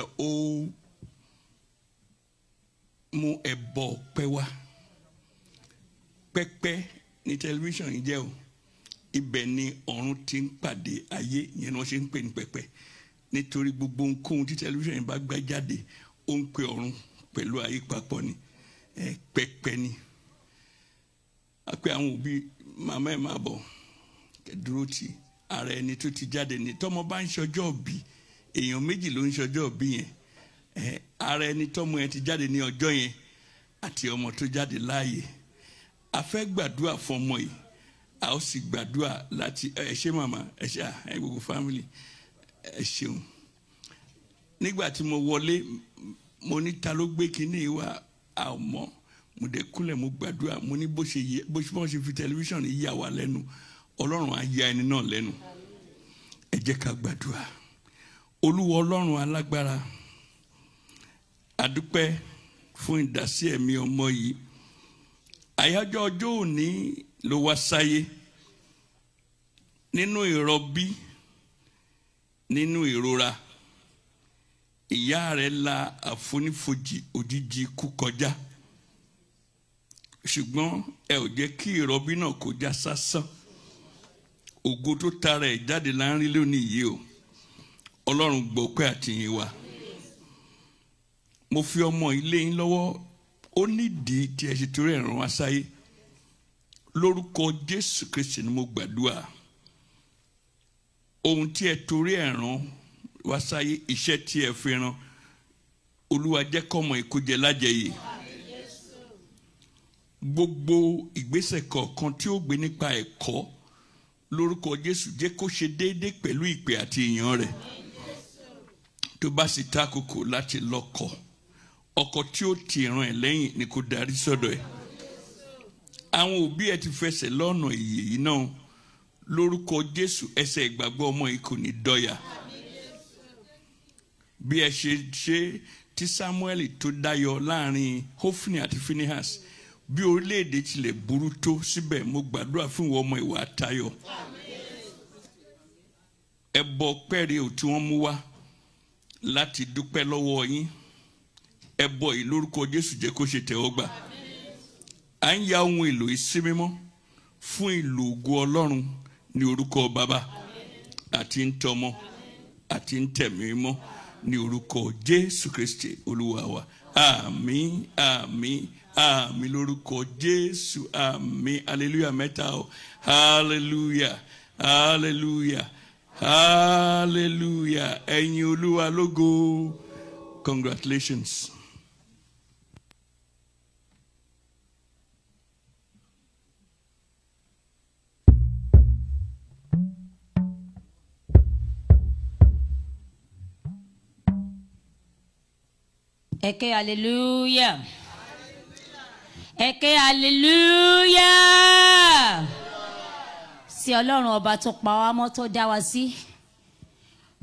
ó mú ẹbọ pẹ́ wá pẹ́pẹ́ ní tẹlifíṣàn yìí jẹ́ o ibẹ̀ ni ọ̀run ti ń pàdé ayé yẹn ni wọ́n ṣe ń pè ní pẹ́pẹ́ nítorí gbogbo ohunkóhun tí tẹlifíṣàn yìí bá gbá jáde ó ń pe ọ̀run pẹ̀lú ayé papọ̀ ni pẹ́pẹ́ ni a pe àwọn òbí màmá ẹ̀ máa bọ̀ kẹ́dúró ti ara ẹni tó ti jáde ni tọ́mọ bá ń ṣọjọ́ bíi èèyàn méjì ló ń ṣọjọ́ bí yẹn ara ẹni tọ́mọ yẹn ti jáde ní ọjọ́ yẹn àti ọmọ tó jáde láàyè a fẹ́ gbàdúrà fún ọmọ yìí a ó sì gbàdúrà láti ẹ ṣé màmá ẹ ṣé ẹ gbogbo family ẹ ṣeun nígbà tí mo wọlé mo ní ta ló gbé kinní wa a ò mọ̀ mo dẹ̀ kúnlẹ̀ mo gbàdúrà mo ní bó ṣe yẹ bó ṣe bọ́n ṣe fi tẹlifíṣàn yà wá lẹ́nu ọlọ́run á yà ẹni náà lẹ́nu ẹ jẹ́ ká gbàdúrà olúwa ọlọ́run alágbára àdúpẹ́ fún ìdásí ẹ̀mí ọmọ yìí àyájọ́ ọjọ́ òní ló wá sáyé nínú ìrọbí nínú ìrora ìyá rẹ̀ la àfonífojì òjijì ikú kọjá ṣùgbọ́n ẹ ò jẹ́ kí ìrọbí náà kọjá sásán ògo tó tara ẹ̀ jáde láńrí lónìí yìí o ọlọ́run gbọpẹ́ àtìyìn wa mo fi ọmọ ilé yín lọ́wọ́ ó nídìí tí ẹ ṣe torí ẹ̀ràn wá sáyé lórúkọ jésù kristi ni mo gbàdúrà ohun tí ẹ torí ẹ̀ràn wá sáyé iṣẹ́ tí ẹ fi ran olúwa jẹ́ kọ́mọ ìkójẹ lájẹyè gbogbo ìgbésẹ̀ kọ̀ọ̀kan tí ó gbé nípa ẹ̀kọ́ lórúkọ jésù jẹ́ kó ṣe déédéé pẹ̀lú ìpè àti ìyàn rẹ̀. Amen tó bá sì ta kòkò láti lọ́kọ ọkọ tí ó ti ràn ẹ́ lẹ́yìn ni kò darí sọ́dọ̀ ẹ̀ àwọn òbí ẹ ti fẹsẹ̀ lọ́nà ìyè yìí náà lórúkọ Jésù ẹsẹ̀ ìgbàgbọ́ ọmọ yìí kò ní dọ̀yà bí ẹ ṣe ṣe tí Samuel tó dayọ láàrin Hofni àti Phinehas bí orílẹ̀-èdè tilẹ̀ burú tó síbẹ̀ mo gbàdúrà fún ìwọ ọmọ ìwà àtayọ ẹbọ pẹ́ẹ́rẹ́ òtún wọn mú wá láti dúpẹ́ lọ́wọ́ yín ẹbọ yìí lórúkọ Jésù jẹ́ kó ṣe tẹ́wọ́ gbà à ń ya ohun èlò yìí sí mímọ́ fún ìlò ògo Ọlọ́run ní orúkọ Bàbá àti ń tọmọ àti ń tẹ̀mí ní orúkọ Jésù Kristi Olúwa wa àmín àmín àmín lórúkọ Jésù àmín hallelujah mẹ́ta o hallelujah hallelujah hallelujah ẹ̀yin olúwa lógo congratulations. Eke hallelujah. Eke hallelujah sí ọlọ́run ọba tó pa wá mọ́ tó dá wa sí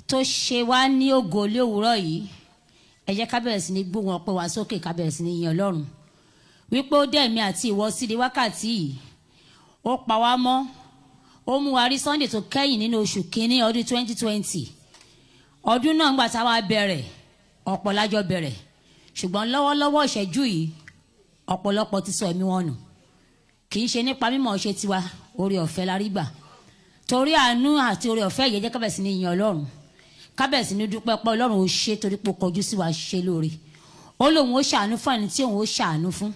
tó ṣe wá ní ògo ilé òwúrọ̀ yìí ẹ jẹ́ ká bẹ̀rẹ̀ sí ní gbóhùn ọpẹ́ wa sókè ká sí ní yin ọlọ́run wípé ó dẹ̀mí àti ìwọ sí wákàtí yìí ó pa wá mọ́ ó mú wa rí sunday tó kẹ́yìn nínú oṣù kínní ọdún 2020 ọdún náà ńgbà tá a wá bẹ̀rẹ̀ ọ̀pọ̀ lájọ bẹ̀rẹ̀ ṣùgbọ́n lọ́wọ́lọ́wọ́ ìṣẹ́jú yìí ọ̀pọ̀lọpọ̀ ti sọ ẹ̀mí wọn nù kì í ṣe nípa mímọ̀ ṣe tiwa oore ọ̀fẹ́ la rí gbà torí àánú àti oore ọ̀fẹ́ yìí jẹ́ kábẹ̀sì ní ìyìn ọlọ́run kábẹ̀sì ní dúpẹ́ pé ọlọ́run ò ṣe torí pé ó kọjú sí wa ṣe lóore ó lóun ó ṣàánú fún ẹni tí òun ó ṣàánú fún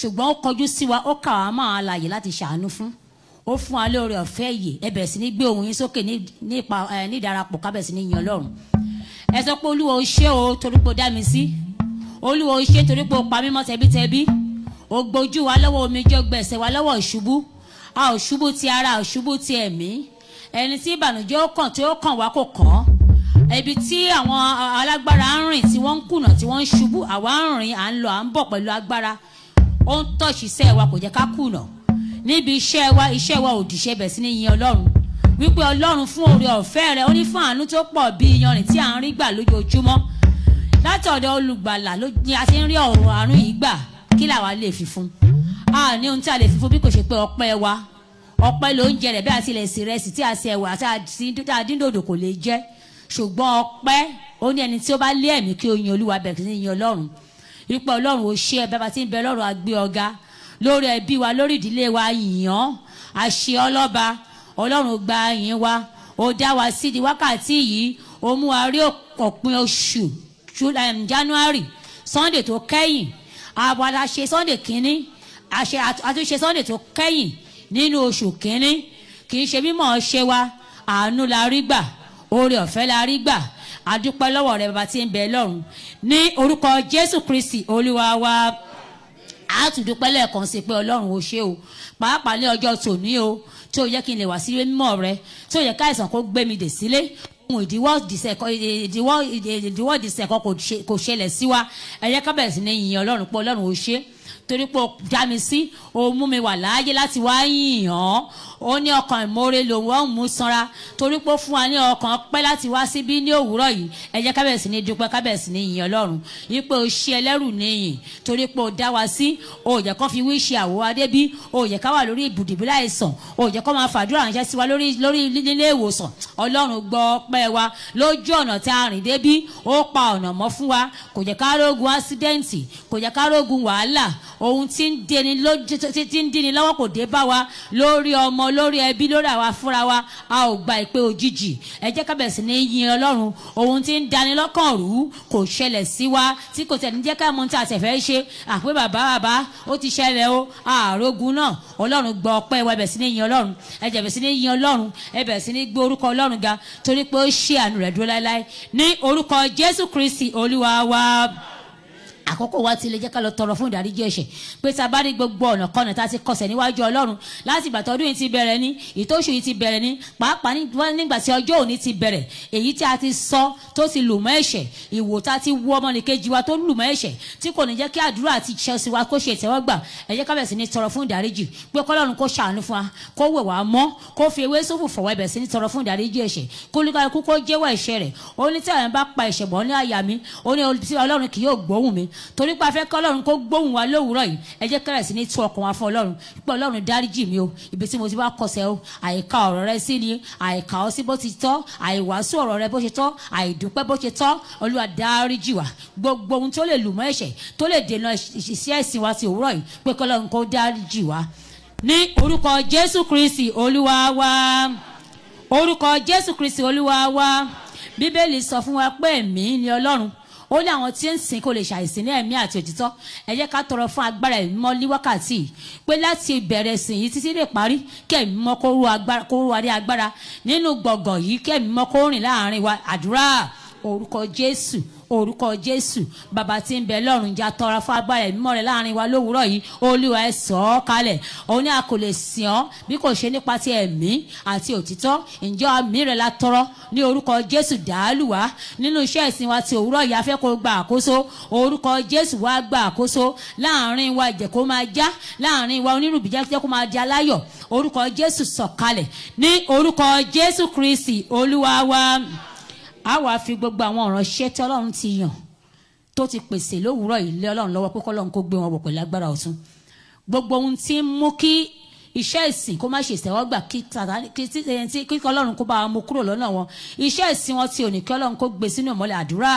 ṣùgbọ́n ó kọjú sí wa ó kà wá máa láàyè láti ṣàánú fún ó fún wa lóore ọ̀fẹ́ yìí ẹ sí ní gbé ohùn yín sókè ní ìdarapọ̀ kábẹ̀sì ní ìyìn ọlọ́run ẹ sọ pé olúwa ṣe o torí pé ó dá mi sí olúwa ṣe torí pé ó pa mí tẹbítẹbí ó gbojú wa lọ́wọ́ omijé ó gbẹ̀sẹ̀ wa lọ́wọ́ ìṣubú a ò ṣubú ti ara ò ṣubú ti ẹ̀mí ẹni tí ìbànújẹ́ ó kàn tí ó kàn wá kò kàn ibi tí àwọn alágbára ń rìn tí wọ́n ń kùnà tí wọ́n ń ṣubú àwa ń rìn à ń lọ à ń bọ̀ pẹ̀lú agbára ó ń tọ̀ṣì iṣẹ́ wa kò jẹ́ ká kùnà níbi iṣẹ́ wa iṣẹ́ wa òdìṣẹ́ bẹ̀ sí ní yin ọlọ́run wípé ọlọ́run fún oore ọ̀fẹ́ rẹ̀ ó ní fún àánú tó pọ̀ bí iyanrìn tí à ń rí gbà lójoojúmọ́ látọ̀dọ̀ olùgbàlà ló ní a ti ń rí ọ̀rọ̀ àánú yìí gbà kí làwa lè fi fún a ní ohun tí a lè fi fún bí kò ṣe pé ọpẹ́ wa ọpẹ́ ló ń jẹ rẹ̀ bí a ti lè sí rẹsì tí a sì ẹ̀wà tá a dín dòdò kò lè jẹ ṣùgbọ́n ọpẹ́ ó ní ẹni tí ó bá lé ẹ̀mí kí ó yin olúwa bẹ̀rẹ̀ sí ní yin ọlọ́run wípé ọlọ́run ó ṣe ẹ̀bẹ̀ bá ti ń bẹ ọlọ́run àgbé ọ̀gá lórí ẹbí wa lórí ìdílé wa yìnyán àṣẹ ọlọ́ba ọlọ́run gba yìn wa ó dá wa sí di wákàtí yìí ó mú wa rí òpin oṣù January Sunday tó kẹ́yìn àwa la ṣe sunday kínní àtúnṣe sunday tó kẹ́yìn nínú oṣù kínní kì í ṣe mímọ̀ ṣe wa àánú la rí gbà oore ọ̀fẹ́ la rí gbà àdúpẹ́ lọ́wọ́ rẹ bàbá tí ń bẹ lọ́run ní orúkọ jésù kristi olúwa wa a tún dúpẹ́ lẹ́ẹ̀kan sí pé ọlọ́run ò ṣe o pàápàá ní ọjọ́ tòní o tí ó yẹ kí n lè wá sílé mímọ́ rẹ tí ó yẹ káìsàn kó gbé mi dè sílé ohun ìdíwọ́ ìdìsẹ̀kọ́ ìdíwọ́ ìdíwọ́ ìdìsẹ̀kọ́ kò ṣẹlẹ̀ sí wa ẹ jẹ́ ká bẹ̀rẹ̀ sí ní yìn Ọlọ́run pé Ọlọ́run ò ṣe é torí pé o já mi sí o mú mi wà láàyè láti wá yìn án ó ní ọkàn ìmoore lòun ó mú sanra torí pé ó fún wa ní ọkàn pẹ́ láti wá síbí ní òwúrọ̀ yìí ẹ jẹ́ ká bẹ̀rẹ̀ sí ní dúpẹ́ ká ní yìn ọlọ́run wípé o ṣe ẹlẹ́rù níyìn torí pé o dá wa sí o jẹ́ kó fi wí ṣe àwọ̀ adébí o jẹ́ ká wà lórí ibùdìbí láìsàn o jẹ́ kó máa fàdúrà ránṣẹ́ sí wa lórí lórí nílé ìwòsàn ọlọ́run gbọ́ pẹ́ wa lójú ọ̀nà tá a rìn débí ó pa ọ̀nà mọ́ fún wa kò jẹ́ ká rógun ásídẹ́ǹtì kò jẹ́ ká rógun wàhálà ohun tí ń deni lójú tí ń dini lọ́wọ́ kò dé bá wa lórí ọmọ lórí ẹbí lórí àwa fúnra wa a ò gba ìpè òjijì ẹ jẹ́ ká bẹ̀rẹ̀ sí yin ọlọ́run ohun tí ń dani lọ́kàn rú kò ṣẹlẹ̀ sí wa tí kò tẹ̀lé jẹ́ ká mọ tí a tẹ̀fẹ́ ṣe àpé bàbá bàbá ó ti ṣẹlẹ̀ o àrògùn náà ọlọ́run gba ọpẹ́ wa ẹ bẹ̀rẹ̀ sí ní yin ọlọ́run ẹ bẹ̀rẹ̀ sí ní yin ọlọ́run ẹ bẹ̀rẹ̀ sí ní gbé orúkọ ọlọ́run ga torí pé ó ṣe àánú rẹ̀ dúró láéláé ní orúkọ jésù kristi olúwa wa àkókò wa ti lè jẹ́ ká lọ tọrọ fún ìdáríjì ẹ̀ṣẹ̀ pé tá a bá rí gbogbo ọ̀nà kọ́nà tá a ti kọsẹ̀ níwájú ọlọ́run láti ìgbà tọdún yìí ti bẹ̀rẹ̀ ní ìtóṣù yìí ti bẹ̀rẹ̀ ní pàápàá nígbà tí ọjọ́ òní ti bẹ̀rẹ̀ èyí tí a ti sọ tó ti lùmọ́ ẹ̀ṣẹ̀ ìwò tá a ti wú ọmọnìkejì wa tó lùmọ́ ẹ̀ṣẹ̀ tí kò ní jẹ́ kí àdúrà àti wa kó ṣe ìtẹ́wọ́gbà ẹ jẹ́ ká bẹ̀rẹ̀ sí wa kó wẹ̀ wá mọ́ kó fi ewé sófò fọ̀wọ́ ẹ̀bẹ̀ sí ní torí pé a fẹ́ kọ́ ọlọ́run kó gbóhùn wa lówùúrọ̀ yìí ẹ jẹ́ kẹ́rẹ̀ sí ní tú ọkàn wa fún ọlọ́run pé ọlọ́run dáríjì mi o ibi tí mo ti bá kọsẹ̀ o àìka ọ̀rọ̀ rẹ sí ni àìka ọ sí bó ti tọ́ àìwàásù ọ̀rọ̀ rẹ bó ṣe tọ́ àìdúpẹ́ bó ṣe tọ́ olúwa dáríjì wa gbogbo ohun tó lè lù mọ́ ẹ̀ṣẹ̀ tó lè dènà ìṣiṣẹ́ wa ti òwúrọ̀ yìí pé kọ́lọ́run kó dáríjì wa ní orúkọ jésù kristi olúwa wa orúkọ jésù kristi olúwa wa bíbélì sọ fún wa pé ẹ̀mí ni ọlọ́run ó ní àwọn tí ń sìn kò lè ṣàìsìn ní ẹ̀mí àti òtítọ́ ẹ jẹ́ ká tọrọ fún agbára ẹ̀mí mọ́ ní wákàtí pé láti ìbẹ̀rẹ̀ sìn yìí títí lè parí kí mọ́ kó rú wa ní agbára nínú gbọ̀ngàn yìí kí mọ́ kó rìn láàrin wa àdúrà orúkọ Jésù orúkọ jésù bàbá tí ń bẹ lọ́run já tọra fún agbára ẹ̀mímọ́ rẹ̀ láàrin wa lówùúrọ̀ yìí olúwa ẹ̀ sọ ọ́ kalẹ̀ òun ni a kò lè sìn ọ́ bí kò ṣe nípa ti ẹ̀mí àti òtítọ́ ǹjẹ́ àmì rẹ̀ la tọrọ ní orúkọ jésù dàálùwá nínú iṣẹ́ ìsìn wa ti òwúrọ̀ yìí a fẹ́ kó gba àkóso orúkọ jésù wá gba àkóso láàrin wa jẹ́ kó máa já láàrin wa onírùbí jẹ́ kó máa di aláyọ̀ orúkọ jésù sọ̀kalẹ̀ ní orúkọ jésù kristi olúwa wa. Amen a wàá fi gbogbo àwọn ìránṣẹ́ tí ọlọ́run ti yàn tó ti pèsè lówùúrọ̀ yìí lé ọlọ́run lọ́wọ́ pé kọ́lọ́run kó gbé wọn wọ̀ pẹ̀lú agbára ọ̀tun gbogbo ohun tí ń mú kí iṣẹ́ ìsìn kó má ṣe ìtẹ́wọ́gbà kí eh, ọlọ́run kó bá wọn mú kúrò lọ́nà wọn iṣẹ́ ìsìn wọn ti òní kí ọlọ́run kó gbé sínú ìmọ́lẹ̀ àdúrà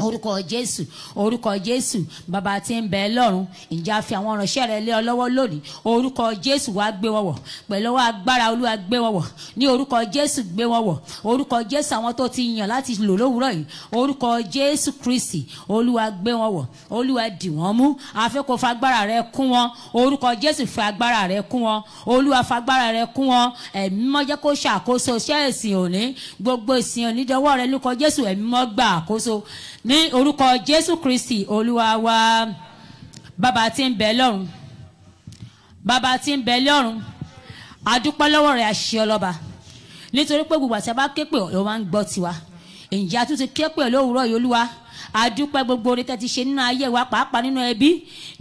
orúkọ jésù orúkọ jésù bàbá tí ń bẹ lọ́run ìjà fi àwọn ìránṣẹ́ rẹ lé ọ lọ́wọ́ lónìí orúkọ jésù wàá gbé wọn wọ̀ pẹ̀lú ọwọ́ agbára olúwa gbé wọn wọ̀ ní orúkọ jésù gbé wọn wọ̀ orúkọ jésù àwọn tó ti yàn láti lò lówùúrọ̀ yìí orúkọ jésù kristi olúwa gbé wọn wọ̀ olúwa dì wọ́n mú àfẹ́ kó fagbára rẹ kún wọn orúkọ jésù fagbára rẹ kún wọn olúwa fagbára rẹ kún wọn ẹ̀mí mọ́ kó ṣàkóso ní orúkọ jésù kristi olúwa wa bàbá tí ń bẹ lọ́run bàbá tí ń bẹ lọ́run adúpẹ́ lọ́wọ́ rẹ̀ àṣẹ ọlọ́ba nítorí pé gbogbo àti abá ké pè ọ́ máa ń gbọ́ tiwa ǹjẹ́ a tún ti lówùúrọ̀ yìí olúwa àdúpẹ́ gbogbo oore tẹ́ ti ṣe nínú ayé wa pàápàá nínú ẹbí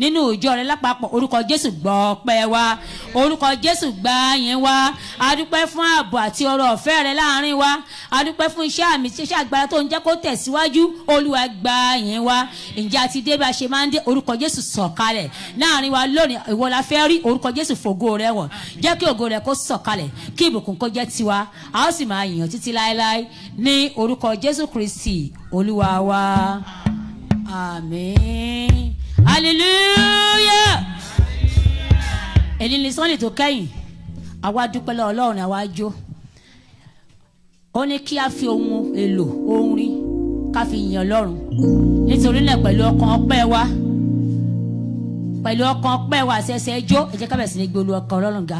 nínú ìjọ rẹ lápapọ̀ orúkọ Jésù gbọ́ ọpẹ́ wa orúkọ Jésù gbà yín wa àdúpẹ́ fún ààbò àti ọrọ̀ ọ̀fẹ́ rẹ láàrin wa àdúpẹ́ fún iṣẹ́ àmì iṣẹ́ agbára tó ń jẹ́ kó tẹ̀síwájú Olúwa gbà yín wa ǹjẹ́ àti dé bá a ṣe máa ń dé orúkọ Jésù sọ̀kalẹ̀ láàrin wa lónìí ìwọ la fẹ́ rí orúkọ Jésù fògo rẹ wọ̀ jẹ́ kí ògo rẹ kó sọ̀kalẹ̀ kí ìbùkún kó jẹ́ tiwa a ó sì máa yìn títí láéláé ní orúkọ Jésù Kristi olúwa wa àmín hallelujah èyí ni sunday tó kẹ́yìn àwa dúpẹ́ lọ́wọ́ ọlọ́run àwa jó ó ní kí a fi ohun èlò orin ká fi yìn ọlọ́run nítorí náà pẹ̀lú ọkàn ọpẹ́ wa pẹ̀lú ọkàn ọpẹ́ wa ṣẹ̀ṣẹ̀ jó ẹ jẹ́ ká bẹ̀rẹ̀ sí ní gbé ọkàn ọlọ́run ga.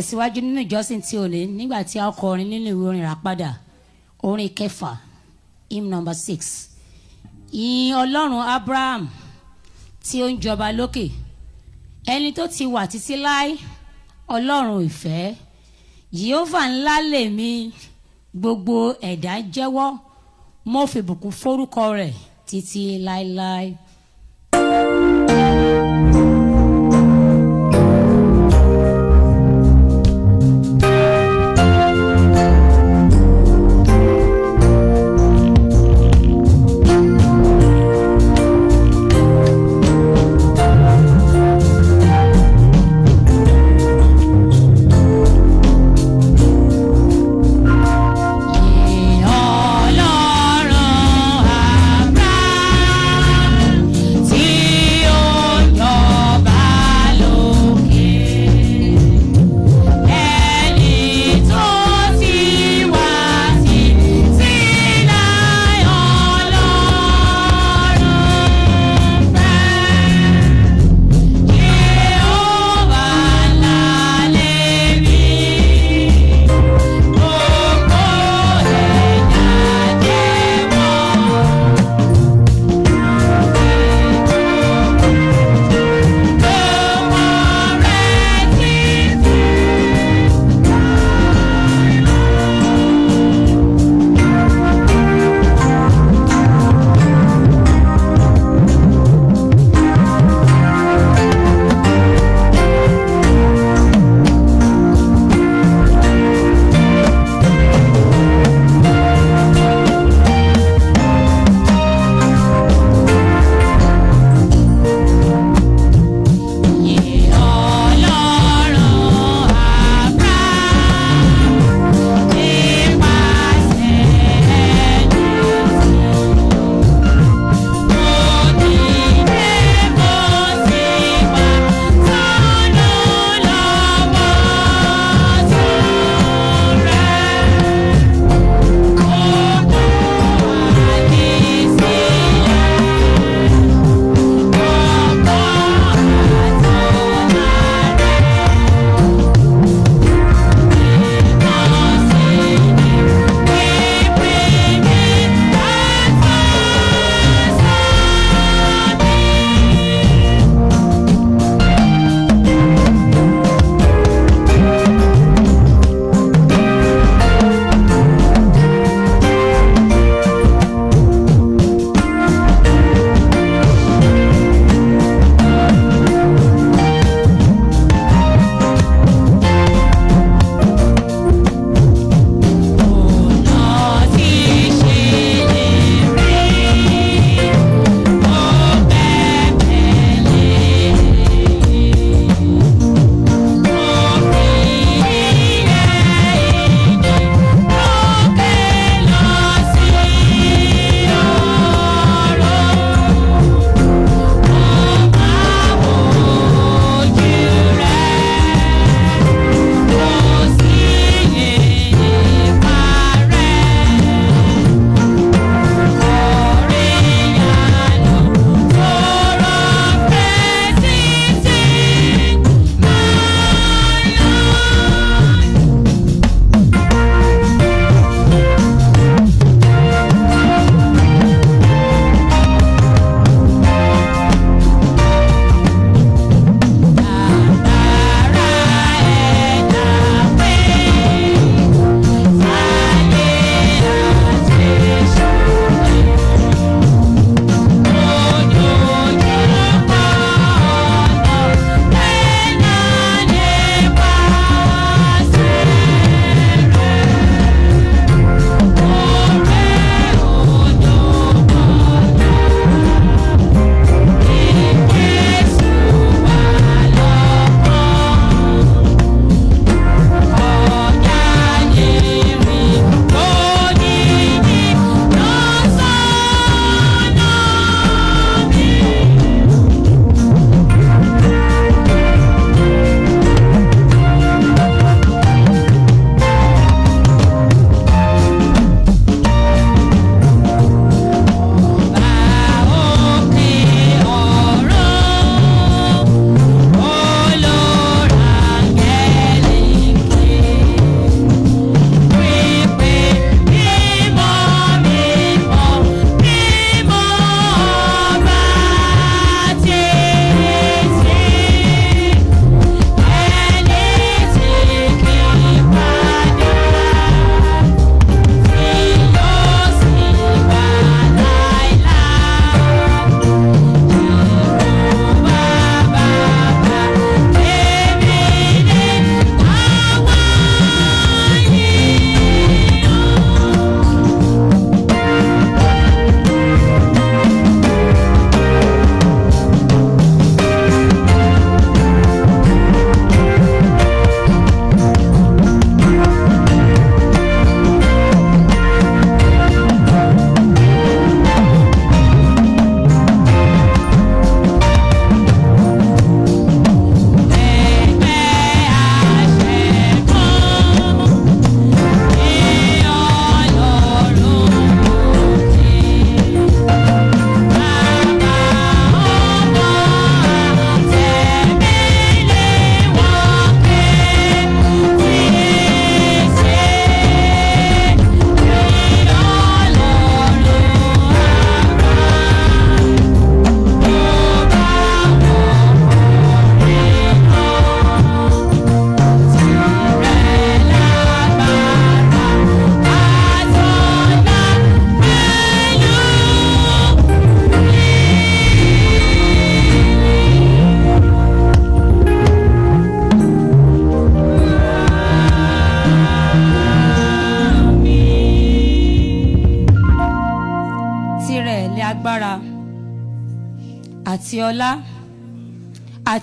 tẹ̀síwájú nínú ìjọsìn tí o lè nígbà tí a kọ orin nínú ìwé orin ràpadà orin kẹfà hymn number six ìyìn ọlọ́run abraham tí ó ń jọba lókè ẹni tó ti wà títí láé ọlọ́run ìfẹ́ yehova ńlá lèmi gbogbo ẹ̀dá jẹ́wọ́ mo fìbùkún forúkọ rẹ̀ títí láéláé. lai.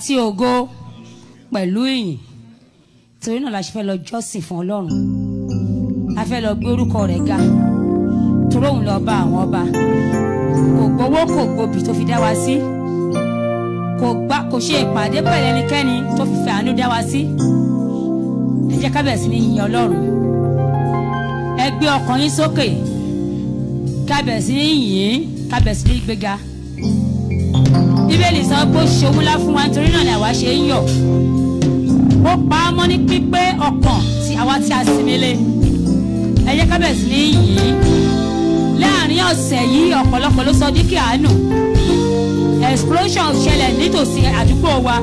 sí ògo pẹ̀lú ìyìn torí náà la ṣe fẹ́ lọ jọ́sìn fún ọlọ́run a fẹ́ lọ gbé orúkọ rẹ̀ ga torí òun lọ bá àwọn ọba kò gbowó kò gbobì tó fi dá wa sí kò gbá kò ṣe ìpàdé pẹ̀lú ẹnikẹ́ni tó fi fẹ́ àánú dá wa sí ẹ jẹ́ ká bẹ̀rẹ̀ sí ní yìn ọlọ́run ẹ gbé ọkàn yín sókè ká bẹ̀rẹ̀ sí ní yìn ká bẹ̀rẹ̀ sí ní gbéga bíbélì sọ pé ó ṣe owó ńlá fún wa nítorí náà ni àwa ṣe ń yọ̀ ó pa á mọ́ ní pípé ọkàn tí àwa tí a sinmi lé ẹ jẹ́ ní yìí láàrin ọ̀sẹ̀ yìí ọ̀pọ̀lọpọ̀ ló sọ díkì àánú explosion ṣẹlẹ̀ nítòsí àdúgbò wa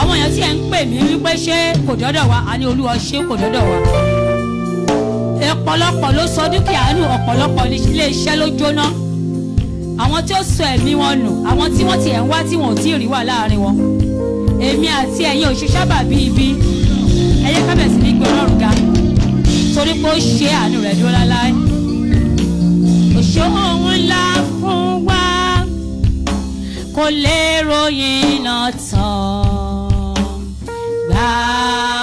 àwọn èèyàn tí ẹ̀ ń pè mí wípé ṣé kò dọ́dọ̀ wa àní olúwa ṣé kò dọ́dọ̀ wa ọ̀pọ̀lọpọ̀ ló sọ dúkìá nù ọ̀pọ̀lọpọ̀ ilé iṣẹ́ ló jóná àwọn tí ó sọ ẹ̀mí wọn nù àwọn tí wọ́n ti ẹ̀ ń wá tí wọn ò tí ì rí wà láàrin wọn èmi àti ẹ̀yin òṣìṣẹ́ bàbí ibi ẹ yẹ ká bẹ̀rẹ̀ sí ní gbé ọlọ́run ga torí pé ó ṣe àánú rẹ̀ dúró láláì òṣè òun ńlá fún wa kò lè ròyìn náà tán gbàá.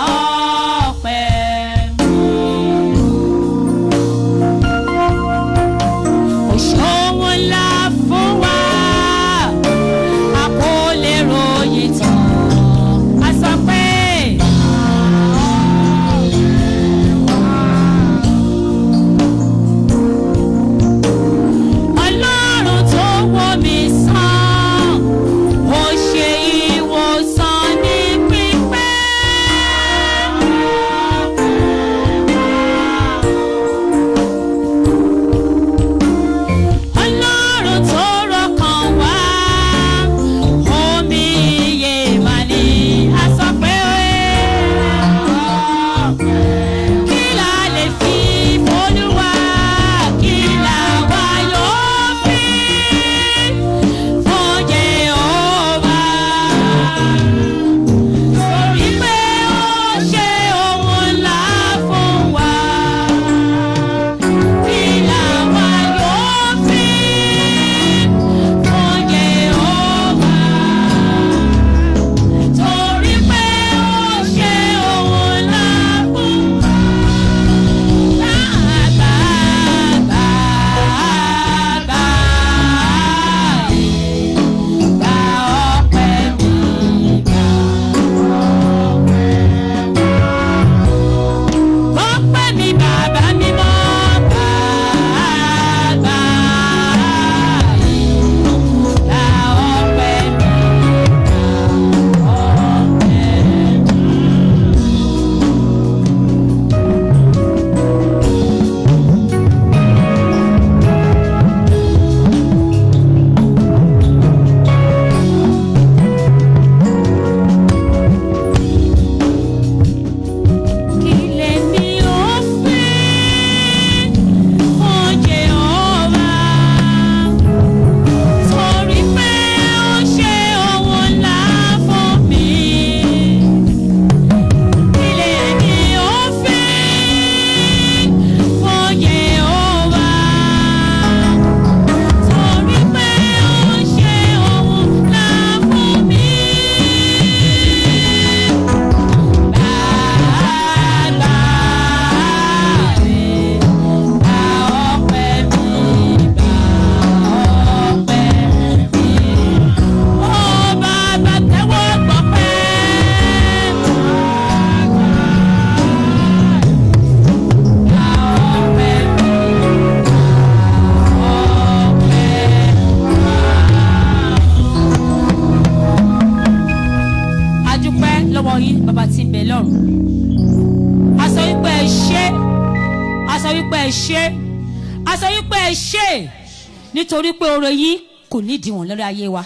ayé wa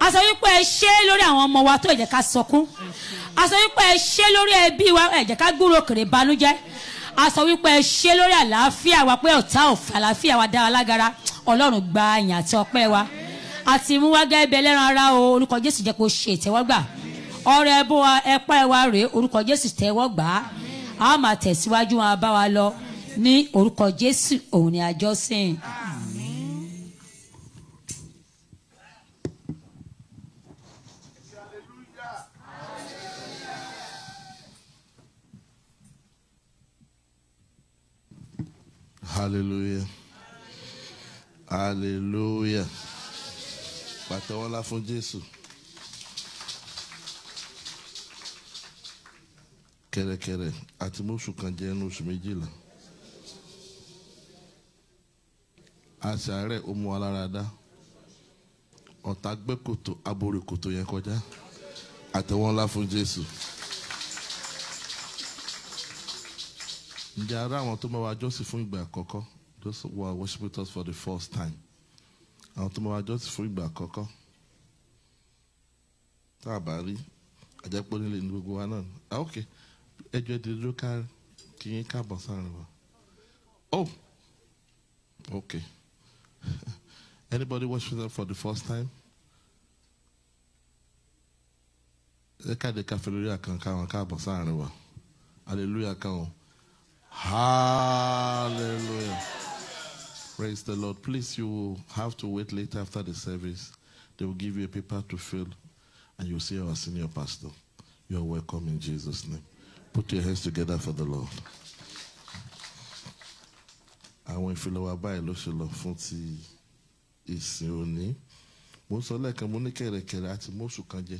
a sọ wípé ẹ ṣe lórí àwọn ọmọ wa tó ẹ jẹ́ ká sọkún a sọ wípé ẹ ṣe lórí ẹbí wa ẹ jẹ́ ká gbúròó kèrè banújẹ́ a sọ wípé ẹ ṣe lórí àlàáfíà wa pé ọ̀tá òfin àlàáfíà wa dára lágara ọlọ́run gba àyàn àti ọpẹ́ wa àti mú wá gẹ́gẹ́ bẹ́ẹ̀ lẹ́ran ara o orúkọ jésù jẹ́ kó ṣe ìtẹ́wọ́gbà ọrẹ ẹbọ wa ẹpá wa rèé orúkọ jésù tẹ́wọ́gbà á máa tẹ̀síwájú wọn bá wa lọ ní orúkọ jésù òun ni àjọsìn. hallelujah hallelujah pàtẹ́wọ́ ńlá fún Jésù. kẹrẹkẹrẹ àti mọ́sù kan jẹ́ inú oṣù méjìlá àṣàárẹ̀ ó mú alára dá ọ̀tá gbẹ́ kòtò aborí kòtò yẹn kọjá àtẹ́wọ́ ńlá fún Jésù. ǹjẹ́ ara àwọn tó máa wá jọ́sìn fún ìgbà àkọ́kọ́ those who are worshiping us for the first time àwọn tó máa wá jọ́sìn fún ìgbà àkọ́kọ́ tá a bá rí àjẹpọ̀ nílé ní gbogbo wa náà ah ok ẹjọ́ ti dúró ká kí yín káàbọ̀ sáárín wa oh ok anybody worshiping us for the first time ẹ káàdé káfíńlórí àkànká wọn káàbọ̀ sáárín wa hallelujah kan o. Hallelujah. Praise the Lord. Please, you will have to wait later after the service. They will give you a paper to fill, and you'll see our senior pastor. You're welcome in Jesus' name. Put your hands together for the Lord. Àwọn ìfilọ̀ wa báyìí ló ṣe lọ fún ti ìsìn òní. Mo sọ lẹ́ẹ̀kan mo ní kẹ̀rẹ̀kẹ̀rẹ̀ àti mọ́ṣù kan jẹ.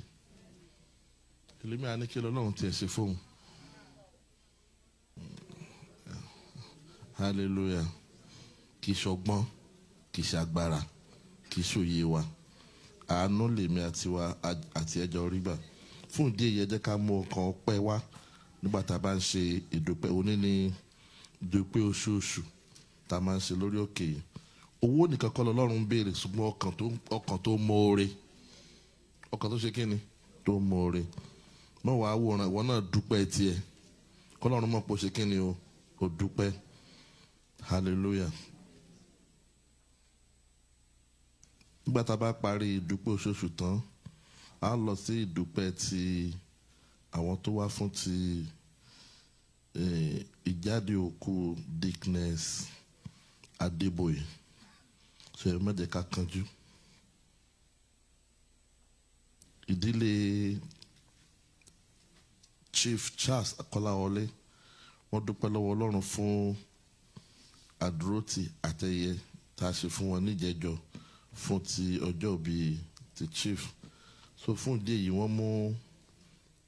Èlémi àníkè lọ́lọ́run tiẹ̀ ṣe fóun. hallelujah kì í ṣọgbọ́n kì í ṣàgbára kì í ṣòye wa àánú lèmi àtiwa àti ẹjọ́ rígbà fún ìdí èyí ẹ jẹ́ ká mú ọkàn ọpẹ́ wá nígbà tá a bá ń ṣe ìdúpẹ́ òní ni ìdúpẹ́ oṣooṣù tá a máa ń ṣe lórí òkè yìí owó nìkan kọ́ lọ́lọ́run béèrè ṣùgbọ́n ọkàn tó ọkàn tó mọ̀ọ́re ọkàn tó ṣe kí ni tó mọ̀ọ́re mọ̀ wòran ìwọ náà dúpẹ́ tiẹ̀ kọ́lọ́run mọ̀ pé ó ṣe kí ni o ò dúpẹ́ hallelujah nígbà tá a bá parí ìdúpẹ́ oṣooṣù tán a lọ sí ìdúpẹ́ ti àwọn tó wá fún ti ìjáde òkú Dickness Adébóyè ṣe é ká kánjú ìdílé Chief Charles Akọ́láwọlé wọ́n dúpẹ́ lọ́wọ́ Ọlọ́run fún. Fún àdúrótì àtẹ̀yẹ tá a ṣe fún wọn níjẹjọ fún ti ọjọ́ òbí ti chief so fún ìdí èyí wọ́n mú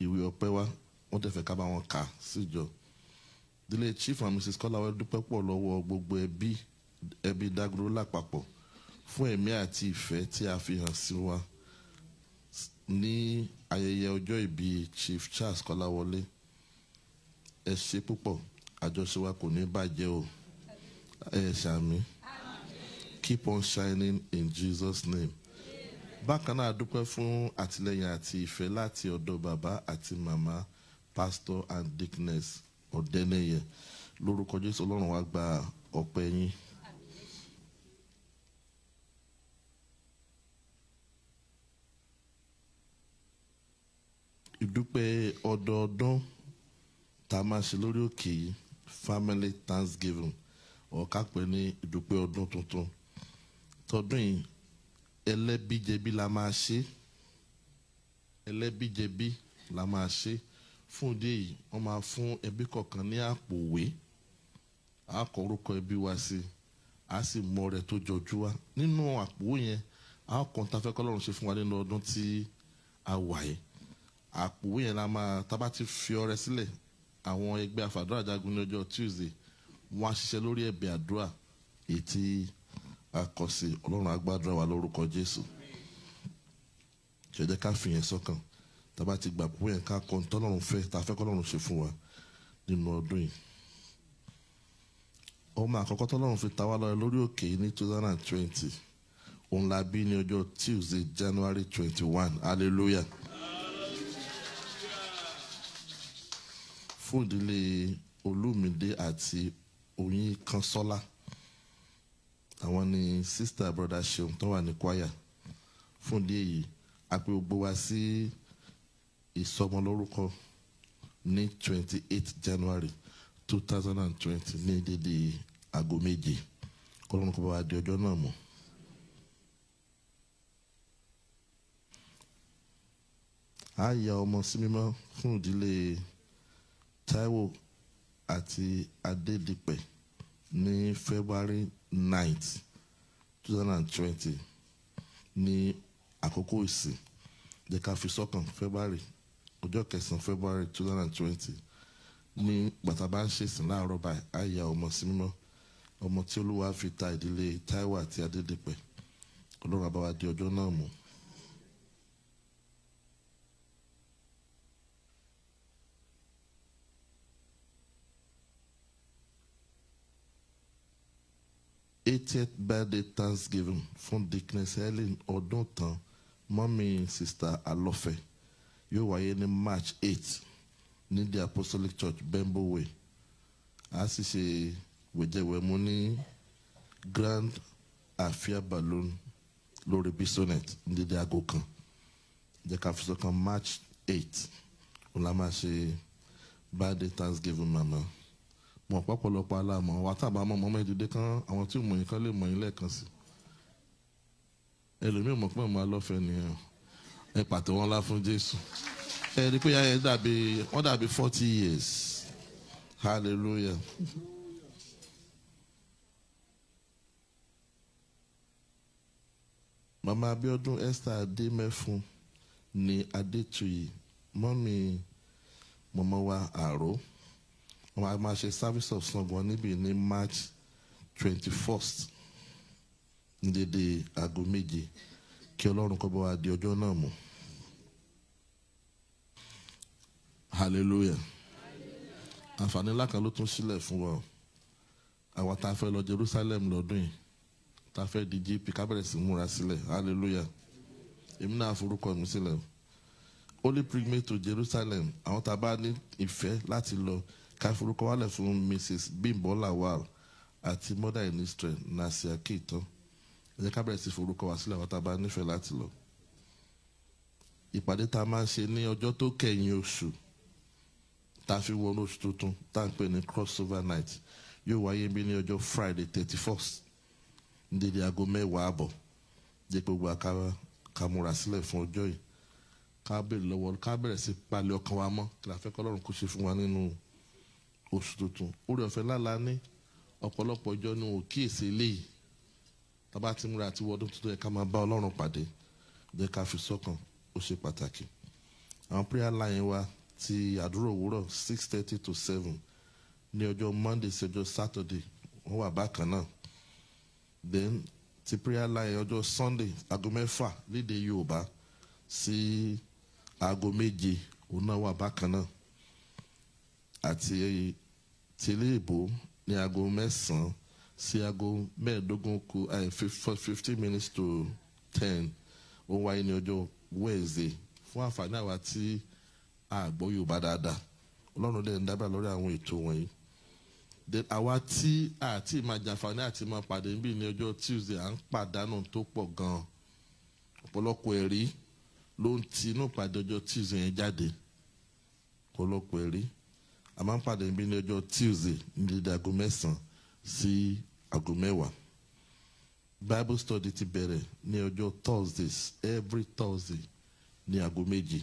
ìwé ọpẹ́ wá wọ́n tẹ̀fẹ̀ ká bá wọn kà síjọ ìdílé chief and mrs kọ́láwé dúpẹ́ pọ̀ lọ́wọ́ gbogbo ẹbí ẹbí dágúró lápapọ̀ fún ẹ̀mí àti ìfẹ́ tí a fi hàn sí wa ní ayẹyẹ ọjọ́ ìbí chief charles kọ́láwọlé ẹ ṣe púpọ̀ àjọṣe wa kò ní bàjẹ́ o. Yes, Amen. Keep on shining in Jesus' name. Bákan náà dúpẹ́ fún àtìlẹ́yìn àti ìfẹ́ láti ọ̀dọ̀ bàbá àti màmá Pastor and Dickness Ọ̀dẹ́nẹ́yẹ. Lórúkọ Jésù Ọlọ́run wa gba ọpẹ́ yín. Ìdúpẹ́ ọdọọdún tá a máa ṣe lórí òkè yìí Family Thanksgiving ọ̀ọ́ká pé ní ìdúpẹ́ ọdún tuntun tọdún yìí ẹlẹ́bíjẹbí la máa ṣe ẹlẹ́bíjẹbí la máa ṣe fún ìdí èyí wọ́n máa fún ẹbí kọ̀ọ̀kan ní àpòwé a kọ orúkọ ẹbí wa sí i a sì mọ rẹ̀ tó jọjú wa nínú àpòwé yẹn a kàn tá a fẹ́ kọ́lọ́run ṣe fún wa nínú ọdún tí a wà yìí àpòwé yẹn la máa tá a bá ti fi ọrẹ sílẹ̀ àwọn ẹgbẹ́ afàdúrà ní ọjọ́ Tuesday wọ́n á ṣiṣẹ́ lórí ẹ̀bẹ̀ àdúrà ètí akọ̀sí ọlọ́run agbádùn wa lórúkọ jésù ṣẹ̀jẹ̀ ká fìyẹn sọ́kàn tàbá ti gbà pé yẹn ká kọ́ ntọ́lọ́run fẹ́ tá a fẹ́ kọ́lọ́run ṣe fún wa nínú ọdún yìí ọmọ àkọ́kọ́ tọ́lọ́run fi ta wá lọ lórí òkè yìí ní two thousand and twenty òun la bí ní ọjọ́ tuesday january twenty one hallelujah. fún ìdílé olúmídé àti Oyin Kansola àwọn ni sista broda Ṣeun tó wà ní kwaya fún ìdí èyí a pè gbogbo wa sí ìsọmọlórúkọ ní twenty eight January two thousand and twenty ní dédé aago méje kọ́lọ́nù kọ́ bá wa di ọjọ́ náà mọ́. a yà ọmọ sí mímọ́ fún ìdílé Táíwò àti Adédìpẹ̀ ní February ninth two thousand and twenty ní àkókò ìsìn jẹ́ ká fi sọ́kàn February ọjọ́ kẹsàn-án February 2020 thousand and twenty ní bàtà bá ń ṣèsìn láàárọ̀ báyìí á yà ọmọ sí mímọ́ ọmọ tí Olúwa fi ta ìdílé Táíwò àti Adédèpẹ̀ Ọlọ́run á di ọjọ́ náà mú. 80th birthday Thanksgiving from Dickness Helen ọdún mommy mọ́mí sista Alọ́fẹ́ You wáyé in March 8th, in the Apostolic Church Bembo Way you sì ṣe wẹ̀jẹ̀wẹ̀mu ní Grand Afia Balloon lórí Bisonet ní dédé the kan jẹ́ ká fi sọ́kàn March 8th. òun la birthday Thanksgiving mama. mọ̀ pọ̀pọ̀lọpọ̀ aláàmọ̀ wa tábà mọ̀ mọ́mọ́ ìdílé kan àwọn tí ò mọ̀ yín kan lè mọ̀ yín lẹ́ẹ̀kan sí ẹlòmíì mọ̀ pé màá lọ́fẹ̀ẹ́ nìyẹn ẹ pàtó wọn lá fún Jésù ẹ rí pé ẹ dàbí wọ́n dàbí forty years hallelujah. mama Abíọ́dún Esther Adémẹ́fun ní Adétúyì mọ́mì mọ́mọ́ wa àrò a máa ṣe service of Sango níbi ní March twenty first ní dédé aago méje kí Ọlọ́run kọ́ bá wa di ọjọ́ náà mú hallelujah àǹfààní ńlá kan ló tún sílẹ̀ fún wa àwa tá a fẹ́ lọ Jerusalem lọ́dún yìí tá a fẹ́ di GP ká bẹ̀rẹ̀ sí múra sílẹ̀ hallelujah èmi náà forúkọ mi sílẹ̀ holy pilgrimage to Jerusalem àwọn tá a bá ní ìfẹ́ láti lọ ká forúkọ wálẹ̀ fún mrs bimbo lawal àti mother in history nasia keitan ẹ jẹ́ ká bẹ̀rẹ̀ sí forúkọ wá sílẹ̀ wọ́n tá a bá nífẹ̀ẹ́ láti lọ ìpàdé tá a máa ń ṣe ní ọjọ́ tó kẹ̀yìn oṣù tá a fi wọnú oṣù tuntun tá à pè ní crossover night yóò wáyé bí ní ọjọ́ friday thirty first ndèdè aago mẹ́wàá àbọ̀ jẹ́ pé gbogbo àkàrà ká múra sílẹ̀ fún ọjọ́ yìí ká bẹ̀rẹ̀ lọ́wọ́ ká bẹ̀rẹ̀ sí palẹ̀ ọkàn wa mọ́ kí la fẹ́ kọ́ lọ́run kó ṣe fún wa nínú oṣù tuntun orí ọ̀fẹ́ lálá ní ọ̀pọ̀lọpọ̀ ìjọ ni ò kíyèsí eléyìí tábà ti múra àti wọdún tuntun yẹ ká máa bá ọlọ́run pàdé jẹ́ ká fi sọ́kàn ó ṣe pàtàkì àwọn prayer line wa ti àdúrà òwúrọ̀ six thirty to seven ní ọjọ́ monday sí ọjọ́ saturday wọ́n wà bákan náà then ti prayer line ọjọ́ sunday aago mẹ́fà lédè yorùbá sí aago méje òun náà wà bákan náà àti tilé ìbò ní aago mẹ́sàn-án sí aago mẹ́ẹ̀ẹ́dógún kù eh, fifteen minutes to ten ó wáyé ní ọjọ́ Wednesday fún àǹfààní àwa tí a gbọ́ Yorùbá dáadáa Ọlọ́run dẹ̀ ń dábàá lórí àwọn ètò wọ̀nyí àwa tí àti máa jàǹfààní àti máa pàdé ní ọjọ́ Tuesday à ń pàdánù tó pọ̀ gan-an ọ̀pọ̀lọpọ̀ ẹ̀rí ló ń ti inú pàdé ọjọ́ Tuesday yẹn jáde ọ̀pọ̀lọpọ̀ ẹ̀rí a máa ń pàdé níbí ní ọjọ́ tuesday ní dídá aago mẹ́sàn-án sí aago mẹ́wàá bible study ti bẹ̀rẹ̀ ní ọjọ́ thursdays every thursday ní aago méje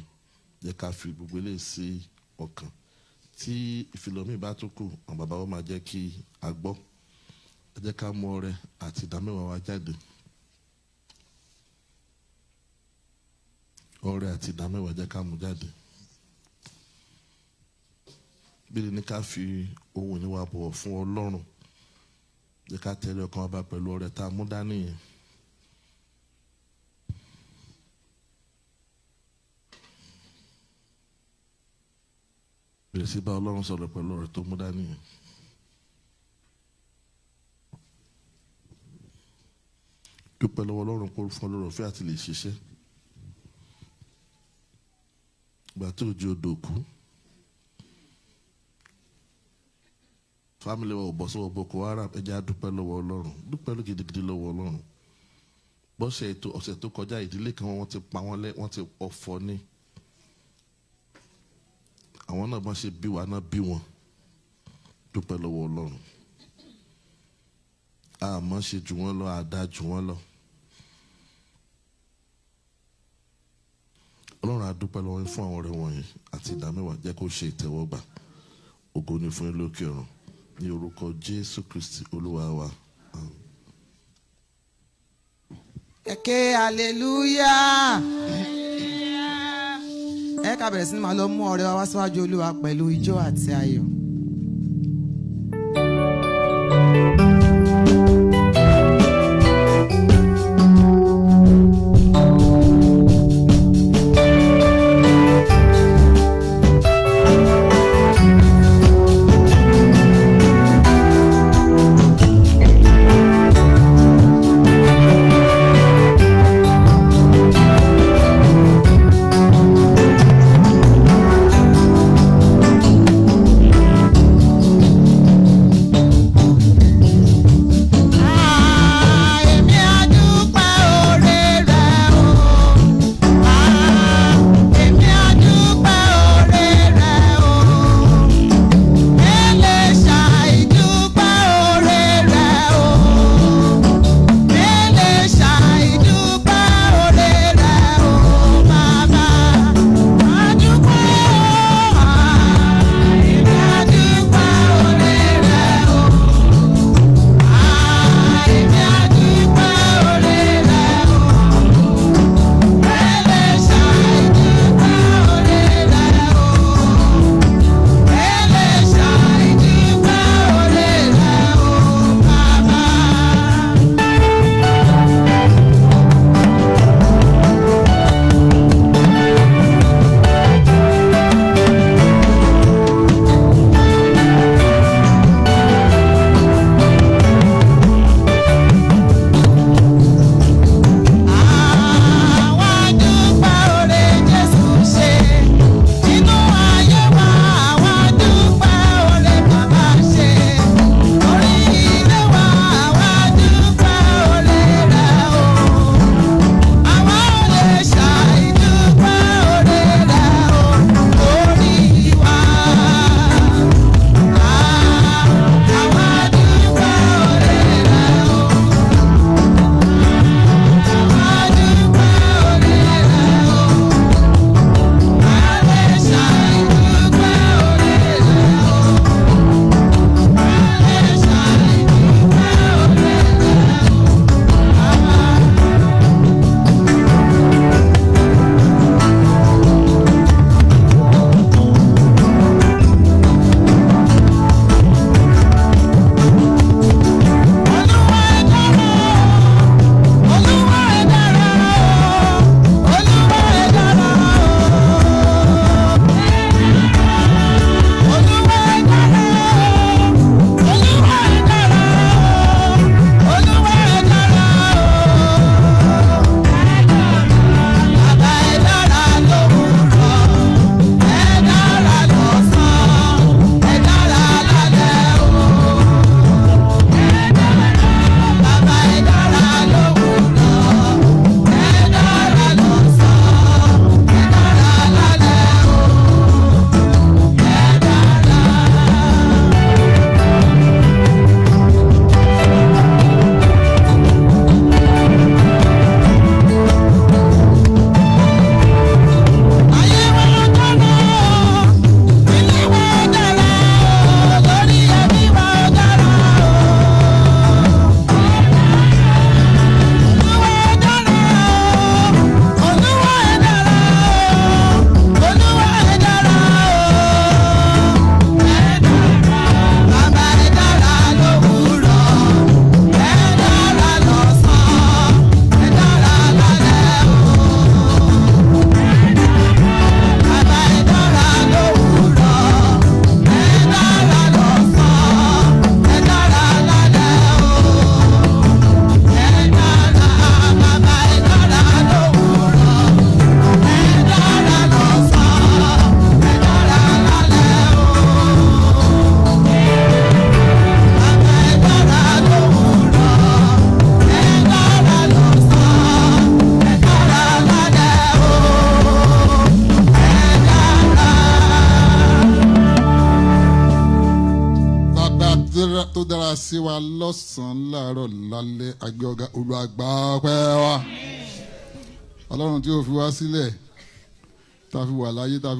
yẹ ká fi gbogbo eléyìí sí ọkàn tí ìfìlọ́mì bá tó kù àwọn bàbá wọn máa jẹ́ kí a gbọ́ ẹ jẹ́ ká mú ọrẹ àti ìdámẹ́wàá wa jáde. ọrẹ àti ìdámẹ́wàá jẹ́ ká mú jáde ìbéèrè ní ká fi ohun ìní wa bọ̀wọ̀ fún ọlọ́run jẹ́ ká tẹ̀lé ọkàn wa bá pẹ̀lú ọrẹ tá a mú dání yẹn. bẹ̀rẹ̀ sí bá ọlọ́run sọ̀rọ̀ pẹ̀lú ọrẹ tó mú dání yẹn. dúpẹ́ lọ́wọ́ ọlọ́run kó fún ọlọ́run ọ̀fẹ́ àti lè ṣiṣẹ́ ìgbà tó ju Family wa ò bọ́ sọ́wọ́ boko haram ẹ jẹ́ á dúpẹ́ lọ́wọ́ ọlọ́run dúpẹ́ ló gidigidi lọ́wọ́ ọlọ́run bọ́sẹ̀ ètò ọ̀sẹ̀ tó kọjá ìdílé kan wọ́n ti pa wọ́n lẹ́ wọ́n ti ọ̀fọ̀ ni àwọn náà bá ṣe bí wa náà bí wọn dúpẹ́ lọ́wọ́ ọlọ́run àmọ́ ṣe jù wọ́n lọ àdá jù wọ́n lọ ọlọ́run àdúpẹ́ lọ́wọ́ fún àwọn ọ̀rẹ́ wọ̀nyí àti ìdámẹ́wàá jẹ́ kó ṣe ìtẹ́wọ́gbà ògo ni fún ilé òkè ọ̀run ní orúkọ jésù kristi olúwa wa. ẹ ké aleluya ẹ ká bẹ̀rẹ̀ sí ni màá lọ mú ọrẹ wa wá síwájú olúwa pẹ̀lú ijó àti ayọ̀.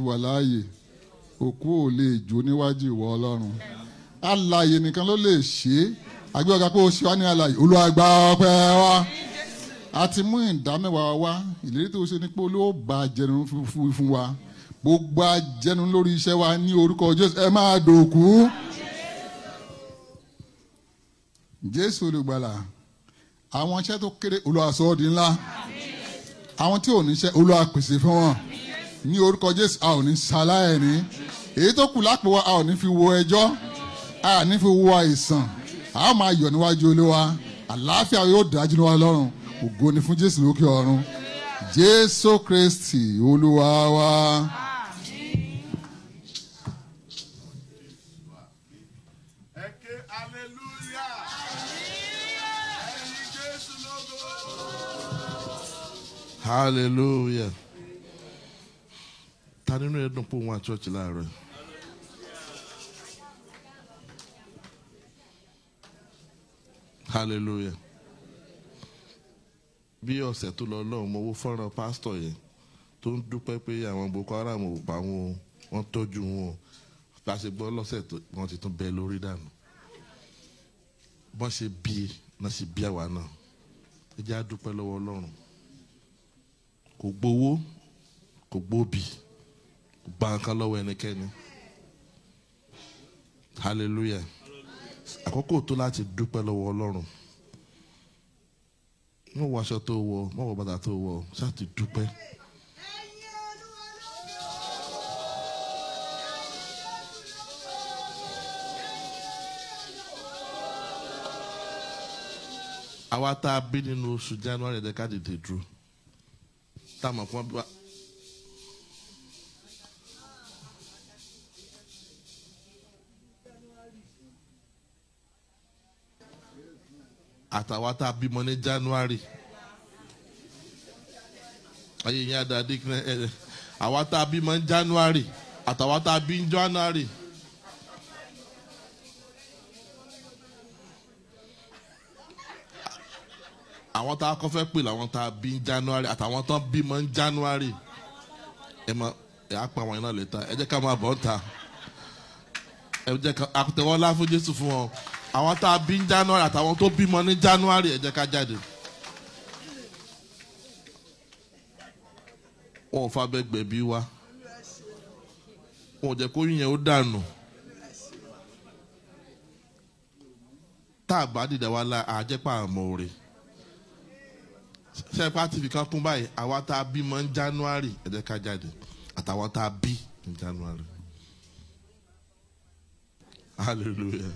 wà láàyè òkú ò lè jó níwájú ìwọ ọlọ́run alàyè nìkan ló lè ṣe é agbẹ́wọ̀ká pé o ṣe wá ní alàyè olùwàgbà ọpẹ́ wa a ti mú ìdámẹ́wàá wá ìlérí tó ṣe ni pé olówó bá jẹnu fún wa gbogbo ajẹnu lórí iṣẹ́ wa ní orúkọ Jésù ẹ máa dòkú Jésù olùgbàlà àwọn iṣẹ́ tó kéré olùwàsọ́ọ̀dì ńlá àwọn tí ò níṣẹ́ olùwàpèsè fún wọn ní orúkọ jésù a ò ní ṣaláì ní èyí tó kù lápò wa a ò ní fi wo ẹjọ́ a ò ní fi wo àìsàn a ó máa yọ̀ níwájú olúwa àlàáfíà yóò dájú ní wa lọ́rùn ògo ni fún jésù lókè ọ̀run jésù kristi olúwa wa. Hallelujah ta nínú ẹ̀dùn pé òun àti ọ̀chì láàárọ̀. hallelujah bí ọ̀sẹ̀ tó lọ lọ́hùn mo wo fọ́nrán pásítọ̀ yẹn tó ń dúpẹ́ pé àwọn Boko Haram ò pa wọn o wọ́n tọ́jú wọn o bá a ṣe gbọ́ lọ́sẹ̀ tó wọ́n ti tún bẹ lórí dànù bọ́n ṣe bí náà ṣe bí àwa náà ẹ jẹ́ á lọ́wọ́ Ọlọ́run kò gbowó kò gbóbi gba nǹkan lọ́wọ́ hallelujah àkókò tó láti dúpẹ́ lọ́wọ́ ọlọ́run mo wọ aṣọ tó wọ mo wọ bàtà tó wọ ṣáà ti dúpẹ́. àwa tá a bí nínú oṣù January ẹ̀dẹ́ká dìde dúró tá a mọ̀ fún wa àtàwọn tá a bímọ ní January ayé yẹn àdáadé kìnnà ẹ ẹ àwọn tá a bímọ ní January àtàwọn tá a bí ní January. àwọn tá a kọ́ fẹ́ pè làwọn tá a bí ní January àtàwọn tán bímọ ní January ẹ mọ ẹ á pa àwọn iná lẹ́ta ẹ jẹ́ ká máa bọ̀ ń ta ẹ jẹ́ ká àtẹ̀wọ́lá fún Jésù fún wọn àwọn tá a bí ní january àtàwọn tó bímọ ní january ẹ jẹ́ ká jáde. wọn ò fabẹ gbẹ̀bí wa wọn ò jẹ́ kó yíyan ó dànù. tá a bá dìde wa la àjẹpà àmọ́ọ̀rẹ́ sẹ́pà tv kan kún báyìí àwa tá a bímọ ní january ẹ jẹ́ ká jáde àtàwọn tá a bí ní january hallelujah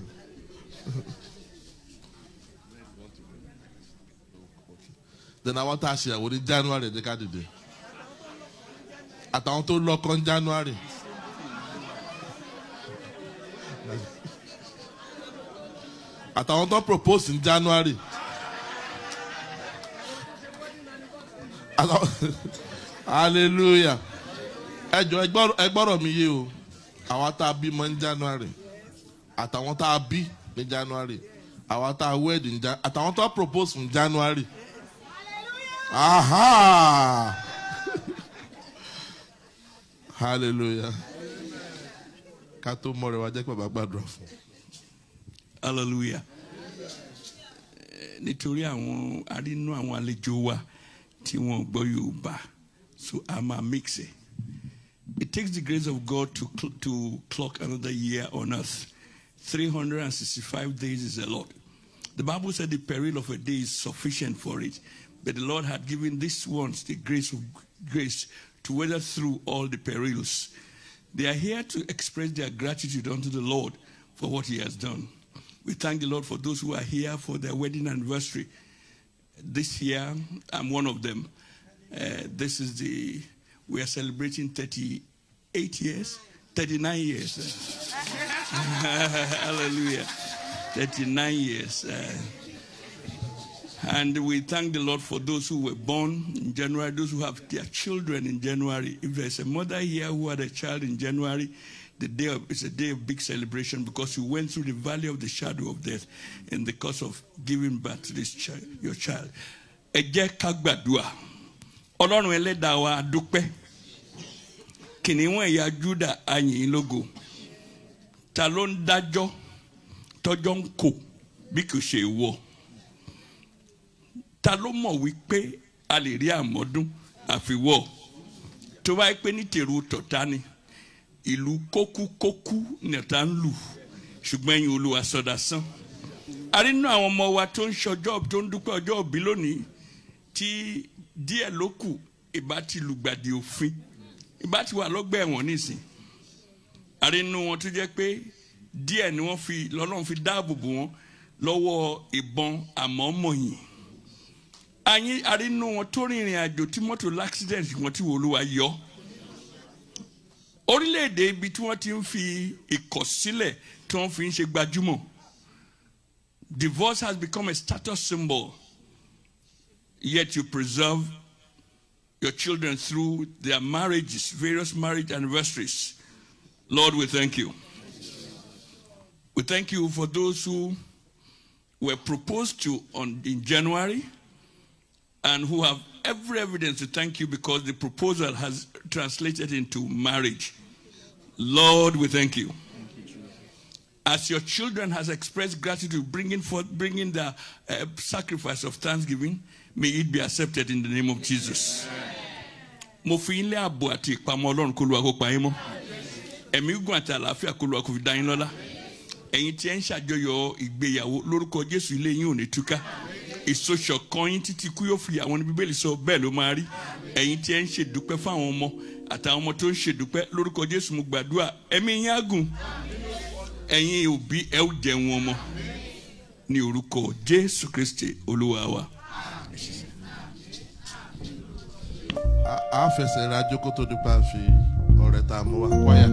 then àwọn tá a ṣe àwọn ní January ẹ̀jẹ̀ ká dìde àtàwọn tó lọ́kọ́ ní January. àtàwọn tó propose in January hallelujah ẹ jọ ẹ gbọ́rọ̀ mi yé o àwọn tá a bí mọ́ ní January àtàwọn tá a bí. In January àwa tá a wed ní January àtàwọn tó propose fún January. Aha! Hallelujah. Ká tó mọ̀ rẹ̀ wá jẹ́ pé bàbá gbàdúrà fún. Hallelujah. Eh, nítorí àwọn arínú àwọn àlejò hallelujah nitori awon nu awon alejo wa Yorùbá so a mix it. It takes the grace of God to, to clock another year on earth. 365 days is a lot. The Bible said the peril of a day is sufficient for it. But the Lord had given these ones the grace of grace to weather through all the perils. They are here to express their gratitude unto the Lord for what he has done. We thank the Lord for those who are here for their wedding anniversary. This year, I'm one of them. Uh, this is the, we are celebrating 38 years. 39 years. Eh? Hallelujah. 39 years. Eh? And we thank the Lord for those who were born in January, those who have their children in January. If there's a mother here who had a child in January, the day of, it's a day of big celebration because you went through the valley of the shadow of death in the course of giving birth to this child, your child. Ẹ kagbadua. ká gbàdúrà. wa dúpẹ́. kìnìún ẹ̀yà Júdà àyìn lógo ta ló ń dájọ́ tọ́jọ́ ń kò bí kò ṣe wọ ta ló mọ̀ wípé a lè rí àmọ́dún àfiwọ́ tó bá yẹ pé ní tèrú tọ̀tá ni ìlú kókúkókú nìta ń lù ṣùgbọ́n ẹ̀yin Olúwa sọ̀dà sán a rí nínú àwọn ọmọ wa tó ń ṣọjọ́ tó ń dúpẹ́ ọjọ́ òbí lónìí tí díẹ̀ ló kù ìbá ti lùgbàdì òfin ìbá ti wà lọ́gbà ẹ̀wọ̀n nísìn àrínú wọn tó jẹ́ pé díẹ̀ ni wọ́n fi lọ́lọ́run fi dáàbò bò wọ́n lọ́wọ́ ìbọn àmọ́mọ̀yìn àyín àrínú wọn tó rìnrìn àjò tí mọ́tò l'accident wọn ti wò olúwa yọ orílẹ̀-èdè ibi tí wọ́n ti ń fi ìkọ̀sílẹ̀ tí wọ́n fi ń ṣe gbajúmọ̀ divorce has become a status symbol yet you preserve your children through their marriages, various marriage anniversaries. Lord, we thank you. We thank you for those who were proposed to on, in January and who have every evidence to thank you because the proposal has translated into marriage. Lord, we thank you. As your children has expressed gratitude, bringing forth, bringing the uh, sacrifice of thanksgiving, May it be accepted in the name of Jesus. Mo fi ilé ààbò àti ìpamọ́ Ọlọ́run kó lu àkópa yín mọ́. Ẹ̀mí gùn àti àlàáfíà kó lu àkófi dá yín lọ́lá. Ẹ̀yin tí ẹ ń ṣàjọyọ̀ ìgbéyàwó lórúkọ Jésù ilé yín ò ní túká. Ìsosọ̀ kan yín títí kú yóò fi àwọn Bíbélì sọ bẹ́ẹ̀ ló máa rí. Ẹ̀yin tí ẹ ń ṣèdúpẹ́ fáwọn ọmọ àtàwọn ọmọ tó ń ṣèdúpẹ́ lórúkọ Jésù mo gbàdúrà ẹ̀mí yín á Ẹ̀yin òbí ẹ ó jẹun ọmọ ní orúkọ Jésù Kristi Olúwa wa. Amen. a fẹsẹ̀ rajó kó tó nípa fi ọ̀rẹ́ tá a mú wa kọ́yà.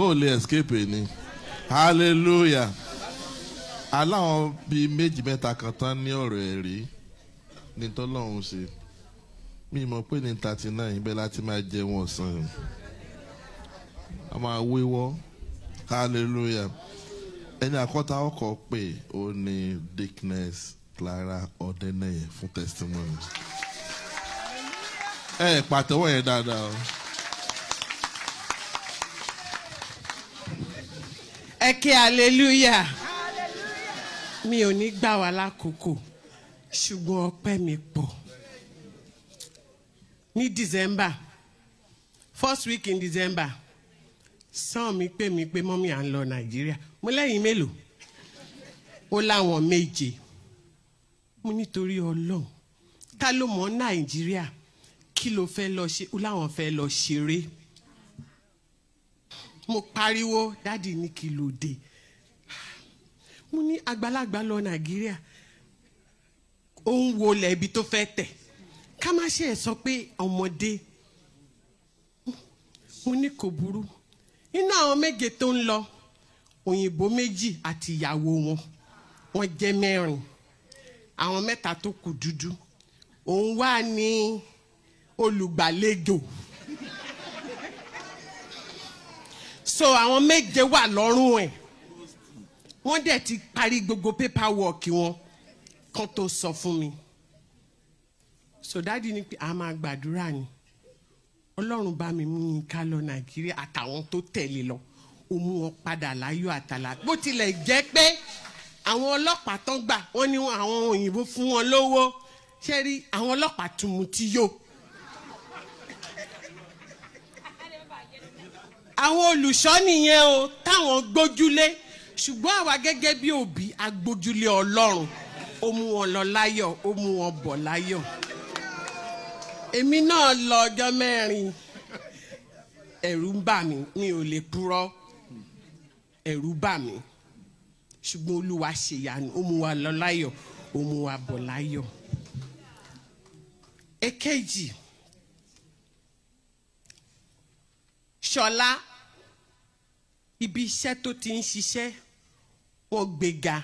bó lè escape ni hallelujah aláwọn bíi méjì mẹ́ta kan tán ní ọ̀rọ̀ ẹ̀rí ní tọ́lọ́hún ṣe mi mọ̀ pé ní thirty nine bẹ́ẹ̀ láti máa jẹ wọn sàn a máa wéwọ́ hallelujah ẹni àkọ́ta ọkọ̀ pé ó ní Dickness Clara Ọ̀dẹ́nẹ̀yẹ fún testimony ẹ pàtẹ́wọ́ yẹn dáadáa ẹ kí hallelujah mi ò ní gbà wá lákòókò ṣùgbọ́n ọpẹ́ mi pọ̀ ní December first week in December sàn mi pè mi pé mọ́mí à ń lọ Nàìjíríà mo lẹ́yìn mélòó ó láwọn méje mo nítorí Ọlọ́run ta ló mọ̀ Nàìjíríà kí ló fẹ́ lọ ṣe ó láwọn fẹ́ lọ ṣeré mo pariwo dáàdi ní kí ló dé mo ní àgbàlagbà lọ nàìjíríà ó ń wọlé ibi tó fẹ́ tẹ̀ ká má ṣe sọ pé ọmọdé mo ní kò burú nínú àwọn méje tó ń lọ òyìnbó méjì àti ìyàwó wọn wọ́n jẹ́ mẹ́rin àwọn mẹ́ta tó kù dúdú òun wà ní olùgbàlejò. so àwọn méje wà lọ́rùn ẹ̀ wọ́n dẹ̀ ti parí gbogbo paperwork wọn kan tó sọ fún mi so dáàdi ni pé a máa gbàdúrà ni ọlọ́run bá mi mú yín ká lọ nàìjíríà àtàwọn tó tẹ̀lé lọ ó mú wọn padà láyọ̀ àtàlà bó tilẹ̀ jẹ́ pé àwọn ọlọ́pàá tán gbà wọ́n ní àwọn òyìnbó fún wọn lówó ṣé rí àwọn ọlọ́pàá tún mutí yó àwọn olùṣọ́ nìyẹn o táwọn gbójúlé ṣùgbọ́n àwa gẹ́gẹ́ bí òbí agbójúlé ọlọ́run ó mú wọn lọ láyọ̀ ó mú wọn bọ̀ láyọ̀ èmi náà lọ ọjọ́ mẹ́rin ẹ̀rù ń bà mí mi ò lè purọ́ ẹ̀rù bà mí ṣùgbọ́n olúwa ṣe ìyanu ó mú wa lọ láyọ̀ ó mú wa bọ̀ láyọ̀ èkejì ṣọlá ibi iṣẹ́ tó ti ń ṣiṣẹ́ ó gbéga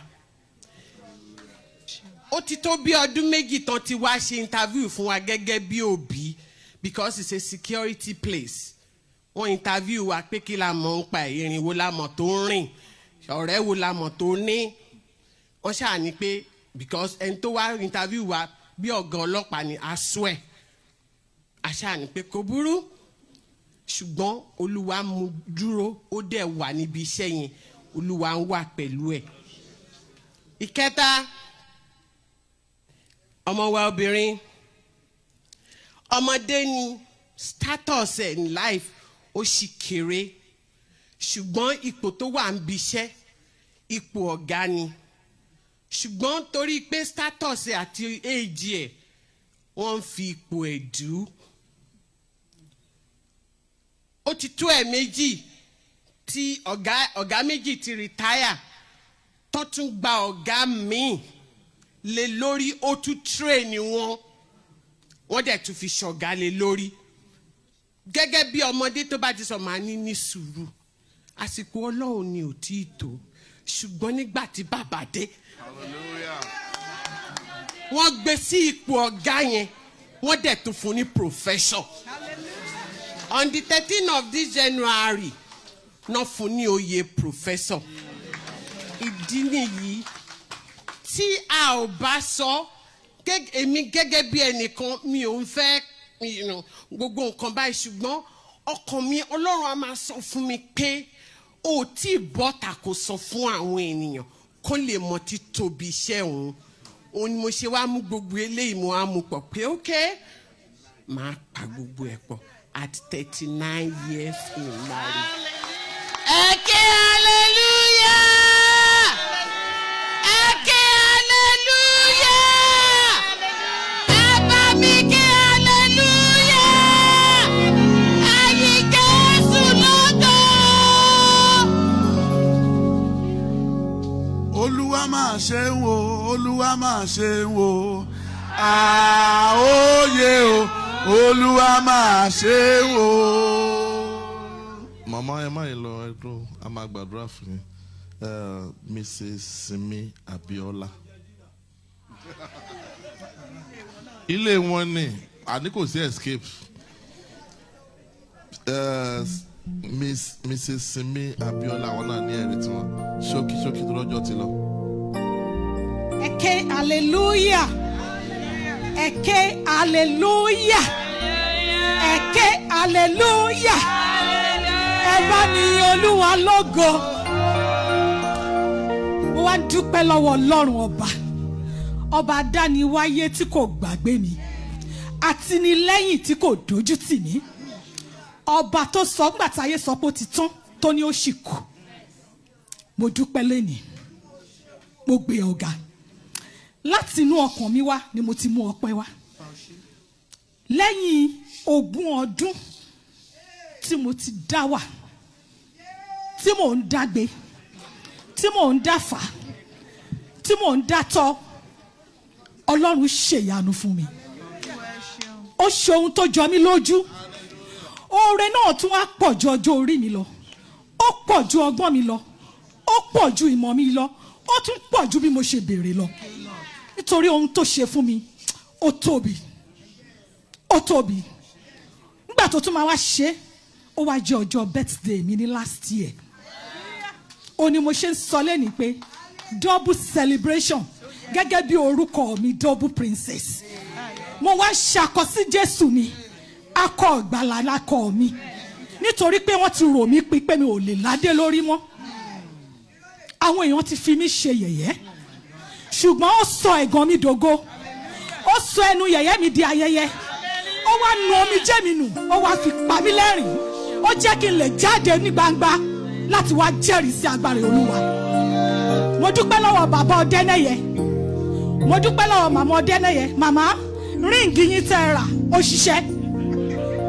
ó ti tó bí ọdún méjì tán ti wá ṣe interview fún wa gẹ́gẹ́ bí òbí because it's a security place wọ́n interview wa pé kí la mọ̀ ń pa ìrìn wo la mọ̀ tó ń rìn ọ̀rẹ́ wo la mọ̀ tó ní wọ́n ṣáà pé because ẹni tó wá interview wa bí ọ̀gá ọlọ́pàá ni a swear pé kò burú ṣùgbọ́n olúwa mú dúró ó dẹ̀ wà níbi iṣẹ́ yẹn olúwa ń wà pẹ̀lú ẹ̀. ìkẹta ọmọ wa obìnrin ọmọdé ni status ẹ̀ ní life ó sì kéré ṣùgbọ́n ipò tó wà ń biṣẹ́ ipò ọ̀gá ni ṣùgbọ́n torí pé status ẹ̀ àti éèjì ẹ̀ wọ́n ń fi ipò ẹ̀ dùn ó ti tó ẹ̀ méjì tí ọ̀gá ọ̀gá méjì ti rìtáyà tó tún gba ọ̀gá míì lé lórí ó tún tírèènì wọn wọ́n dẹ̀ tún fi ṣọ̀gá lé lórí gẹ́gẹ́ bí ọmọdé tó bá ti sọ màá ní ní sùúrù àsìkò ọlọ́run ni ò tí ì tó ṣùgbọ́n nígbà tí bàbá dé wọ́n gbé sí ipò ọ̀gá yẹn wọ́n dẹ̀ tún fún ní professor on the thirteen of this January náà fún ní professor ìdí nìyí tí a ò bá sọ èmi gẹ́gẹ́ bí ẹnìkan mi ò ń fẹ́ gbogbo nǹkan báyìí ṣùgbọ́n ọkàn mi ọlọ́run á máa sọ fún mi pé ó tí ì bọ́ta kò sọ fún àwọn ènìyàn kó lè mọ títóbi iṣẹ́ òun òun ni mo ṣe wá mú gbogbo eléyìí mo á mú pọ̀ pé ókè máa pa gbogbo ẹ̀ pọ̀ at 39 years in marriage. Eke, kí hallelujah ẹ kí hallelujah ẹ bá mi kí hallelujah ẹyin Jésù lọ́gọ́. olúwa máa ṣe wo olúwa máa ṣe ń wo àóyè o. Ah, oh yeah, oh olúwa máa ṣe o. màmá ẹ má yìí lọ ẹ a máa gbàdúrà fún yín mrs simi abiola ilé wọn ni àní kò sí escape miss mrs simi abiola àwọn náà ní ẹ̀rí tiwọn ṣókí ṣókí tó ti lọ. ẹ ké hallelujah. Eke hallelujah. Eke hallelujah. Ẹ ni mi yin Olúwa lógo. Mo wá dúpẹ́ lọ́wọ́ Ọlọ́run ọba. Ọba dániwáyé tí kò gbàgbé mi. Àtinilẹ́yìn tí kò dojú tì mí. Ọba tó sọ gbàtàyé sọ pé ó ti tán tó ní ó sì kù. Mo dúpẹ́ lẹ́nìí. Mo gbé ọ̀gá láti inú ọkàn mi wá ni mo ti mú ọpẹ́ wá lẹ́yìn ogún ọdún tí mo ti dá wà tí mò ń dágbe tí mò ń dáfà tí mò ń dátọ́ ọlọ́run ṣèyanu fún mi ó ṣe ohun tó jọ mí lójú oore náà tún wá pọ̀ ju ọjọ́ orí mi lọ ó pọ̀ ju ọgbọ́n mi lọ ó pọ̀ ju ìmọ̀ mi lọ ó tún pọ̀ ju bí mo ṣe béèrè lọ. Amen nítorí ohun tó ṣe fún mi ó tóbi ó tóbi nígbà tó tún máa wá ṣe ó wá jẹ́ ọjọ́ birthday mi ní last year ó ní mo ṣe ń sọ lẹ́ni pé double celebration gẹ́gẹ́ bí orúkọ mi double princess mo wá ṣàkọsí Jésù ni akọ ìgbàlà lakọ mi nítorí pé wọ́n ti rò mí pé mi ò lè ládé lórí mọ́ àwọn èèyàn ti fi mí ṣe yẹ̀yẹ́ ṣùgbọ́n ó sọ ẹ̀gàn mi dògo ó sọ ẹnu yẹ̀yẹ́ mi di ayẹyẹ ó wá nu omijé mi nù ó wá fi pa mí lẹ́rìn ó jẹ́ kí n lè jáde ní gbangba láti wá jẹ́rìí sí agbára olúwa mo dúpẹ́ lọ́wọ́ bàbá ọdẹ́nẹ́yẹ mo dúpẹ́ lọ́wọ́ màmá ọdẹ́nẹ́yẹ màmá ríǹgì yín tẹ́ ẹ rà ó ṣiṣẹ́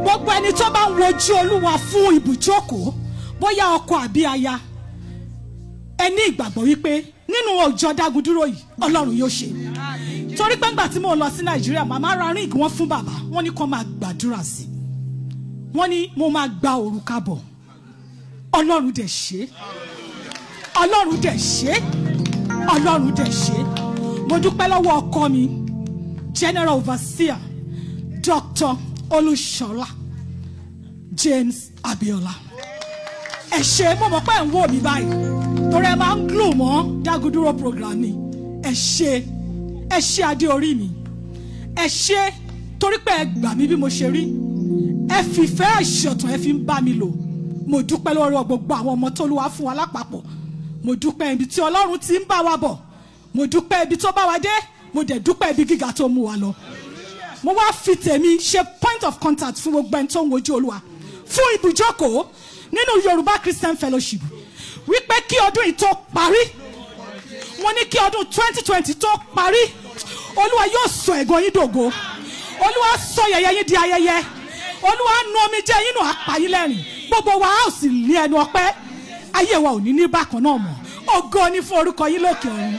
gbogbo ẹni tó bá ń wojú olúwa fún ibùjókòó bóyá ọkọ àbí aya ẹ ní ìgbàgbọ́ wípé nínú ọjọ́ dágundúró yìí ọlọ́run yóò ṣe torí pé tí mo lọ sí nàìjíríà màmá ra ring wọn fún bàbá wọn ní kó máa gbàdúrà sí wọn ní mo máa gba òrùka bọ̀ ọlọ́run dẹ̀ ṣe ọlọ́run dẹ̀ ṣe ọlọ́run dẹ̀ ṣe mo dúpẹ́ lọ́wọ́ ọkọ mi general overseer dr olúṣọlá james abiola ẹ ṣe mo mọ̀ pé ẹ̀ ń wò mí báyìí torí ẹ máa ń glù mọ́ dágudúró program ni ẹ ṣe ẹ ṣe adé orí mi ẹ ṣe torí pé ẹ gbà mí bí mo ṣe rí ẹ fìfẹ́ ìṣọ̀tàn ẹ fi ń bá mi lò mo dúpẹ́ lọ́wọ́ gbogbo àwọn ọmọ tó lúwa fún wa lápapọ̀ mo dúpẹ́ ibi tí ọlọ́run ti ń bá wa bọ̀ mo dúpẹ́ ibi tó bá wa dé mo dẹ̀ dúpẹ́ ibi gíga tó mú wa lọ mo wá fi tèmi ṣe point of contact fún gbogbo ẹni tó ń wojú olúwa fún ibùjókòó nínú Yorùbá Christian Fellowship wípé kí ọdún yìí tó parí wọ́n ní kí ọdún twenty twenty tó parí olúwa yóò sọ ẹ̀gàn yín dògo olúwa sọ yẹ̀yẹ́ yín di ayẹyẹ olúwa nu omijé yín nù apàyín lẹ́rìn gbogbo wa a sì ní ẹnu ọpẹ́ ayé wa ò ní ní bákan náà mọ́ ògo ni fún orúkọ yín lókè ọ̀run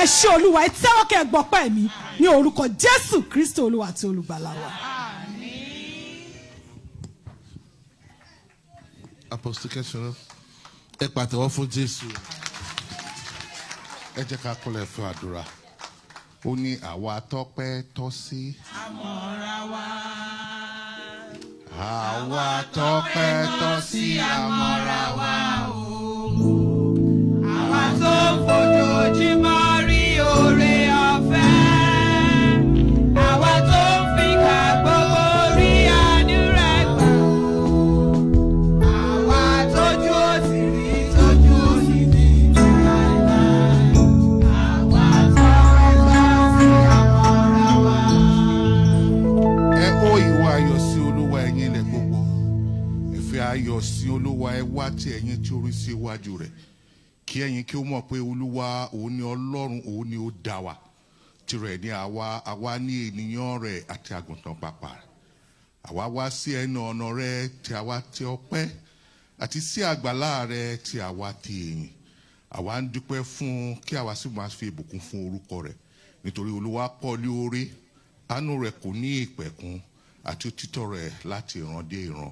ẹ ṣé olúwa ẹ tẹ́wọ́ kẹ́ ẹ gbọ́pẹ́ mi ní orúkọ Jésù Kristi olúwa àti olùgbàlà wa. Apostle Kẹ́sìrọ́ ẹ pàtẹ́wọ́ fún Jésù ẹ jẹ́ ká kúnlẹ̀ fún àdúrà ó ní àwa tọ́pẹ́ tọ́ sí. àmọ́ra wa. àwa tọ́pẹ́ tọ́ sí àmọ́ra wa o àwa tó fojoojúmọ́. wá ti ẹ̀yin tí orí sí iwájú rẹ̀ kí ẹ̀yin kí ó mọ̀ pé olúwa òun ni ọlọ́run òun ni ó dá wa tirẹ̀ ni àwa àwa ni ènìyàn rẹ̀ àti àgùntàn pàpà rẹ̀ àwa wá sí ẹnu ọ̀nà rẹ̀ tí àwa ti ọpẹ́ àti sí àgbàlá rẹ̀ tí àwa ti èyìn àwa ń dúpẹ́ fún kí àwa sì máa fi ìbùkún fún orúkọ rẹ̀ nítorí olúwa pọ̀ lé orí àánú rẹ̀ kò ní ìpẹ̀kun àti òtítọ́ rẹ̀ láti ìran dé ìran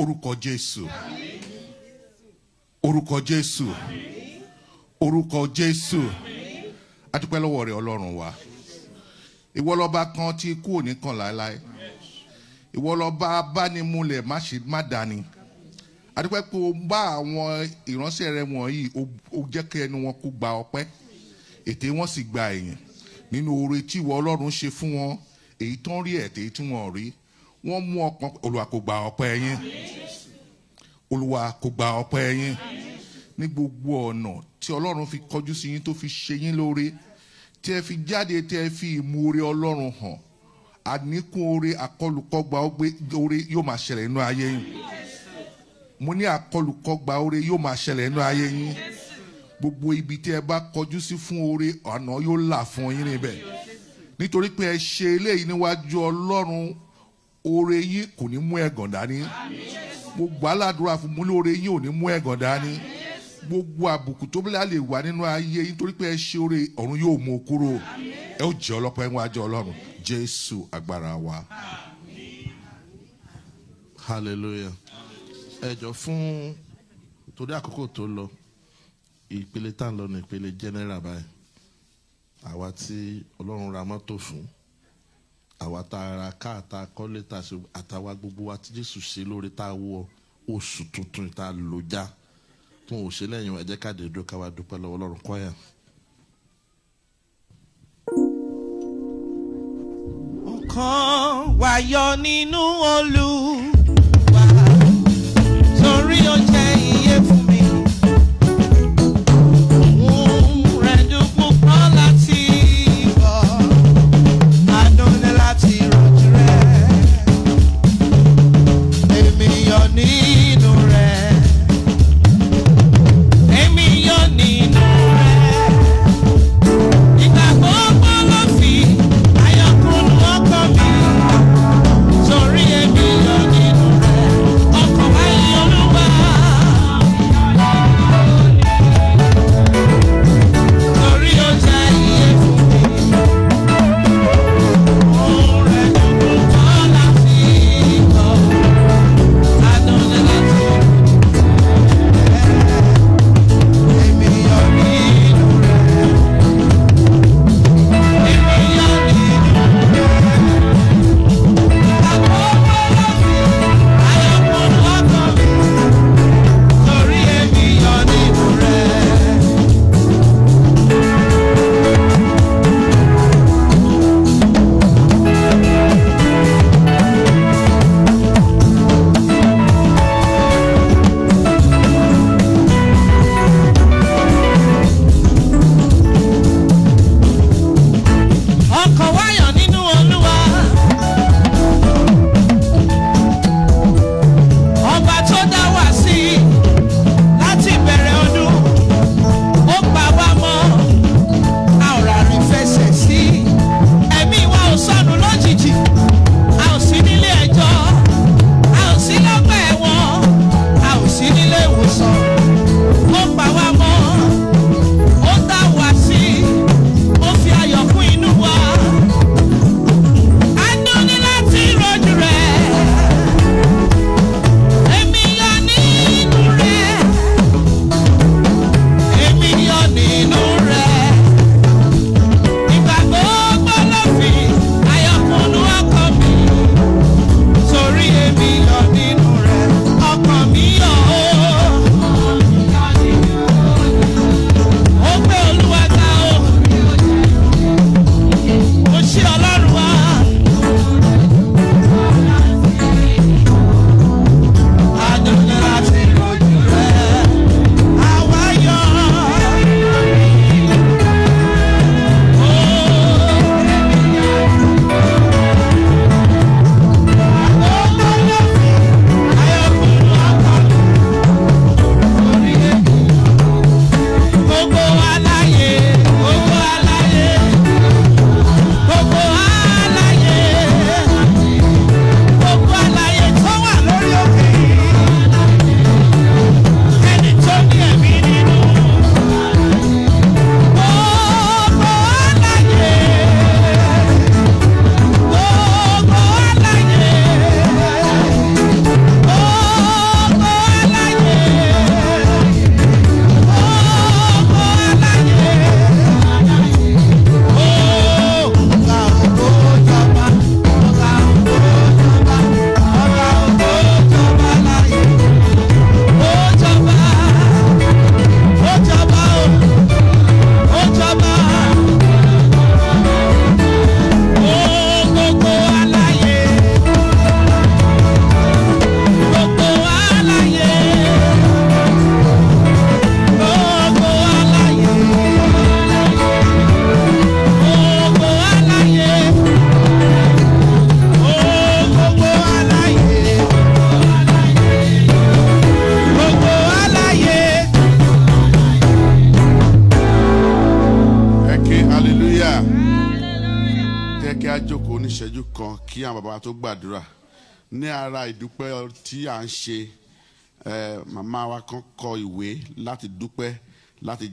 orúkọ Jésù. Àmín orúkọ jésù orúkọ jésù adúpẹ́ lọ́wọ́ rẹ ọlọ́run wa ìwọ lọ́ba kan tí ikú ò ní kàn láéláé ìwọ lọ́ba abánimúlẹ̀ má ṣe má dání adúpẹ́ pé o bá àwọn ìránṣẹ́ rẹ wọ̀nyí o jẹ́ kí ẹnu wọn kó gba ọpẹ́ ètè wọn sì gba ẹ̀yìn nínú oore tí ìwọ ọlọ́run ṣe fún wọn èyí tán rí ẹ̀ tèyí tí wọn rí wọn mú ọkàn olùwàkógbà ọpẹ́ yín olúwa kó gba ọpẹ́ yín ní gbogbo ọ̀nà tí ọlọ́run fi kọjú sí yín tó fi ṣe yín lóore tí ẹ fi jáde tí ẹ fi ìmoore ọlọ́run hàn àníkù oore àkọlùkọgba oore yóò máa ṣẹlẹ̀ nínú ayé yín mo ní àkọlùkọgba oore yóò máa ṣẹlẹ̀ nínú ayé yín gbogbo ibi tí ẹ bá kọjú sí fún oore ọ̀nà yóò là fún yín níbẹ̀ nítorí pé ẹ ṣe eléyìí níwájú ọlọ́run oore yín kò ní mú ẹ̀gàn dání mo gbà fún mo lóore yín ò mú ẹ̀gàn dání gbogbo àbùkù tó bílẹ̀ lè wà nínú ayé yín torí pé ẹ ṣe oore ọ̀run yóò mú o kúrò ẹ ó jẹ́ ọlọ́pàá ẹ̀wọ̀n ajọ́ ọlọ́run jésù agbára wa. hallelujah ẹ fún torí àkókò tó lọ ìpele tá à ń lọ ní ìpele general báyìí àwa tí ọlọ́run ra mọ́tò fún àwa tá a ra káà tá a kọ́lé tá a ṣe àtàwa gbogbo wa tí Jésù ṣe lórí tá a wọ oṣù tuntun tá a lò já tún ò ṣe lẹ́yìn ẹ̀jẹ̀ káàdì ìdúró ká dúpẹ́ lọ́wọ́ Ọlọ́run kọ́yà. kan wàyọ nínú Olúwa torí ọjọ́.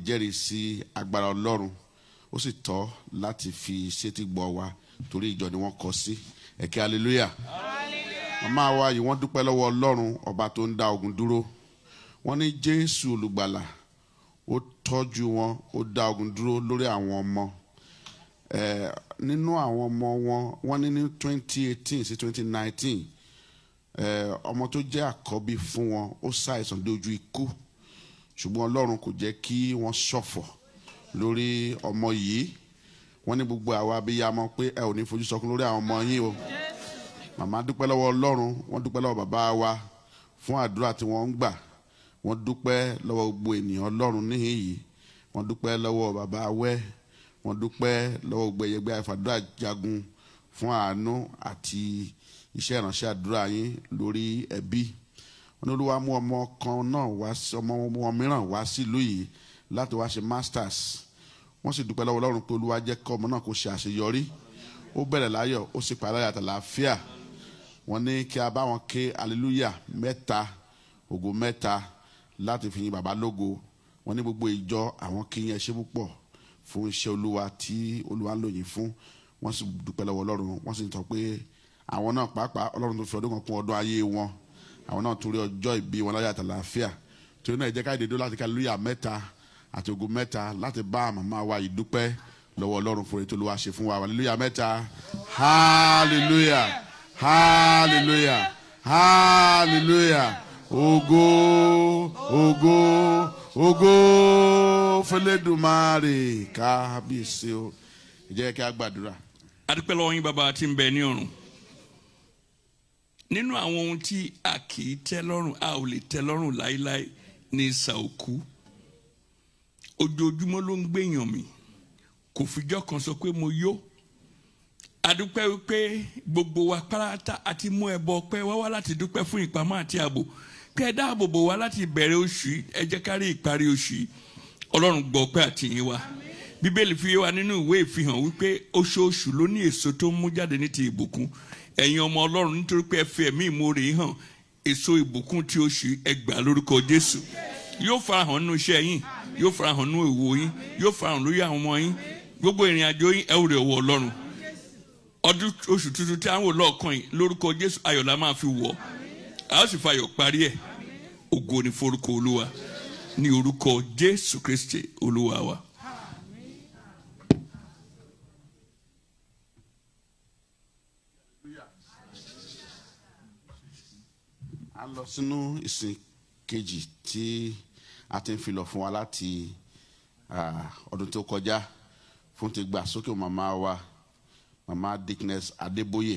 jẹ́rìí sí agbára ọlọ́run ó sì tọ́ láti fi sétí gbọ́ wa torí ìjọ ni wọ́n kọ sí ẹ̀kẹ́ aleluya màmá wa yìí wọ́n dúpẹ́ lọ́wọ́ ọlọ́run ọba tó ń dá ogun dúró wọ́n ní jésù olùgbàlà ó tọ́jú wọn ó dá ogun dúró lórí àwọn ọmọ nínú àwọn ọmọ wọn wọ́n ní ní twenty eighteen sí twenty nineteen ọmọ tó jẹ́ àkọ́bí fún wọn ó ṣàìsàn dójú ikú ṣùgbọ́n ọlọ́run kò jẹ́ kí wọ́n ṣọ̀fọ̀ lórí ọmọ yìí wọ́n ní gbogbo àwa abiyamọ pé ẹ ò ní fojú sọkún lórí àwọn ọmọ yín o màmá dúpẹ́ lọ́wọ́ ọlọ́run wọ́n dúpẹ́ lọ́wọ́ bàbá wa fún àdúrà tí wọ́n ń gbà wọ́n dúpẹ́ lọ́wọ́ gbogbo ènìyàn ọlọ́run níhìn yìí wọ́n dúpẹ́ lọ́wọ́ bàbá wẹ́ wọ́n dúpẹ́ lọ́wọ́ gbogbo ẹ̀yẹgbẹ́ àfàdúrà jagun fún àánú àti iṣẹ́ ìránṣẹ́ àdúrà yín lórí ẹbí. E olúwa mú ọmọ kan náà wá ọmọ ọmọ mìíràn wá sílùú yìí láti wá ṣe masters wọ́n sì dúpẹ́ lọ́wọ́ ọlọ́run pé olúwa jẹ́ kọ́ ọmọ náà kó ṣe àṣeyọrí ó bẹ̀rẹ̀ láyọ̀ ó sì parí láyọ̀ àtàlàáfíà wọ́n ní kí a bá wọn ké hallelujah mẹ́ta ògo mẹ́ta láti fi yin bàbá lógo wọ́n ní gbogbo ìjọ àwọn kí yẹn ṣe púpọ̀ fún iṣẹ́ olúwa tí olúwa ń lò yín fún wọ́n sì dúpẹ́ lọ́wọ́ ọlọ́run wọ́n sì sọ pé àwọn náà pàápàá ọlọ́run tó fi ọdún kan kún ọdún ayé wọn àwọn náà torí ọjọ́ ìbí wọn láyà àtàlàáfíà torí náà ìjẹ́ká ìdèdó láti ká lóyà mẹ́ta àti ogun mẹ́ta láti bá màmá wa ìdúpẹ́ lọ́wọ́ ọlọ́run fún ètò olúwa ṣe fún wa hallelujah mẹ́ta hallelujah hallelujah hallelujah ogo, ogo! ògo fẹlẹ́dùmarè kábíyèsí o ìjẹ́ kí a gbàdúrà. adúpẹ́ lọ́wọ́ yín bàbá tí ń ní ọ̀run nínú àwọn ohun tí a kì í tẹ́ lọ́rùn a ò lè tẹ́ lọ́rùn láéláé ní ìsà òkú ojoojúmọ́ ló ń gbèyàn mi kò fìjọ́ kan sọ pé mo yó adúpẹ́ wípé gbogbo wa pátá àti mú ẹbọ ọpẹ́ wá wá láti dúpẹ́ fún ìpamọ́ àti ààbò kí ẹ dáàbò bò wá láti ìbẹ̀rẹ̀ oṣù ẹ jẹ́ ìparí oṣù ọlọ́run gbọ́ ọpẹ́ àti yín wa bíbélì fi yé wa nínú ìwé ìfihàn wípé oṣooṣù ló ní èso tó ń mú jáde ní ti ìbùkún ẹ̀yin ọmọ ọlọ́run nítorí pé ẹ fi ẹ̀mí ìmoore hàn èso ìbùkún tí oṣù ẹgbà lórúkọ jésù yóò farahàn nínú iṣẹ́ yín yóò farahàn nínú èwo yín yóò farahàn lórí àwọn ọmọ yín gbogbo ìrìn àjò yín ẹ ò rè wọ ọlọ́run ọdún oṣù tuntun tí à ń wò lọ́ọ̀kan yìí lórúkọ jésù ayọ̀ máa fi wọ̀ a ó sì fayọ̀ parí ẹ̀ ògo ni forúkọ olúwa ní orúkọ jésù kristi olúwa wa. lọ sínú ìsìn kejì tí a ti ń filọ̀ fún wa láti ọdún tó kọjá fún ti gbà sókè màmá wa màmá Dickness Adébóyè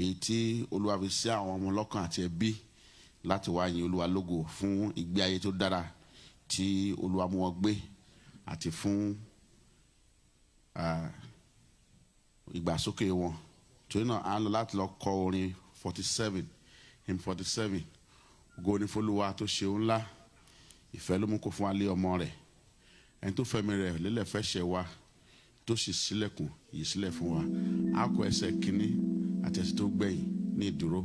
èyí tí olúwa fi sí àwọn ọmọ ọlọ́kàn àti ẹbí láti wá yin olúwa lógo fún ìgbé ayé tó dára tí olúwa mú wọn gbé àti fún ìgbàsókè wọn torí náà à ń lọ láti lọ kọ orin forty seven hymn forty seven ògo ni f'Olúwa tó ṣe òun ńlá ìfẹ́ ló mú kó fún wa lé ọmọ rẹ̀ ẹni tó fẹ̀mí rẹ̀ lélẹ̀ fẹ́ ṣẹ̀ wa tó sì ṣílẹ̀kùn yìí sílẹ̀ fún wa a kọ ẹsẹ̀ kínní àti ẹsẹ̀ tó gbẹ̀yìn ní ìdúró.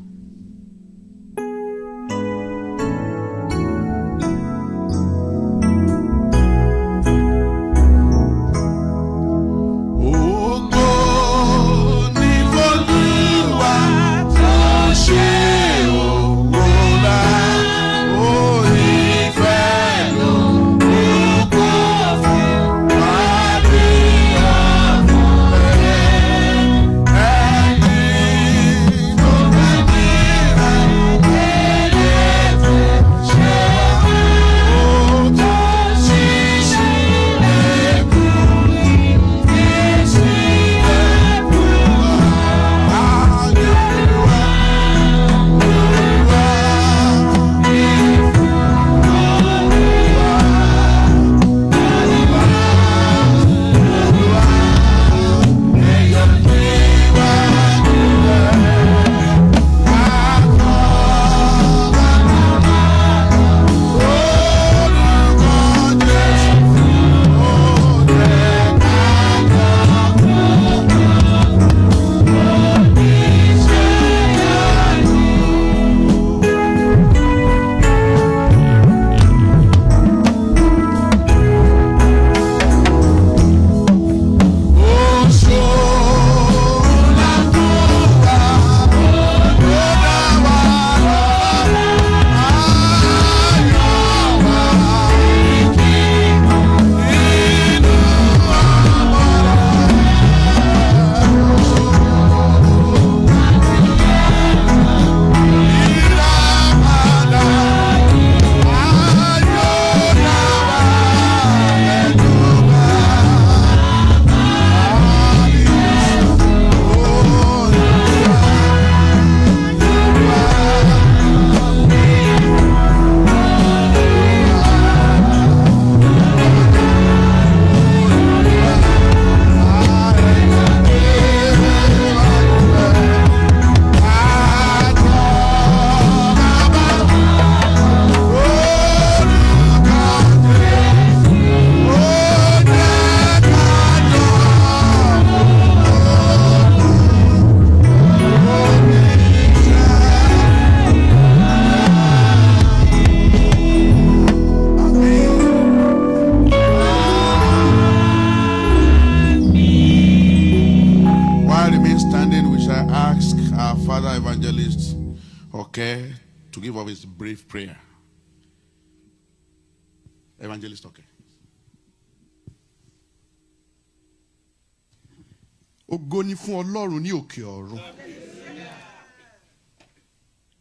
òkè ọ̀run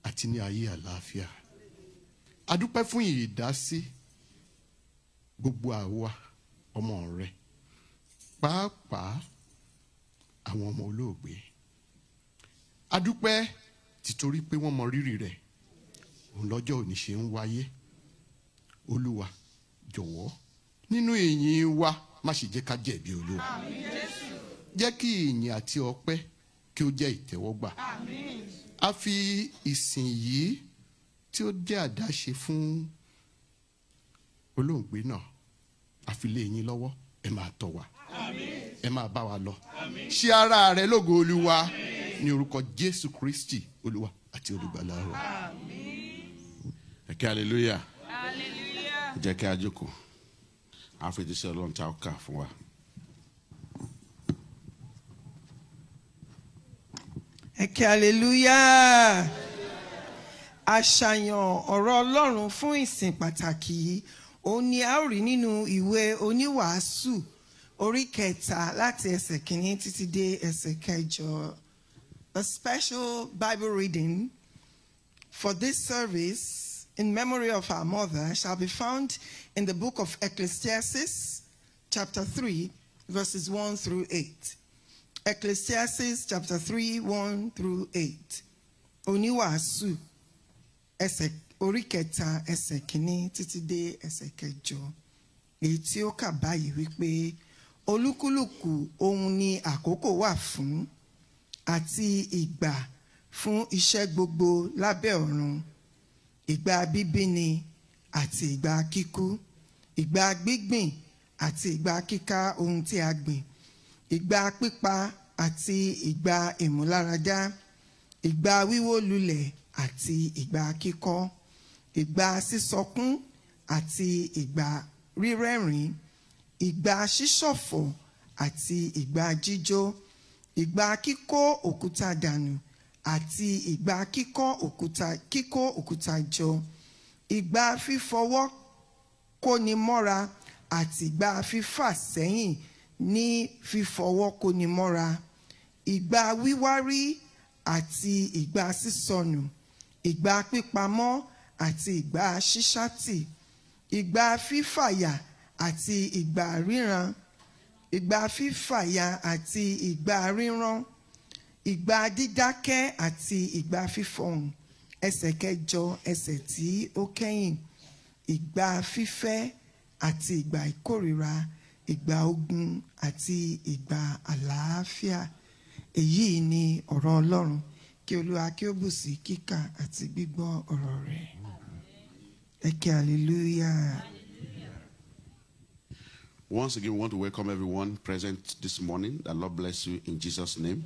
àti ní ayé àlàáfíà adúpẹ́ fún ìdásí gbogbo àwa ọmọ rẹ pàápàá àwọn ọmọ olóògbé adúpẹ́ títorí pé wọ́n mọ rírì rẹ̀ òun lọ́jọ́ òní ṣe ń wáyé olúwa jọ̀wọ́ nínú ìyìn wa má ṣe jẹ́ ká jẹ̀bi olúwa jẹ́ kí ìyìn àti ọpẹ́ kí ó jẹ́ ìtẹ́wọ́gbà. Àmín. a fi ìsìn yìí tí ó jẹ́ àdáṣe fún olóògbé náà a fi lé yín lọ́wọ́ ẹ máa tọ̀ wá Àmín. ẹ máa bá wa lọ Àmín. ara rẹ lógo olúwa ní orúkọ jésù kristi olúwa àti olùgbàlà wa. hallelujah. hallelujah. jẹ́ kí a jókòó àfetí sí ọlọ́run tá a kà fún wa. ẹ kí hallelujah àṣàyàn ọ̀rọ̀ ọlọ́run fún ìsìn pàtàkì yìí òun ni a ó rí nínú ìwé oníwàásù orí kẹta láti ẹsẹ̀ kìíní títí dé ẹsẹ̀ kẹjọ. A special Bible reading for this service in memory of our mother shall be found in the book of Ecclesiastes, chapter 3, verses 1 through 8. Ecclesiastes chapter three one through eight oníwàásù ẹsẹ̀ orí kẹta ẹsẹ̀ kìíní títí dé ẹsẹ̀ kẹjọ èyí tí ó kà báyìí wípé olúkúlùkù ohun ni àkókò wà fún àti ìgbà fún iṣẹ́ gbogbo lábẹ́ ọ̀run ìgbà bíbí ni àti ìgbà kíkú ìgbà gbígbìn àti ìgbà kíká ohun tí a gbìn ìgbà pípa àti ìgbà ìmúláradá ìgbà wíwó lulẹ̀ àti ìgbà kíkọ́ ìgbà sísọkún àti ìgbà rírẹ́rìn ìgbà ṣíṣọ̀fọ̀ àti ìgbà jíjó ìgbà kíkó òkúta dànù àti ìgbà kíkọ́ òkúta kíkó òkúta jọ ìgbà fífọwọ́ kóni mọ́ra àti ìgbà fífà sẹ́yìn ní fífọwọ́ kóni mọ́ra ìgbà wíwárí àti ìgbà sísọnù ìgbà pípamọ́ àti ìgbà ṣíṣátì ìgbà fífàyà àti ìgbà ríran ìgbà fífàyà àti ìgbà rírán ìgbà dídákẹ́ àti ìgbà fífọhùn ẹsẹ̀ kẹjọ ẹsẹ̀ tí ó kẹ́yìn ìgbà fífẹ́ àti ìgbà ìkórìíra. ìgbà ogun àti ìgbà àlàáfíà èyí ni ọ̀rọ̀ ọlọ́run kí olúwa kí kíkà àti gbígbọ́ ọ̀rọ̀ rẹ̀ hallelujah. Once again, we want to welcome everyone present this morning. The Lord bless you in Jesus' name.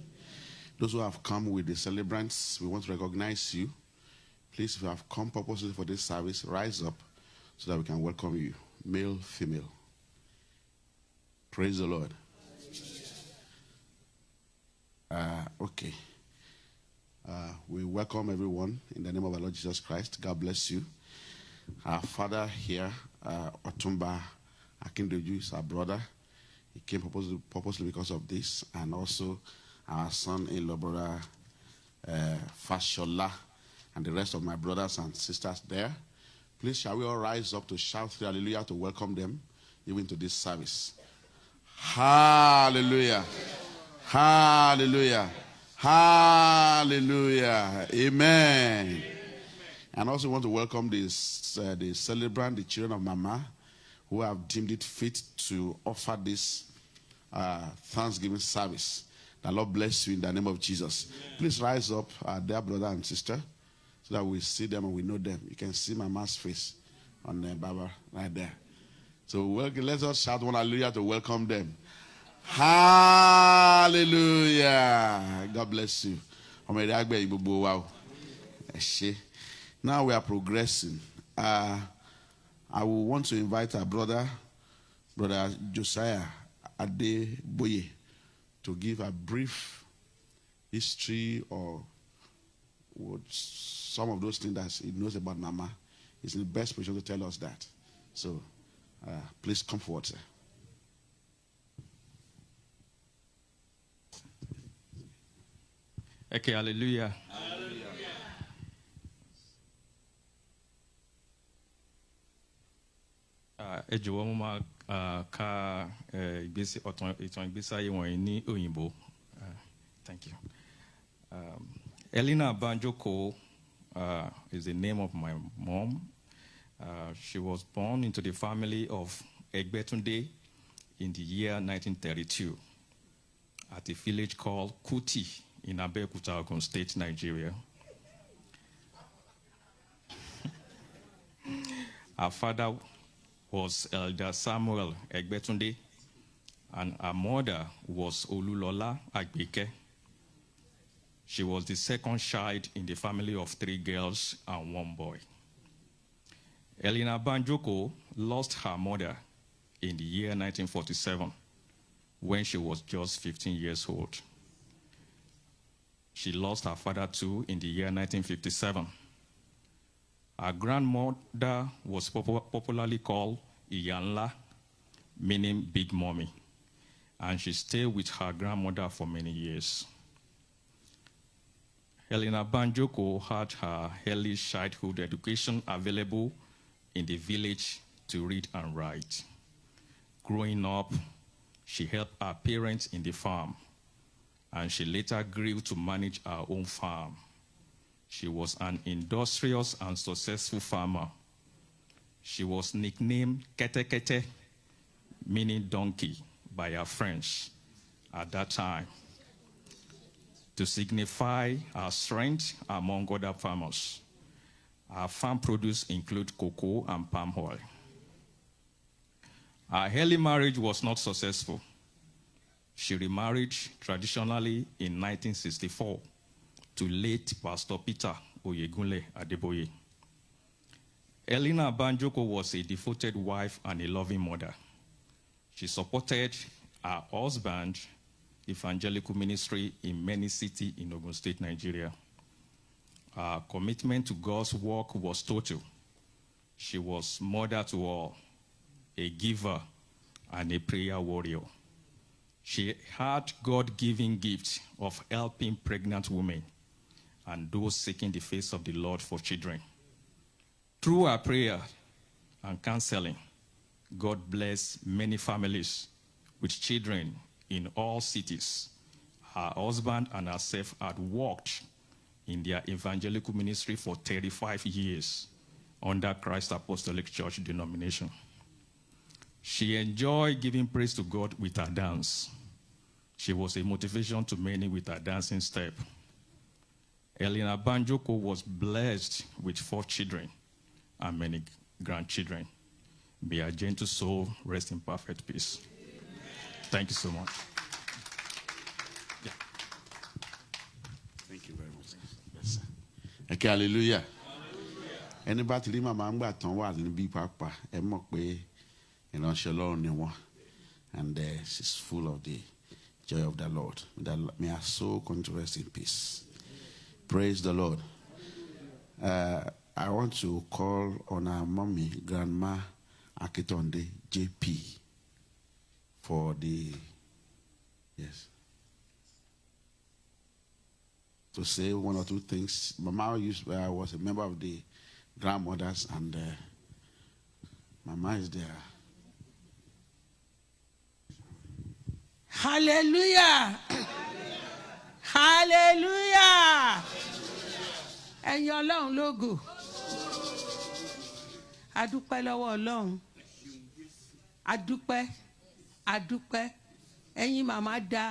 Those who have come with the celebrants, we want to recognize you. Please, if you have come purposely for this service, rise up so that we can welcome you, male, female. Praise the Lord. Uh, okay. Uh, we welcome everyone in the name of our Lord Jesus Christ. God bless you. Our father here, uh, Otumba Akindoju, is our brother. He came purposely, purposely because of this. And also our son in law, brother uh, Fashola, and the rest of my brothers and sisters there. Please, shall we all rise up to shout hallelujah to welcome them even to this service? Hallelujah. Hallelujah. Hallelujah. Amen. And also want to welcome this, uh, the celebrant, the children of Mama, who have deemed it fit to offer this uh, Thanksgiving service. The Lord bless you in the name of Jesus. Amen. Please rise up, uh, dear brother and sister, so that we see them and we know them. You can see Mama's face on the Baba right there. So welcome, let us shout one hallelujah to welcome them. Hallelujah. God bless you. Wow. Now we are progressing. Uh, I will want to invite our brother, Brother Josiah Adeboye, to give a brief history or what some of those things that he knows about Mama. He's in the best position to tell us that. So. Uh, please come forward, sir. Okay, hallelujah. hallelujah. mo uh, uh, ìtàn ní òyìnbó uh, thank you. Um, Elena Banjoko uh, is the name of my mom. Uh, she was born into the family of Egbetunde in the year 1932 at a village called Kuti in Abeokuta, State, Nigeria. her father was Elder Samuel Egbetunde, and her mother was Olulola Agbeke. She was the second child in the family of three girls and one boy. Elena Banjoko lost her mother in the year 1947 when she was just 15 years old. She lost her father too in the year 1957. Her grandmother was popularly called Iyanla, meaning Big Mommy, and she stayed with her grandmother for many years. Helena Banjoko had her early childhood education available in the village to read and write. Growing up, she helped her parents in the farm, and she later grew to manage her own farm. She was an industrious and successful farmer. She was nicknamed Kete Kete, meaning donkey, by her French at that time to signify her strength among other farmers. Our farm produce include cocoa and palm oil. Our early marriage was not successful. She remarried traditionally in 1964 to late Pastor Peter Oyegunle Adeboye. Elena Banjoko was a devoted wife and a loving mother. She supported her husband evangelical ministry in many cities in Ogun State, Nigeria. Her commitment to God's work was total. She was mother to all, a giver, and a prayer warrior. She had God-given gift of helping pregnant women and those seeking the face of the Lord for children. Through her prayer and counseling, God blessed many families with children in all cities. Her husband and herself had worked in their evangelical ministry for 35 years under Christ Apostolic Church denomination. She enjoyed giving praise to God with her dance. She was a motivation to many with her dancing step. Elena Banjoko was blessed with four children and many grandchildren. May her gentle soul rest in perfect peace. Amen. Thank you so much. hallelujah Anybody bá ti rí màmá ń gbà be wà and pàápàá ẹ mọ̀ and uh, she's full of the joy of the Lord We are may her soul come to rest in peace praise the Lord uh, I want to call on our mommy grandma Akitonde JP for the yes to say one or two things. Mama used where I was a member of the grandmothers, and uh, Mama is there. Hallelujah! Hallelujah! Ẹyin Ọlọ́run lógo. Adúpẹ́ lọ́wọ́ Ọlọ́run. Adúpẹ́. Adúpẹ́. Ẹyin màmá da.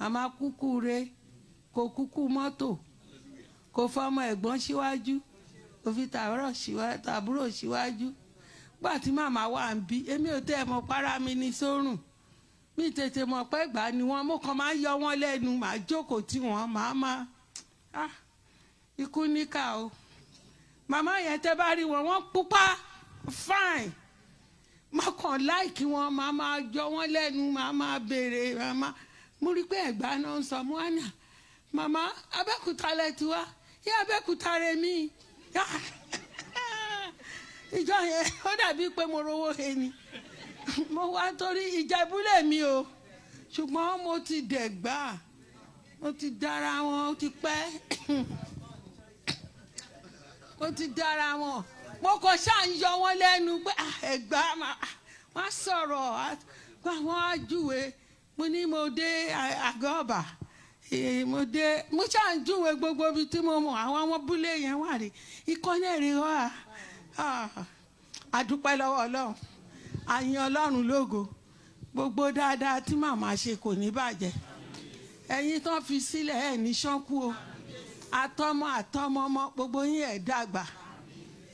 Màmá kúkú kò kúkú mọ́tò kò fọmọ ẹ̀gbọ́n síwájú kò fi tàbúrò síwájú gbà tí màmá wà ń bí èmi ò tẹ́ ẹ mọ̀ para mi ní sórùn mi tètè mọ̀ pé ìgbà ni wọ́n mo kàn máa ń yọ wọ́n lẹ́nu màá jókòó tí wọ́n màá máa ah, ikú níkà o màmá yẹn tẹ́ bá rí wọn wọ́n pupa fine má kàn láìkí wọn màá máa jọ wọ́n lẹ́nu màá máa béèrè màá máa mo rí pé ẹ̀gbá náà ń sọ mọ́ánà Mama, abẹ́kúta lẹ́tù wa yé abẹ́kúta rẹ̀ mí ìjọ yẹn ó dàbí pé mo rówó he ni mo wá torí ìjẹ́búlẹ̀ mi o ṣùgbọ́n mo ti dẹ̀gbà mo ti dára wọn ó ti pẹ́ mo ti dára wọn mo kàn ṣáà ń yọ wọn lẹ́nu pé ah, ẹ̀gbá wọn ah, sọ̀rọ̀ wọn á júwe mo ní mo dé àgọ́ ọ̀bà. Eh, mo dé mo ṣáà ń júwe gbogbo ibi tí mo mọ àwọn ọmọ búlé yẹn wà rí ikọ́ náà rí wá àdúpẹ́ ah, lọ́wọ́ ọlọ́run àyìn ọlọ́run lógo gbogbo dáadáa tí màmá ṣe kò ní bàjẹ́ ẹ̀yin tán fi sílẹ̀ ẹ̀ ní ṣánkú o atọ́mọ atọ́mọ ọmọ gbogbo yín ẹ̀ dàgbà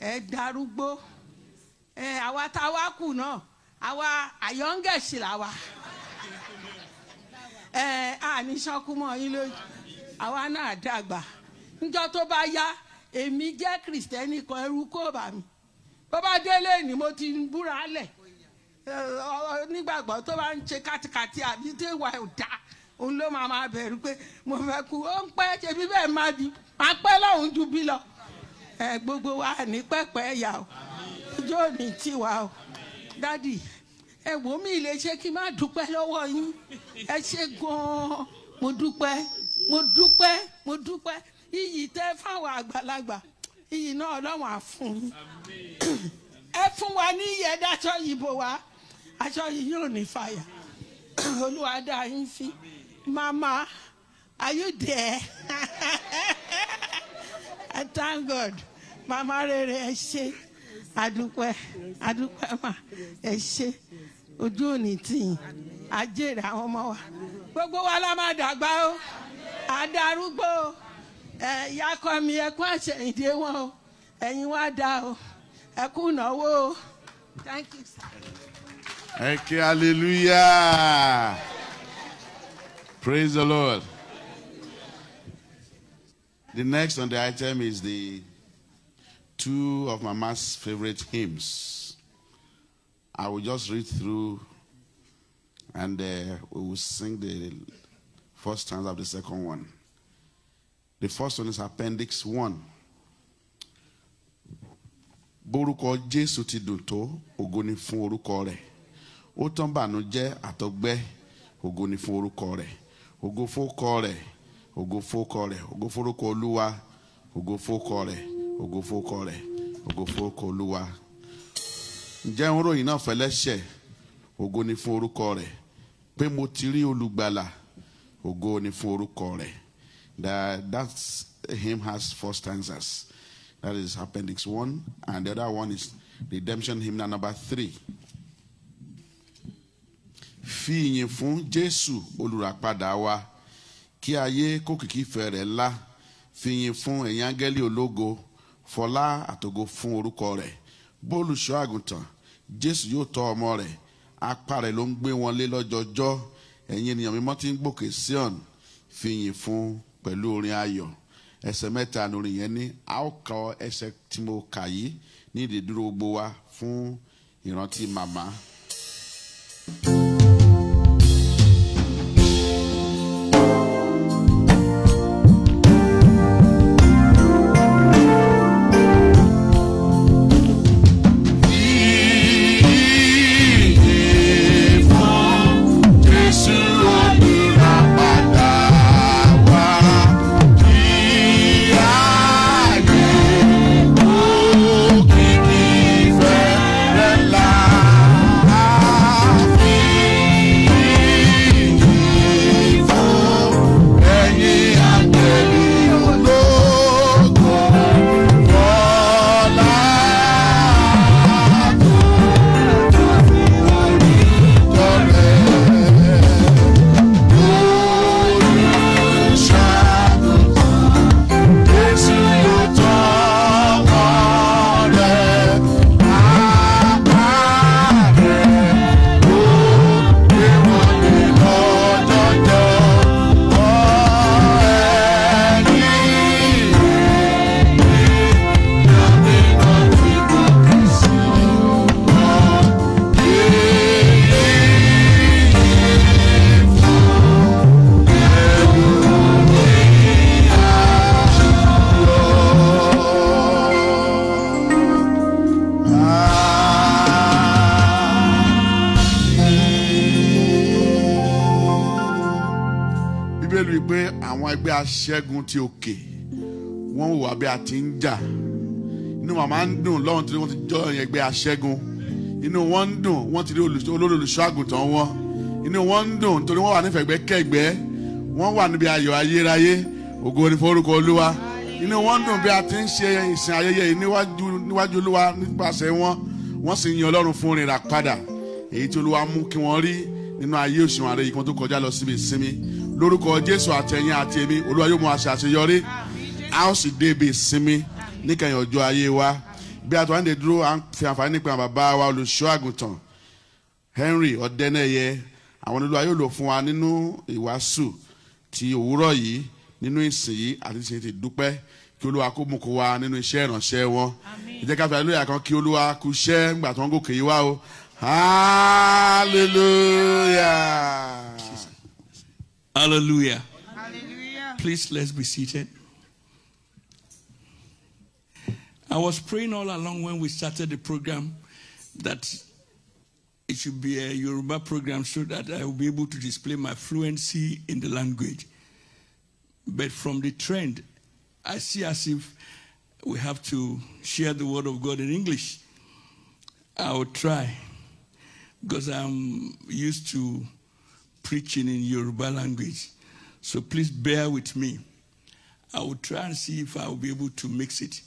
ẹ̀ darúgbó ẹ̀ eh, àwa táwa kù náà àwa àyọ̀ǹgẹ̀ṣì làwa. a ṣánkú mọ́ yín lójú àwa náà dàgbà níjọ́ tó bá yá èmi jẹ́ kìrìsìtẹ́nì kan ẹrú kó bà mí bó bá délé ni mo ti ń búra lẹ̀ nígbàgbọ́ tó bá ń ṣe kátikàti àbí tó ìwà ọ̀dà òun ló máa máa bẹ̀rù pé mo fẹ́ kú ó ń di gbogbo wa ní pẹ́pẹ́ yà ó ọjọ́ òní tiwa ó ẹ wò mí ilé ṣé kí n má dúpẹ́ lọ́wọ́ yín ẹ ṣe gan-an mo dúpẹ́ mo dúpẹ́ mo dúpẹ́ iyì tẹ́ fáwọn àgbàlagbà iyì náà ọlọ́run á fún yín ẹ fún wa ní iyì ẹ̀dá aṣọ yìí bò wá aṣọ yìí yóò ní fàyà olúwa dá yín sí mama are you there I thank God mama rere ẹ ṣé adúpẹ́ adúpẹ́ ma ẹ ṣé ojú òní tì í ajéèrè àwọn ọmọ wa gbogbo wa la máa dàgbà o àdàrúgbó o ìyá kọ mi ẹ kú àṣẹyìndé wọn o ẹ̀yin wá dá o ẹ kú náwó o thank you sir. ẹ hallelujah praise the lord the next on the item is the two of mama's favorite hymns. I will just read through and uh, we will sing the first stanza of the second one. The first one is Appendix 1. Borúkọ Jesu ti dùn tó, ògo ni fún orúkọ rẹ̀. Ó tán bànújẹ́ àtọgbẹ́, ògo ni fún orúkọ rẹ̀. Ògo fórúkọ rẹ̀, ògo fórúkọ rẹ̀, ògo fórúkọ Olúwa, ògo fórúkọ rẹ̀, ògo fórúkọ rẹ̀, ògo fórúkọ Olúwa jẹun ròyìn náà fẹlẹ́ṣẹ̀ ògo ni fún orúkọ rẹ̀ pé mo ti rí olùgbàlà ògo ni fún orúkọ rẹ̀ that that's him has four stanzas that is appendix one and the other one is redemption hymn number three fi ìyìn fún jésù olùràpadà wa kí ayé kókìkí ìfẹ́ rẹ̀ ńlá fi ìyìn fún ẹ̀yin áńgẹ́lì ológo fọlá àtògo fún orúkọ rẹ̀ bólùṣọ́ àgùntàn jésù yóò tọ́ ọmọ rẹ̀ apá rẹ̀ ló ń gbé wọn lé lọ́jọjọ́ ẹ̀yin ènìyàn mímọ́ tí ń gòkè Síọ̀n fìyìn fún pẹ̀lú orin ayọ̀ ẹsẹ̀ mẹ́ta ni orin yẹn ní a ó kọ ẹsẹ̀ tí mo kà yìí ní ìdídúró gbogbo wa fún ìrántí màmá. thank you ti òkè wọ́n wò abẹ́ àti ń jà inú wọn máa ń dùn lọ́run tí wọ́n ti jọ ẹgbẹ́ aṣẹ́gun inú wọn ń dùn wọ́n ti rí olórí olùṣọ́ àgùntàn wọn inú wọn ń dùn nítorí wọ́n wà ní fẹ̀gbẹ́kẹ̀gbẹ́ wọ́n wà níbi ayọ̀ ayérayé ògo ni forúkọ olúwa inú wọn ń dùn bí a ti ń ṣe ìsìn ayẹyẹ yìí níwájú olúwa nípasẹ̀ wọn wọ́n sì ń yan ọlọ́run fún rìnrìn àpadà èyí tí olúwa mú kí wọ́n rí nínú ayé òṣùwọ̀n àrẹ yìí kí wọ́n tó kọjá lọ síbi ìsinmi lórúkọ jésù àtẹ̀yìn àti èmi olúwa yóò mú àṣẹ àṣeyọrí a ó sì débi ìsinmi níkẹyìn ọjọ́ ayé wa bí àtúwá ní dúró à ń fi àǹfààní nípa bàbá wa olùṣọ́ àgùntàn Henry ọ̀dẹ́nẹ́yẹ àwọn olúwa yóò lò fún wa nínú ìwàásù ti òwúrọ̀ yìí nínú ìsìn yìí àti ìsìn ti dúpẹ́ kí olúwa kó mú kó wa nínú iṣẹ́ ìrànṣẹ́ wọn ìjẹ́ ká fi àlùyà kan kí olúwa kú iṣẹ́ ńgbà tó ń gòkè yìí wá o hallelujah. Hallelujah. Hallelujah. Please let's be seated. I was praying all along when we started the program that it should be a Yoruba program so that I will be able to display my fluency in the language. But from the trend, I see as if we have to share the word of God in English. I will try because I'm used to preaching in Yoruba language. So please bear with me. I will try and see if I will be able to mix it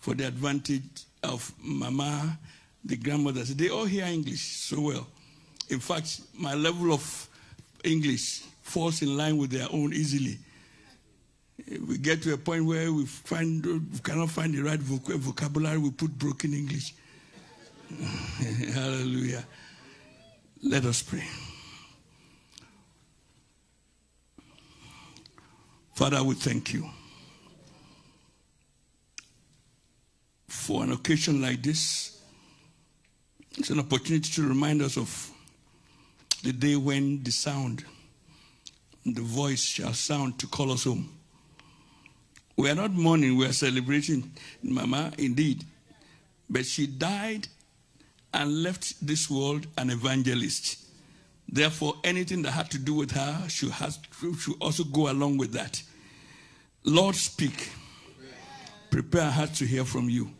for the advantage of Mama, the grandmothers. They all hear English so well. In fact, my level of English falls in line with their own easily. We get to a point where we, find, we cannot find the right voc vocabulary, we put broken English. Hallelujah. Let us pray. Father, we thank you for an occasion like this. It's an opportunity to remind us of the day when the sound, the voice shall sound to call us home. We are not mourning, we are celebrating Mama indeed. But she died and left this world an evangelist. Therefore, anything that had to do with her should, has, should also go along with that. Lord, speak. Prepare her to hear from you.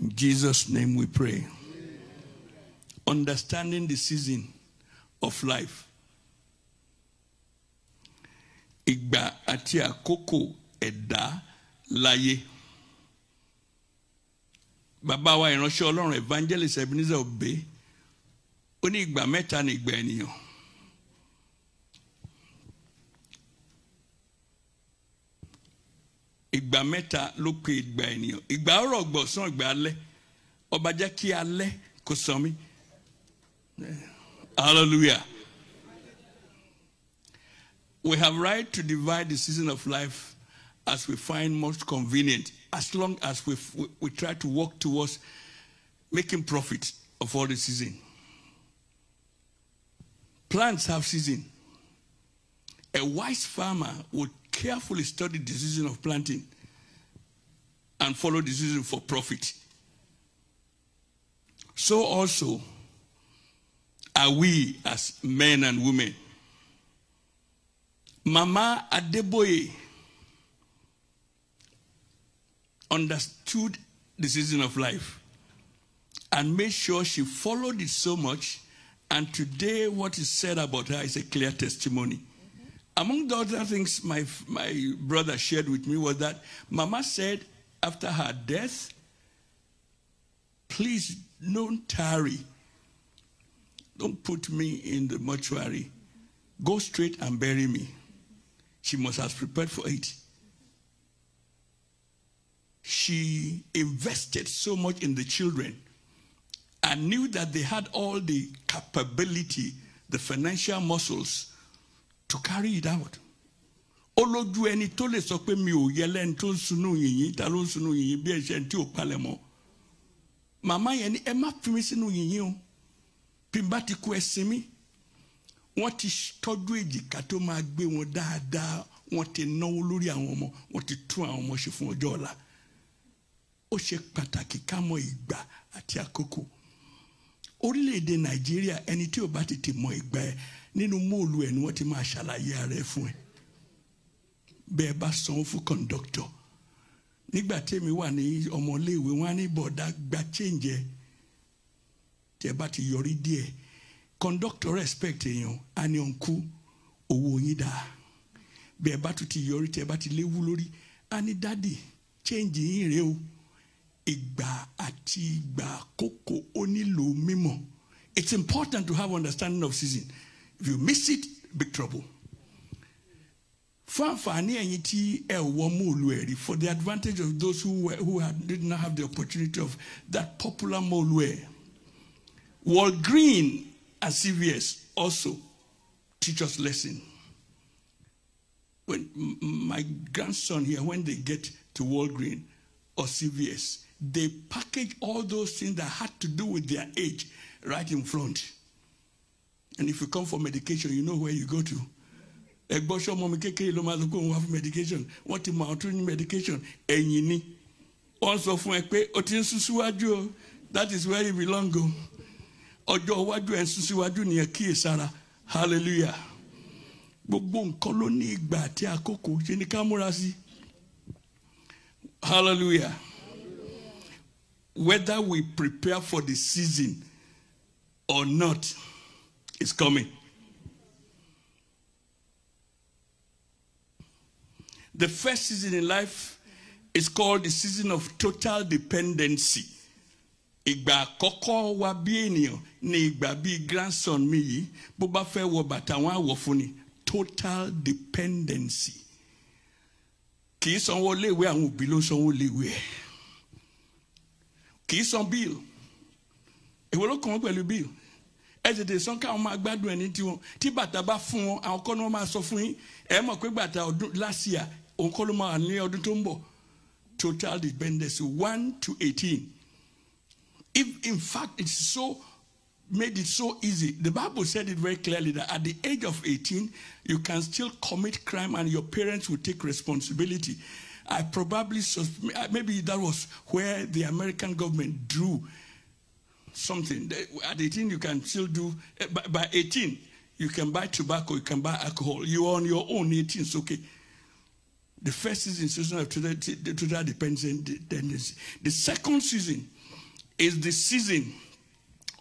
In Jesus' name we pray. Understanding the season of life. Igba atia koko ẹ̀dá láyé. Bàbá wa ìránṣẹ́ Ọlọ́run evangelist Ebenezer Obey mẹ́ta ní ìgbà ènìyàn. ìgbà mẹ́ta ló pe ìgbà ènìyàn ìgbà ọ̀rọ̀ ìgbà alẹ́ ọba jẹ́ kí alẹ́ kò sàn mí hallelujah we have right to divide the season of life as we find most convenient as long as we, we, we try to work towards making profit of all the season. Plants have season. A wise farmer would carefully study the season of planting and follow the season for profit. So also are we as men and women. Mama Adeboye understood the season of life and made sure she followed it so much and today, what is said about her is a clear testimony. Mm -hmm. Among the other things my, my brother shared with me was that Mama said after her death, please don't tarry. Don't put me in the mortuary. Go straight and bury me. She must have prepared for it. She invested so much in the children and knew that they had all the capability, the financial muscles to carry it out. olójú ẹni tó lè sọ pé mi ò yẹ lẹ́ni tó ń sunú yìnyín ta ló ń sunú yìnyín bí ẹ̀ṣẹ̀ tí ò palẹ̀ mọ́ màmá yẹn ni ẹ má fi mi sínú yìnyín o bí ti kú ẹsìn mi wọ́n ti tọ́jú èjìká tó máa gbé wọn dáadáa wọ́n ti náwó lórí àwọn ọmọ wọ́n ti tún àwọn ọmọ ṣe fún ọjọ́ ọ̀la ó ṣe pàtàkì ká mọ ìgbà àti àkókò orílẹ̀-èdè nàìjíríà ẹni tí ò bá tètè mọ ìgbà ẹ nínú móòlù ẹ ni wọ́n ti máa ṣàlàyé ara ẹ fún ẹ bẹ́ẹ̀ bá sanwó fún kọ̀ǹdọ́kítọ̀ nígbà tèmi wà ní ọmọléèwé wọn á ní bọ̀dá gba chéǹjẹ tẹ bá ti yọrí díẹ̀ kọ̀ǹdọ́kítọ̀ respect èèyàn á ní ọ̀nkú owó yín dà bẹ́ẹ̀ bá tún ti yọrí tẹ bá ti léwu lórí á ní dádì chéǹjì yín rèé o. ìgbà àti ìgbà mímọ̀ it's important to have understanding of season if you miss it big trouble for the advantage of those who, were, who had, did not have the opportunity of that popular mọ́ọ̀lù ẹ̀ Walgreen and CVS also teach us lesson. When my grandson here, when they get to Walgreen or CVS, they package all those things that had to do with their age right in front. And if you come for medication, you know where you go to. Ẹgbọ́sọ́ ọmọ mi kékeré ló máa sọ wá fún medication. What ti mọ àwọn tó ní medication Enyini. sọ fún fun pé o ti ń sún That is where you belong o. Ọjọ́ iwájú ẹ̀ ń ni síwájú nìyẹn kíyèsára. Hallelujah. Gbogbo nǹkan ló ní ìgbà àti àkókò ṣe ni ká múra si Hallelujah whether we prepare for the season or not, is coming. The first season in life is called the season of total dependency. Ìgbà àkọ́kọ́ wa bí ènìyàn ni ìgbà bí grandson mi yìí bó bá fẹ́ wọ bàtà wọn àwọ̀ fún total dependency. Kì í sanwó léèwé àwọn òbí ló sanwó léèwé kì í san bill èwo ló kàn wọ́n pẹ̀lú bill ẹ tètè san káwọn máa gbádùn ẹni tiwọn tí bàtà bá fún wọn àwọn kọ́ ni wọ́n máa sọ fún yín ẹ mọ̀ pé bàtà ọdún last year òun kọ́ ló máa ní ọdún tó ń bọ̀ total dependency one to eighteen if in fact it's so made it so easy the bible said it very clearly that at the age of eighteen you can still commit crime and your parents will take responsibility. I probably, uh, maybe that was where the American government drew something. At 18, you can still do, eh, by 18, you can buy tobacco, you can buy alcohol. You are on your own 18, it's okay. The first season is season of the dependency. The second season is the season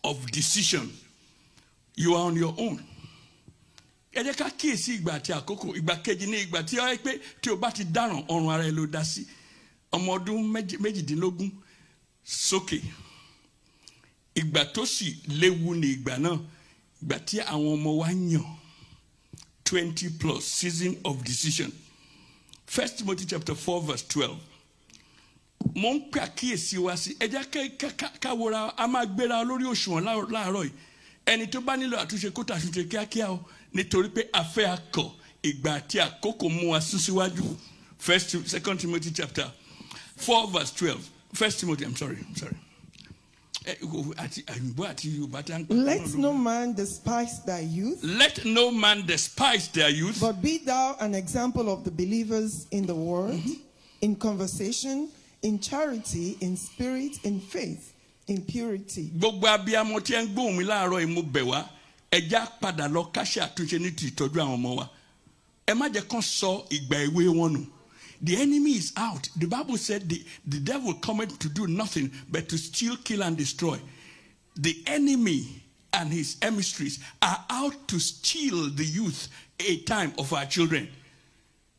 of decision. You are on your own. ẹ jẹ́ ká kíyèsí ìgbà àti àkókò ìgbà kejì ní ìgbà tí ó yẹ pé tí o bá ti dáràn ọrùn ara ẹ ló dá sí ọmọ ọdún méjìdínlógún sókè ìgbà tó sì léwu ní ìgbà náà ìgbà tí àwọn ọmọ wa yàn twenty plus season of decision first timothy chapter four verse twelve mo ń pè àkíyèsí wa sí ẹ jẹ́ káwọra a máa gbéra lórí òṣùwọ̀n láàárọ̀ yìí ẹni tó bá nílò àtúnṣe kó tàtúnṣe kíákíá o. nítorí pé a fẹ́ akọ ìgbà àti àkókò mú wa sún síwájú first second timothy chapter four verse twelve first timothy i'm sorry i'm sorry. Eh, Let no man despise thy youth. Let no man despise their youth. But be thou an example of the believers in the world, mm -hmm. in conversation, in charity, in spirit, in faith, in purity ẹ padà lọ ká àtúnṣe ní ti ìtọ́jú àwọn ọmọ wa ẹ má jẹ́ kán sọ ìgbà wọn nù the enemy is out the bible said the, the devil in to do nothing but to steal kill and destroy the enemy and his emissaries are out to steal the youth a time of our children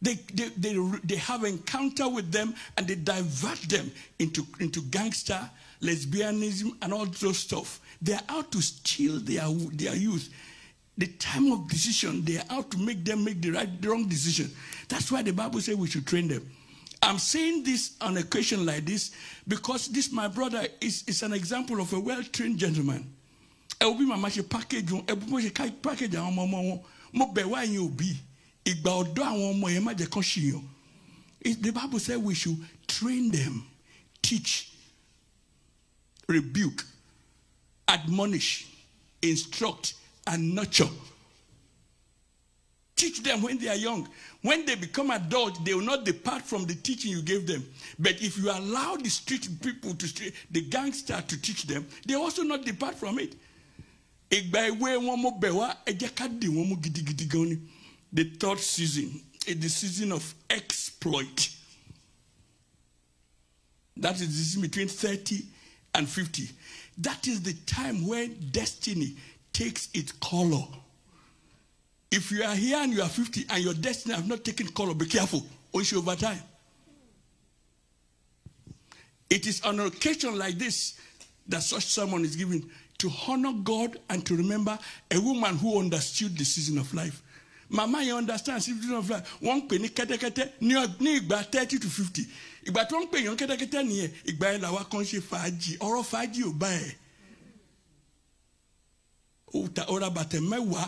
they, they, they, they have encounter with them and they divert them into, into gangster lesbianism and all those stuff they are out to steal their, their youth. The time of decision, they are out to make them make the right, wrong decision. That's why the Bible says we should train them. I'm saying this on a question like this because this, my brother, is, is an example of a well-trained gentleman. Ẹ̀wọ̀n bí màmá package wọn, ẹ̀wọ̀n bí wọ́n package àwọn ọmọ mo bẹ̀ wá yín òbí, ìgbà ọ̀dọ́ àwọn ọmọ yẹn má jẹ́ The Bible says we should train them, teach, rebuke, admonish, instruct, and nurture. Teach them when they are young. When they become adults, they will not depart from the teaching you gave them. But if you allow the street people to street, the gangster to teach them, they also not depart from it. The third season is eh, the season of exploit. That is the season between 30 and 50. That is the time when destiny takes its color. If you are here and you are 50 and your destiny have not taken color, be careful. Only oh, over time. It is on an occasion like this that such sermon is given to honor God and to remember a woman who understood the season of life. Mama, you understand season of life. One penny kete kete, ni igba 30 to 50 ìgbà tó ń pè yàn kẹ́tẹ́kẹ́tẹ́ nìyẹn ìgbà yẹn làwa kan ṣe fàájì ọ̀rọ̀ fàájì ò bá ẹ̀ ó ra bàtẹ̀ mẹ́wàá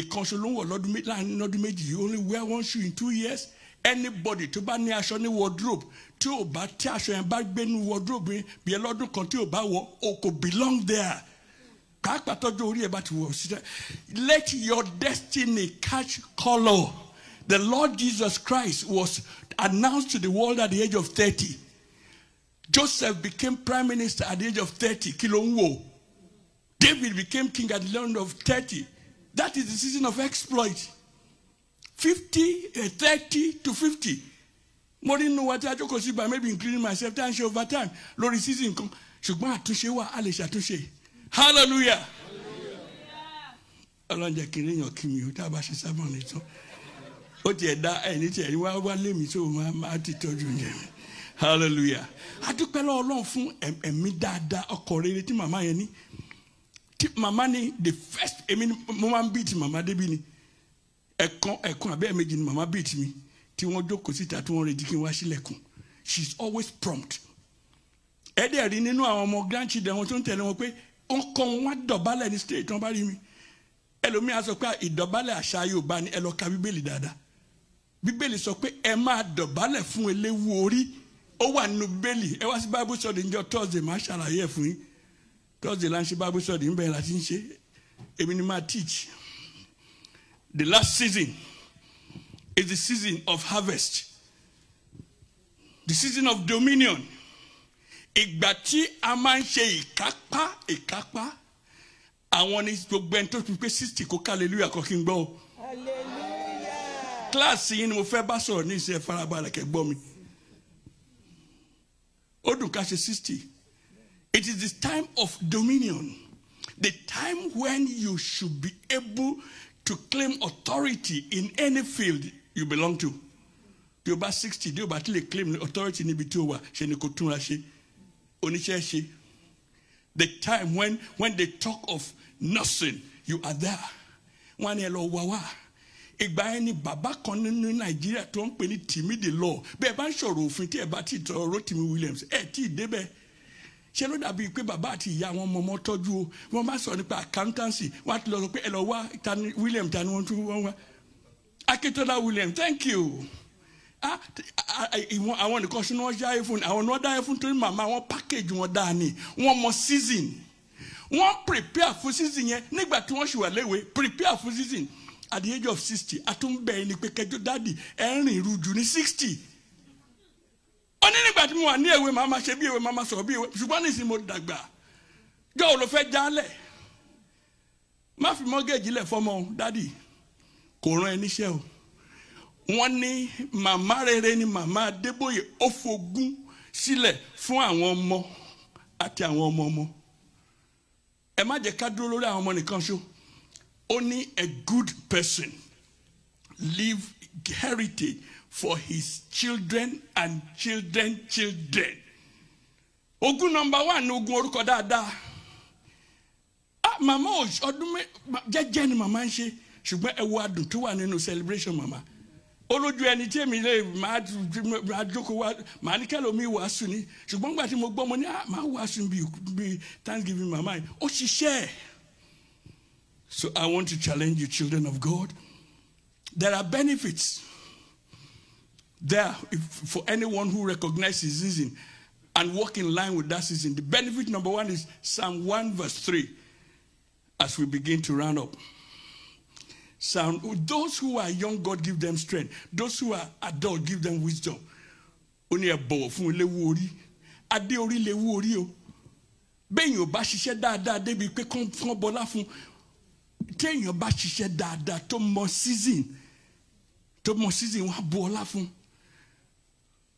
ìkànṣe ló ń wọ̀ láàrin lọ́dún méjì only wear one shoe in two years anybody tó bá ní aṣọ ní wardrobe tí ò bá tí aṣọ yẹn bá gbé ní wardrobe yẹn lọ́dún kan tí ò bá wọ̀ o kò belong there pàápàá tọ́jú orí ẹ̀ bá ti wọ̀ síta let your destiny catch colour the Lord Jesus Christ was announced to the world at the age of 30. Joseph became prime minister at the age of 30, Kilongwo. David became king at the age of 30. That is the season of exploit. 50, uh, 30 to 50. More than what I just a maybe including myself Time à over time Lord, season kan ṣùgbọ́n àtúnṣe wà á lè to n ríyàn kí mi ó tá a bá ki Hallelujah. riyan ki sábà ba se saba ó tiẹ̀ dá ẹni tiẹ̀ wá wá lé mi tó máa ti tọ́jú yẹn hallelujah adúpẹ́ lọ́wọ́ ọlọ́run fún ẹ̀mí dáadáa ọkọ rere tí màmá yẹn ní tí màmá ni the first èmi ni mo máa ń beat màmá débi ni ẹ̀kan ẹ̀kan àbẹ́ ẹ̀mejì ni màmá beat mi tí wọ́n jókòó síta tí wọ́n retí kí n wá sílẹ̀kùn she is always prompt ẹ̀ẹ́dẹ̀ rí nínú àwọn ọmọ grandchildren wọn tó ń tẹ̀lé wọn pé ó ń kọ́ wọn wá dọ̀bálẹ̀ ní stage tí bá rí mi ẹlòmíà sọ pé ìdọ̀bálẹ̀ àṣà Yorùbá ni ẹ lọ ka Bíbélì dáadáa bíbélì sọ pé ẹ máa dọ̀bálẹ̀ fún eléwu orí ó wà nínú bíbélì ẹ wá sí bible study níjọ́ thursday máa ṣàlàyé ẹ̀ fún yín thursday la ń ṣe bible study ń bẹ̀rẹ̀ láti ń ṣe èmi ni máa teach the last season is the season of harvest the season of dominion ìgbà tí a máa ń ṣe ìkápá ìkápá àwọn ni gbogbo ẹni tó fi pé sixty kó hallelujah kọ́ kí n gbọ́ o. Class, yìí ni mo fẹ́ bá sọ̀rọ̀ ní ìṣe farabalẹ̀ kẹ́ gbọ́ mi ó dùn ká ṣe sixty it is the time of dominion the time when you should be able to claim authority in any field you belong to Do o bá sixty do bá tilẹ̀ claim authority ni tí o wà ṣe ni kò túnra ṣe oníṣẹ́ ṣe the time when when they talk of nothing, you are there wọ́n á ní ìgbà yẹn ni bàbá kan nínú nàìjíríà tó ń pè ní Timi the Law bẹ́ẹ̀ bá ń sọ̀rọ̀ òfin tí ẹ bá ti tọrọ Timi Williams ẹ tí ì débẹ̀ ṣé ló dàbí pé bàbá àti ìyá wọn mọmọ tọ́jú o wọ́n bá sọ nípa accountancy wọ́n á ti lọ sọ pé ẹ lọ wá tani William tani wọ́n tún wọ́n wá Akitola William thank you ìwọ̀n àwọn nìkan ṣe ni wọ́n ṣe iphone àwọn ni wọ́n dá iphone torí màmá wọn package wọn dáa ni mọ season wọ́n prepare for season yẹn nígbà tí wọ́n ṣì léwe prepare for season at the age of sixty àtúnbẹ̀ ni pé kẹjọ dáàdì ẹ̀ ń rìn irú jù ní sixty. ó ní nígbà tí mo wà ní èwe màá ma ṣe bí èwe màá ma sọ̀rọ̀ bí èwe ṣùgbọ́n nísìnyí mo dàgbà jọ ò ló fẹ́ jálẹ̀ má fi mọ́gẹ́jì lẹ̀ fọmọ dáàdì kò rán ẹ níṣẹ́ o wọ́n ní màmá rere ni màmá Adébóyè ó fogún sílẹ̀ fún àwọn ọmọ àti àwọn ọmọ ọmọ ẹ má jẹ́ ká dúró lórí àwọn ọmọ nìkan ṣo Only a good person leave heritage for his children and children children. Ogun number one ogun orúkọ dáadáa. Ah màmá ọdún jẹ́jẹ́ ni màmá ń ṣe ṣùgbọ́n ẹ wo adùn tó wà nínú celebration màmá. Olójú ẹni tí èmi lè máa jókòó wá màá ní kẹ́lò mi wàásù ni ṣùgbọ́n nígbà tí mo gbọ́ mo ní ah màá wàásù bíi thanksgiving màmá yìí ó ṣiṣẹ́ so I want to challenge you, children of God. There are benefits there if, for anyone who recognizes season and walk in line with that season. The benefit number one is Psalm 1 verse 3 as we begin to round up. Psalm, those who are young, God give them strength. Those who are adult, give them wisdom. Oni ẹ̀bọ̀wọ̀ fún eléwu orí. Adé orí léwu orí o. Benyo ò bá ṣiṣẹ́ dáadáa débi pé kán bọ́lá fún téèyàn bá ṣiṣẹ́ dáadáa tó mọ season tó season fún.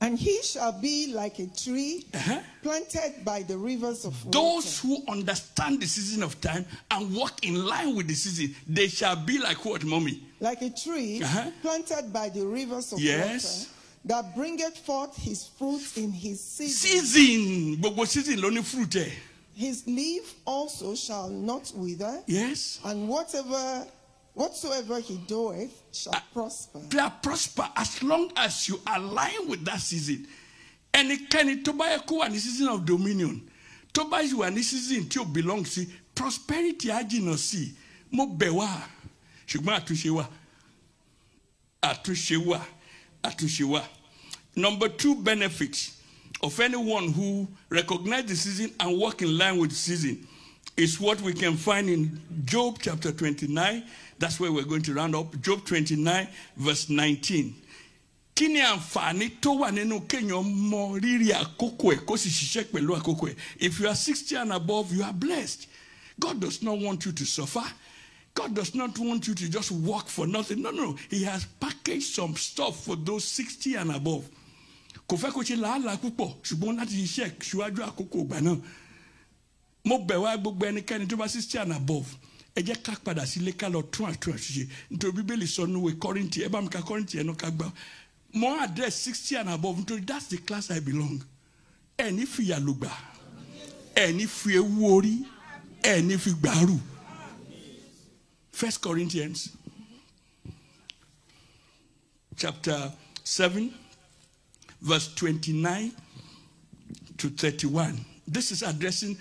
And he shall be like a tree uh -huh. planted by the rivers of water. Those who understand the season of time and walk in line with the season, they shall be like what, mommy? Like a tree uh -huh. planted by the rivers of yes. water that bringeth forth his fruit in his season. Season, what season ló fruit Eh? His leaf also shall not wither. Yes. And whatever whatsoever he doeth shall uh, prosper. Shall prosper as long as you align with that season. And can it tobacco and the season of dominion. Tobacco you the season to belong to. prosperity ajino see. Mo bewa. Shugma atushewa. Atushewa. Atushewa. Number two benefits of anyone who recognises the season and walk in line with the season is what we can find in Job chapter 29. That's where we're going to round up. Job 29, verse 19. kí tó wà nínú kéèyàn mọ rírì àkókò ẹ kó if you are sixty and above you are blessed God does not want you to suffer God does not want you to just work for nothing no no he has packaged some stuff for those sixty and above. kò fẹ́ kó ṣe làálàá púpọ̀ ṣùgbọ́n láti ṣiṣẹ́ ṣíwájú àkókò ìgbà náà mo bẹ̀ wá gbogbo ẹnikẹ́ni tó bá sixty and above ẹ jẹ́ ká padà sílé ká lọ tún àtún àtúnṣe nítorí bíbélì sọ níwèé kọ́rìntì ẹ bá mi ka kọ́rìntì ẹnu ká gbà mo address sixty and above nítorí that's the class I belong ẹ ní fìyà ló gbà ẹ ní fi ewu orí ẹ ní fi gbàrú First Corinthians chapter seven. verse 29 to 31. This is addressing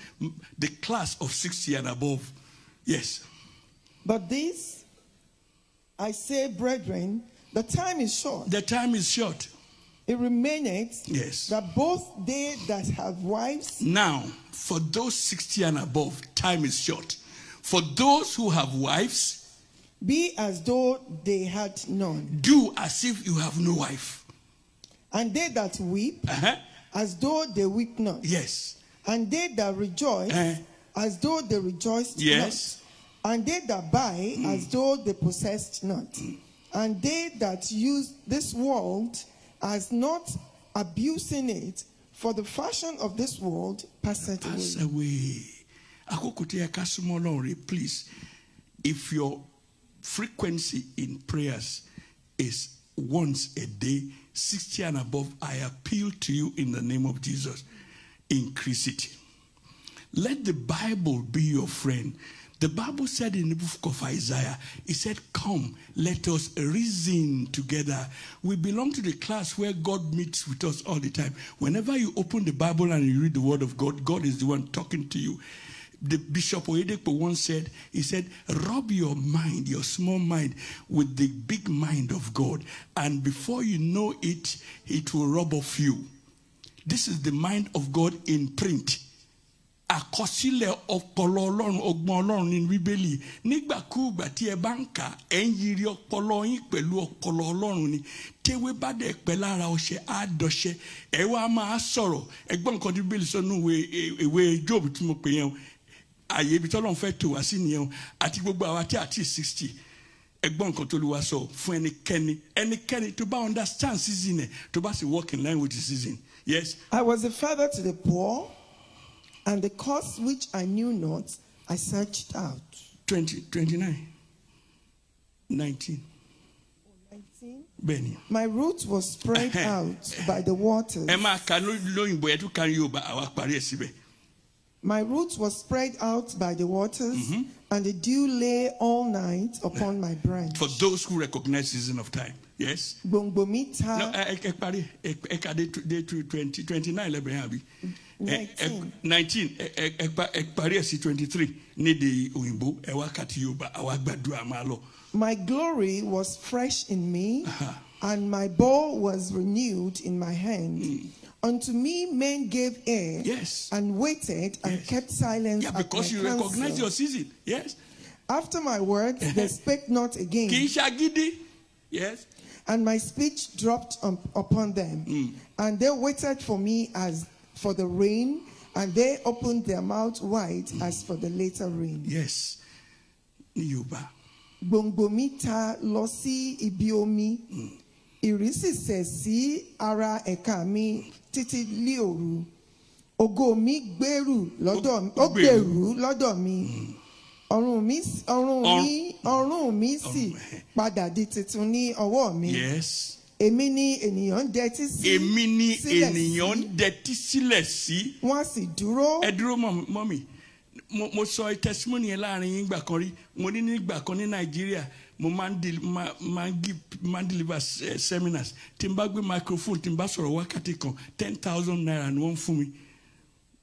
the class of 60 and above. Yes. But this, I say, brethren, the time is short. The time is short. It remaineth yes. that both they that have wives. Now, for those 60 and above, time is short. For those who have wives, be as though they had none. Do as if you have no wife. And they that weep, uh -huh. as though they weep not. Yes. And they that rejoice, uh -huh. as though they rejoiced yes. not. And they that buy, mm. as though they possessed not. And they that use this world, as not abusing it, for the fashion of this world passeth pass away. Pass away. Please, if your frequency in prayers is once a day, 60 and above, I appeal to you in the name of Jesus. Increase it. Let the Bible be your friend. The Bible said in the book of Isaiah, it said, Come, let us reason together. We belong to the class where God meets with us all the time. Whenever you open the Bible and you read the Word of God, God is the one talking to you the Bishop Oyedepo once said, he said, rub your mind, your small mind, with the big mind of God. And before you know it, it will rob off you. This is the mind of God in print. Àkọsílẹ̀ ọpọlọ Ọlọ́run ọgbọ́n Ọlọ́run ní Bíbélì nígbàkúùgbà tí ẹ bá ń kà ẹ ń yiri ọpọlọ yín pẹ̀lú ọpọlọ Ọlọ́run ni téwé bá dẹ̀ pẹ́ lára ọṣẹ á dọṣẹ ẹ wá máa sọ̀rọ̀ ẹgbọ́n nǹkan tí Bíbélì sọ nínú ìwé tí mo pè yẹn o àyè ibi tọ́lọ́run fẹ́ tò wá sí nìyẹn o àti gbogbo àwa tí àti sixty ẹgbọ́n nǹkan tó lè wá sọ fún ẹnikẹ́ni ẹnikẹ́ni tó bá understand season ẹ̀ tó bá sì work in line with the season yes. I was a father to the poor and the cause which I knew not I searched out. Nineteen. Nineteen. nine nineteen. Bẹ́ẹ̀ni. My roots were spread out by the waters. Ẹ máa ka lóyìnbó ẹ tún ka yóò bá àwa parí síbẹ̀. My roots were spread out by the waters, mm -hmm. and the dew lay all night upon my branch. For those who recognize season of time, yes. Bongbomita. No, ekpari ekade twenty twenty nine lebehabi. Nineteen ekpari esi twenty three nede oyinbo ewa kati yoruba awa My glory was fresh in me, uh -huh. and my bow was renewed in my hand. Mm. Unto me men gave ear. Yes. And waited and yes. kept silence. Yeah, because you counsel. recognize your season. Yes. After my words, they spake not again. Kishagidi. Yes. And my speech dropped upon them. Mm. And they waited for me as for the rain, and they opened their mouth wide mm. as for the later rain. Yes. Yuba. Bongomita losi ibiomi. Hmm. ìrísí sesi ara ekami. títí ní òru ògo mi gbèrú lọ́dọ̀ mi ó gbèrú lọ́dọ̀ mi ọ̀run mi ọ̀run mi ọ̀run mi sì eh. padà di tuntun ní ọwọ́ mi. Yes èmi ni ènìyàn ń dẹtí sí. èmi ni ènìyàn ń dẹtí sílẹ̀ sí. wọ́n sì dúró. ẹ dúró mọ́mì mo sọ testimony yẹn láàrin yín gbà kan rí mo ní nígbà kan ní nàìjíríà mo máa ń deli máa ń give máa ń deliver eh, seminars tí n bá gbé microphone tí n bá sọ̀rọ̀ wákàtí kan ten thousand naira ni wọ́n fún mi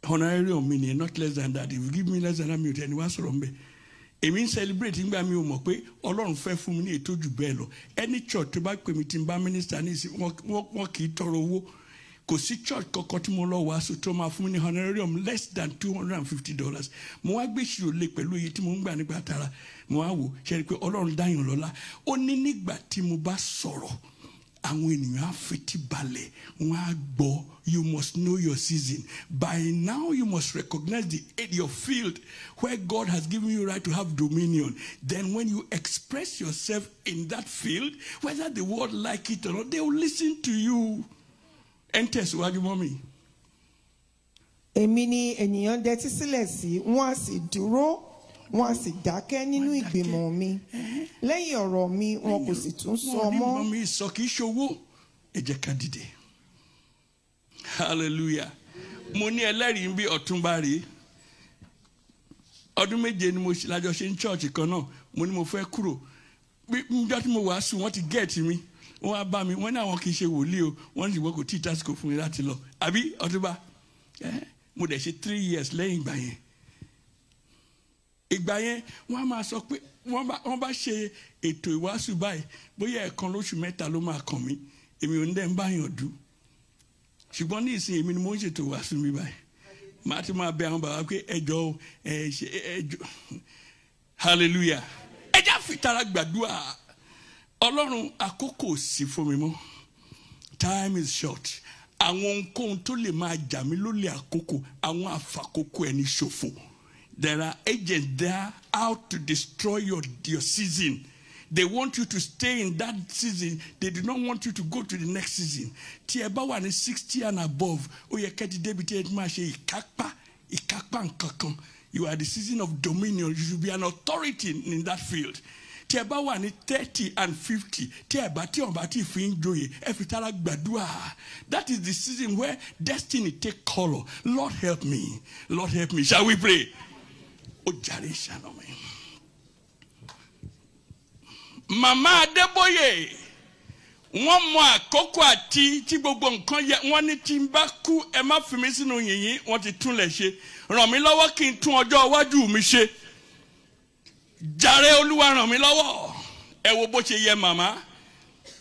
honorarium mi nìyẹn not less than that if you give me less than that mi ò tẹ́ ni wá sọ̀rọ̀ mbẹ́ èmi ń celebrate nígbà mi ò mọ̀ pé ọlọ́run fẹ́ fún mi ní ètò jù bẹ́ẹ̀ lọ any church tó bá pè mí tí n bá minister ní ìsìn wọ́n kì í tọrọ owó kò sí church kankan tí mo lọ wàásù tó máa fún mi ní honorarium less than two hundred and fifty dollars mo wá gbé ìṣirò lé pẹ̀lú iye tí mo ń gbà nígbà tara mo wá wò ṣe rí pé ọlọ́run dáyàn lọ́lá ó ní nígbà tí mo bá sọ̀rọ̀ àwọn ènìyàn á fetí balẹ̀ wọ́n á gbọ́ you must know your season by now you must recognize the area of field where God has given you right to have dominion then when you express yourself in that field whether the world like it or not they will listen to you. ẹ ń tẹ̀síwájú mọ́ mi. èmi ni ènìyàn dẹtí sílẹ̀ sí wọ́n á sì dúró wọ́n á sì dákẹ́ nínú ìgbìmọ̀ mi lẹ́yìn ọ̀rọ̀ mi wọn kò sì tún sọ mọ́. wọn ní mọ mi sọ kì ṣòwò ẹ jẹ́ dìde hallelujah mo ní ẹlẹ́rìí bí ọ̀túnba rèé ọdún méje ni mo lájọ ṣe ń church kan náà mo ní mo fẹ́ kúrò bí njọ́ tí mo wàásù wọ́n ti gẹ̀ẹ́tì mi wọ́n wá bá mi wọ́n ní àwọn kì í ṣe wòlíì o wọ́n sì wọ́n kò tí ì tásìkò fún mi láti lọ àbí ọtúbà mo dẹ̀ ṣe three years lẹ́yìn ìgbà yẹn ìgbà yẹn wọ́n á máa sọ pé wọ́n bá ṣe ètò ìwàásù báyìí bóyá ẹ̀ẹ̀kan lóṣù mẹ́ta ló máa kàn mí èmi ò ní dẹ́ ń bá yàn dù ṣùgbọ́n ní ìsìn èmi ni mo ń ṣètò ìwàásù mi báyìí màá ti máa bẹ àwọn bàbá pé ẹjọ ẹjọ hallelujah ẹjọ fìtara gbàdúrà ọlọ́run àkókò sí fún mi mọ́ time is short àwọn ohunkóhun tó lè máa jà mí lólè àkókò àwọn àfàkókò ẹni ṣòfò there are agents there out to destroy your, your season. They want you to stay in that season. They do not want you to go to the next season. Tí ẹ wà ní sixty and above, ó yẹ kẹ́ ti débi tí ẹ ti máa ìkápá ìkápá nǹkan You are the season of dominion. You should be an authority in that field. tí ẹ bá wà ní thirty and fifty tí ẹ bá tí ọba tí fi ń joyè ẹ fi tara gbàdúrà that is the season where destiny take colour lord help me lord help me shall we pray ó jàre ìṣàlọ mi. màmá adébóyè wọ́n mọ àkókò àti tí gbogbo nǹkan yẹ wọ́n ní tí n bá kú ẹ má fi mí sínú yìnyín wọ́n ti túnlẹ̀ ṣe ràn mí lọ́wọ́ kí n tún ọjọ́ iwájú mi ṣe jàre olúwa ràn mí lọ́wọ́ ẹ wo bó ṣe yẹ màmá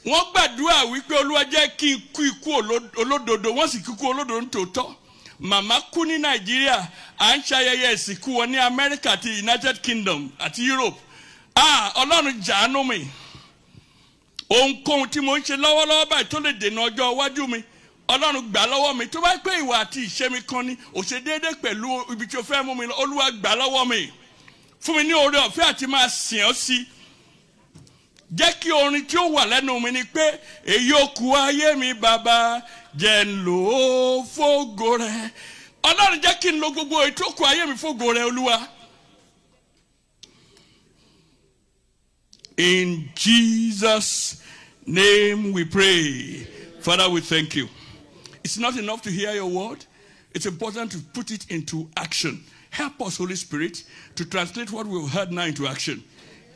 wọ́n gbàdúrà wípé olúwa jẹ́ kí n kú ikú olódodo wọ́n sì kíkú olódodo nítòótọ́ màmá kú ní nàìjíríà à ń ṣayẹyẹ ìsìnkú wọn ní amẹ́ríkà àti united kingdom àti europe ah ọlọ́run jàánú mi ohunkóhun tí mo ń ṣe lọ́wọ́lọ́wọ́ báyìí tó lè dènà ọjọ́ iwájú mi ọlọ́run gbà lọ́wọ́ mi tó bá pé ìwà àti ìṣe mi kan ni òṣèdéédé pẹ̀lú ibi tí o fẹ́ mú mi lọ olúwa gbà lọ́wọ́ mi. fún mi ní oore ọ̀fẹ́ àti máa sìn ọ́ sí jẹ́ kí orin tí ó wà lẹ́nu mi ni ofe ati sin o ó kù ayé mi bàbá aye lò ó jẹ́ kí gbogbo ayé mi olúwa. In Jesus' name we pray. Father, we thank you. It's not enough to hear your word it's important to put it into action. Help us, Holy Spirit, to translate what we've heard now into action.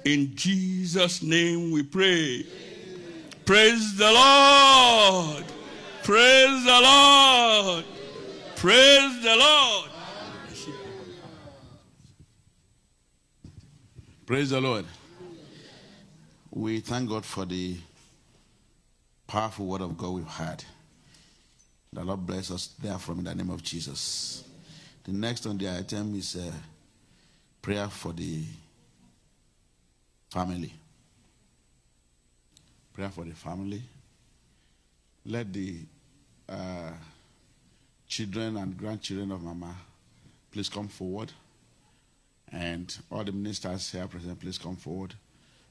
In Jesus' name we pray. Amen. Praise the Lord. Amen. Praise the Lord. Amen. Praise the Lord. Praise the Lord. We thank God for the powerful word of God we've had. The Lord bless us therefrom in the name of Jesus. The next on the item is a uh, prayer for the family. Prayer for the family. Let the uh, children and grandchildren of Mama please come forward. And all the ministers here present, please come forward,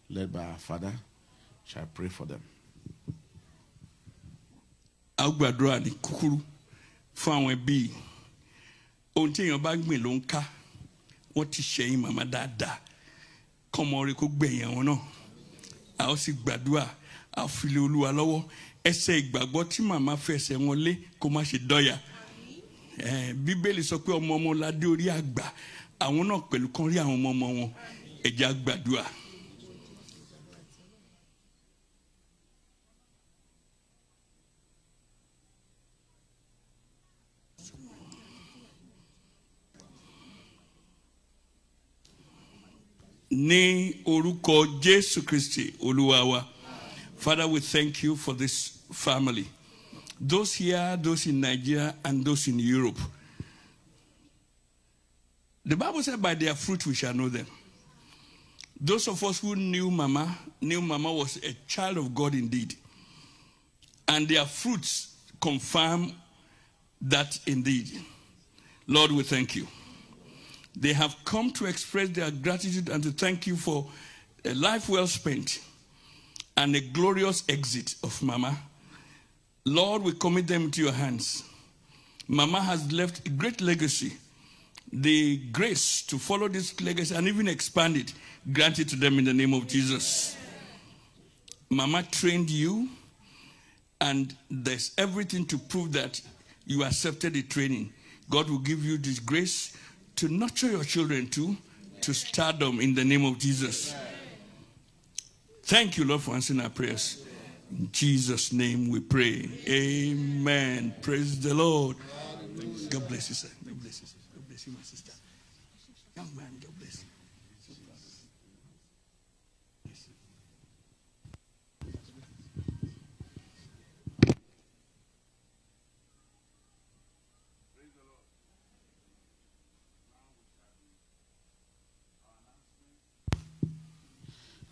led by our Father. Shall I pray for them? a gbàdúrà ní kúkúrú fún àwọn ẹbí ohun tí èèyàn bá gbìn ló ń ká wọ́n ti ṣẹ̀yìn màmá dáadáa kọ́mọ rẹ kó gbẹ̀yìn àwọn náà a ó sì gbàdúrà a fi lé olúwa lọ́wọ́ ẹsẹ̀ ìgbàgbọ́ tí màmá fẹsẹ̀ wọn lé kó má ṣe dọ́yà bíbélì sọ pé ọmọ ọmọ ládé orí àgbà àwọn náà pẹ̀lú kan rí àwọn ọmọ ọmọ wọn ẹ jẹ́ ní orúkọ Jésù christi Olúwa Father, we thank you for this family. Those here, those in Nigeria, and those in Europe. The Bible said, by their fruit we shall know them. Those of us who knew Mama, knew Mama was a child of God indeed. And their fruits confirm that indeed. Lord, we thank you. They have come to express their gratitude and to thank you for a life well spent and a glorious exit of Mama. Lord, we commit them to your hands. Mama has left a great legacy, the grace to follow this legacy and even expand it, grant it to them in the name of Jesus. Mama trained you, and there's everything to prove that you accepted the training. God will give you this grace to nurture your children to, to stardom in the name of Jesus. Thank you, Lord, for answering our prayers. In Jesus' name we pray. Amen. Praise the Lord. God bless you, sir. God bless you, sir. God bless you, my sister.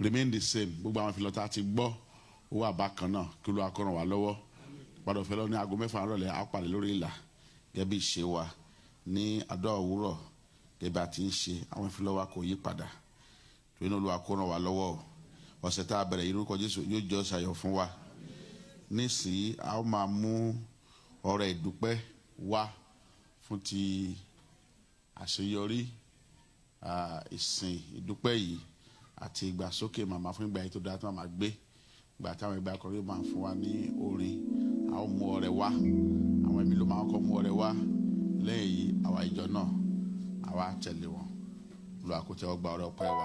remain the same gbogbo àwọn ìfilọ́ta ti gbọ́ owó àbá kan náà kí olú akọ́ràn wá lọ́wọ́ padà fẹ́ lọ ní aago mẹ́fà rọ̀lẹ́ àpàdé lórí ìlà gẹ́bí ìṣe wa ní àdó òwúrọ̀ gẹ́bí a ń ṣe àwọn ìfilọ́ wa kò yí padà torí náà olú akọ́ràn wá lọ́wọ́ ọ̀sẹ̀ tá a bẹ̀rẹ̀ yìí lórúkọ Jésù yóò jọ ṣàyọ̀ fún wa nísìnyí a ó máa mú ọ̀rọ̀ ìdúpẹ́ wá fún ti àṣeyọrí ìsìn ìdúpẹ́ yìí àti ìgbàsókè màmá fún ìgbà yìí tó dáa tí màmá gbé ìgbà táwọn ìgbà kan yóò máa fún wa ní orin àwọn mú ọrẹ wá àwọn ẹbí ló máa kọ́ mú ọrẹ wá lẹ́yìn yìí àwa ìjọ náà àwa tẹ̀lé wọn lọ àkótẹ́wọ́ gba ọrẹ ọpẹ́ wa.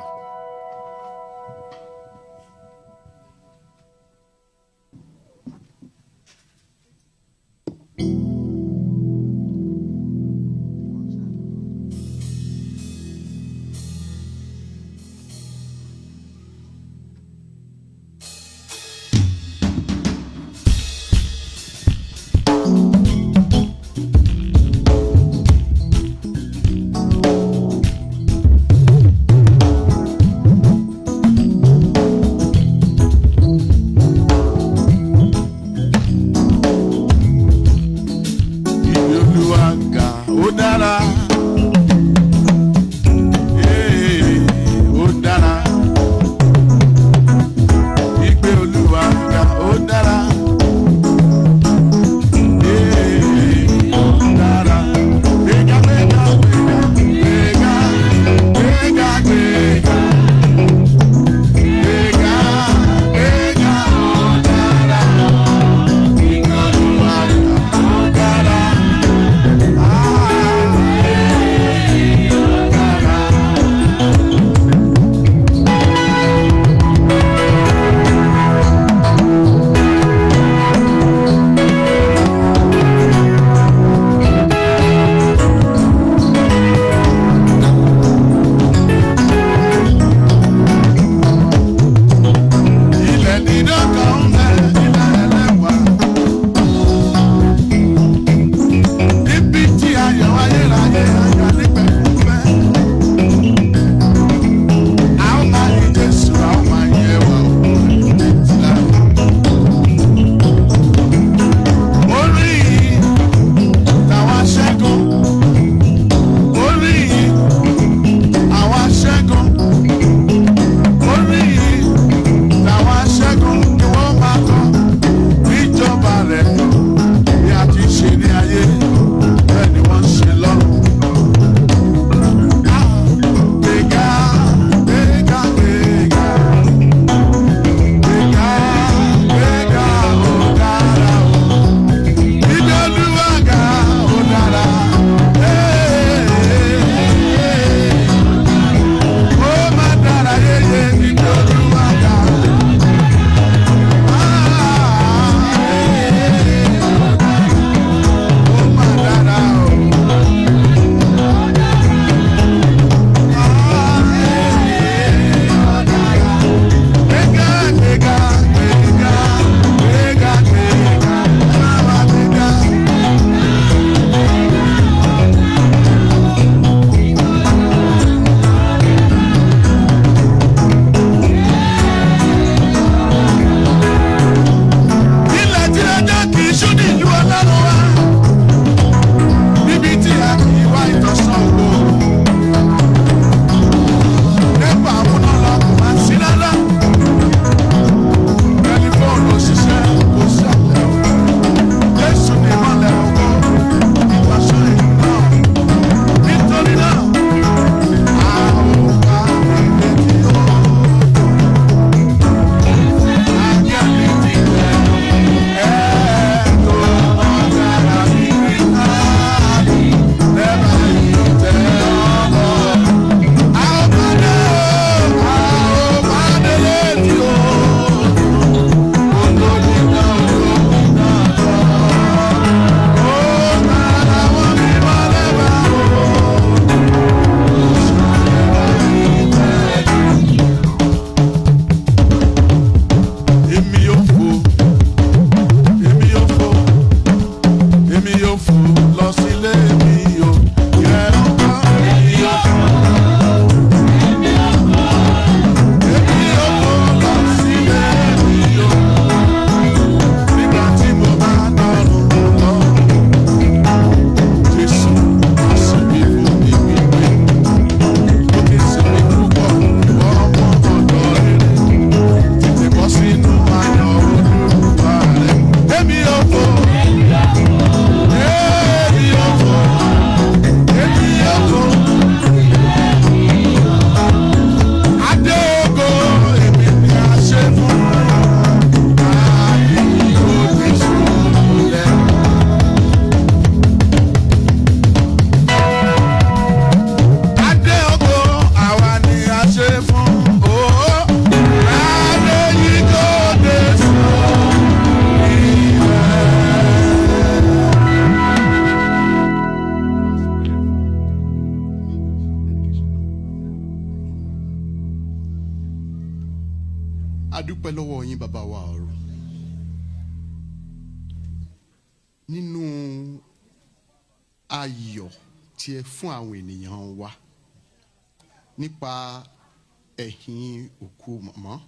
ehi oku omo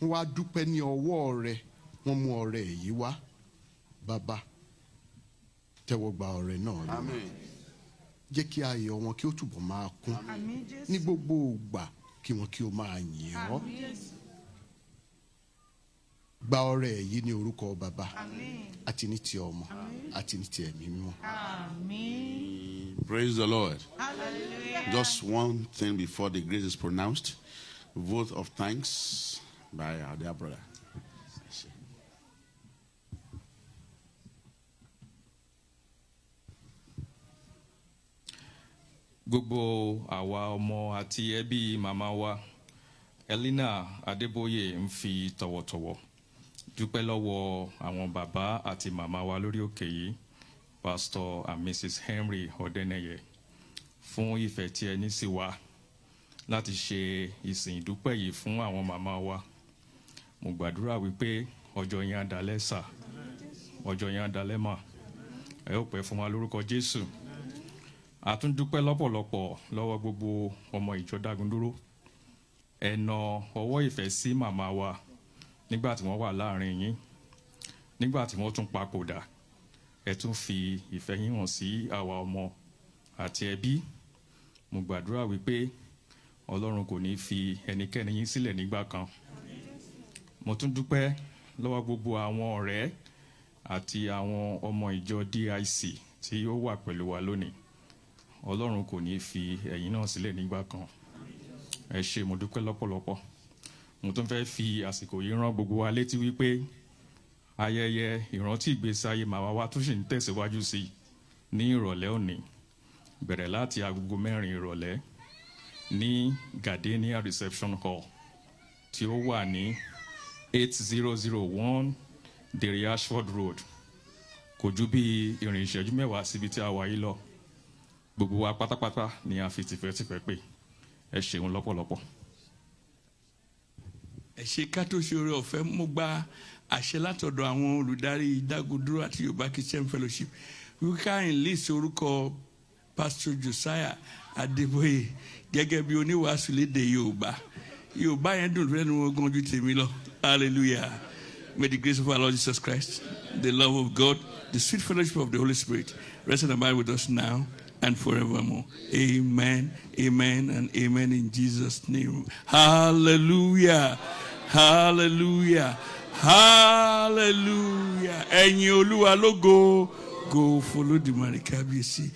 nwaa dupe ni owo ọrẹ wọn mu ọrẹ yi wa ba ba tẹwọgba ọrẹ naa ni ọ jẹki ayọ ọn kí o tubo maa kun ni gbogbo ụgbà kí wọn kí o maa yọọ gba ọrẹ yìí ní orúkọ bàbá àti ní ti ọmọ àti ní ti ẹ̀mí mímọ́. praise the lord Hallelujah. just one thing before the grace is pronounced vote of thanks by our dear brother. gbogbo àwa ọmọ àti ẹbí màmá wa Elena Adeboye ń fi tọ̀wọ̀tọ̀wọ̀ dúpẹ́ lọ́wọ́ àwọn bàbá àti màmá wa lórí òkè yìí Pastor and Mrs. Henry Ọ̀dẹ́nẹyẹ fún ìfẹ́ tí ẹ ní sí wa láti ṣe ìsìn ìdúpẹ́ yìí fún àwọn màmá wa mo gbàdúrà wípé ọjọ́ yẹn á dalẹ̀ sà ọjọ́ yẹn á dalẹ̀ mà ẹ ó pẹ́ fún wa lórúkọ Jésù a lọ́pọ̀lọpọ̀ lọ́wọ́ gbogbo ọmọ ìjọ Dagunduro ẹ ọwọ́ ìfẹ́ sí màmá wa nígbà tí wọ́n wà láàrin yín nígbà tí wọ́n tún papòdà ẹ tún fi ìfẹ́ yín hàn sí àwa ọmọ àti ẹbí mo gbàdúrà wípé ọlọ́run kò ní fi ẹnikẹ́ni yín sílẹ̀ nígbà kan mo tún dúpẹ́ lọ́wọ́ gbogbo àwọn ọ̀rẹ́ àti àwọn ọmọ ìjọ DIC tí ó wà pẹ̀lú wa lónìí ọlọ́run kò ní fi ẹ̀yin náà sílẹ̀ nígbà kan ẹ ṣé mo dúpẹ́ lọ́pọ̀lọpọ̀ mo tún fẹ́ fi àsìkò yìí rán gbogbo wa létí wípé ayẹyẹ ìrántí ìgbésí ayé màwa wa tún sì ń tẹ̀síwájú sí i ní ìrọ̀lẹ́ òní bẹ̀rẹ̀ láti agogo mẹ́rin ìrọ̀lẹ́ ní Gardenia reception hall tí ó wà ní eight zero zero one Dèrè Ashford Road kò ju bí ìrìn ìṣẹ́jú mẹ́wàá síbi tí a wà yìí lọ gbogbo wa pátápátá ni a fi tìfẹ́tìfẹ́ pè ẹ ṣeun lọ́pọ̀lọpọ̀. ẹ ṣe ká tó ṣe oore ọ̀fẹ́ mo gba àṣẹ látọ̀dọ̀ àwọn olùdarí Daguduro àti Yorùbá Christian Fellowship wíká enlist orúkọ Pastor Josiah Adébóyè gẹ́gẹ́ bí oníwàásù lédè Yorùbá Yorùbá yẹn dùn lẹ́nu ogun ojú tèmi lọ hallelujah may the grace of our Lord Jesus Christ the love of God the sweet fellowship of the Holy Spirit rest the mind with us now and forevermore. Amen, amen, and amen in Jesus' name. Hallelujah, hallelujah, hallelujah. And you, Lua, go, go follow the Marikabi.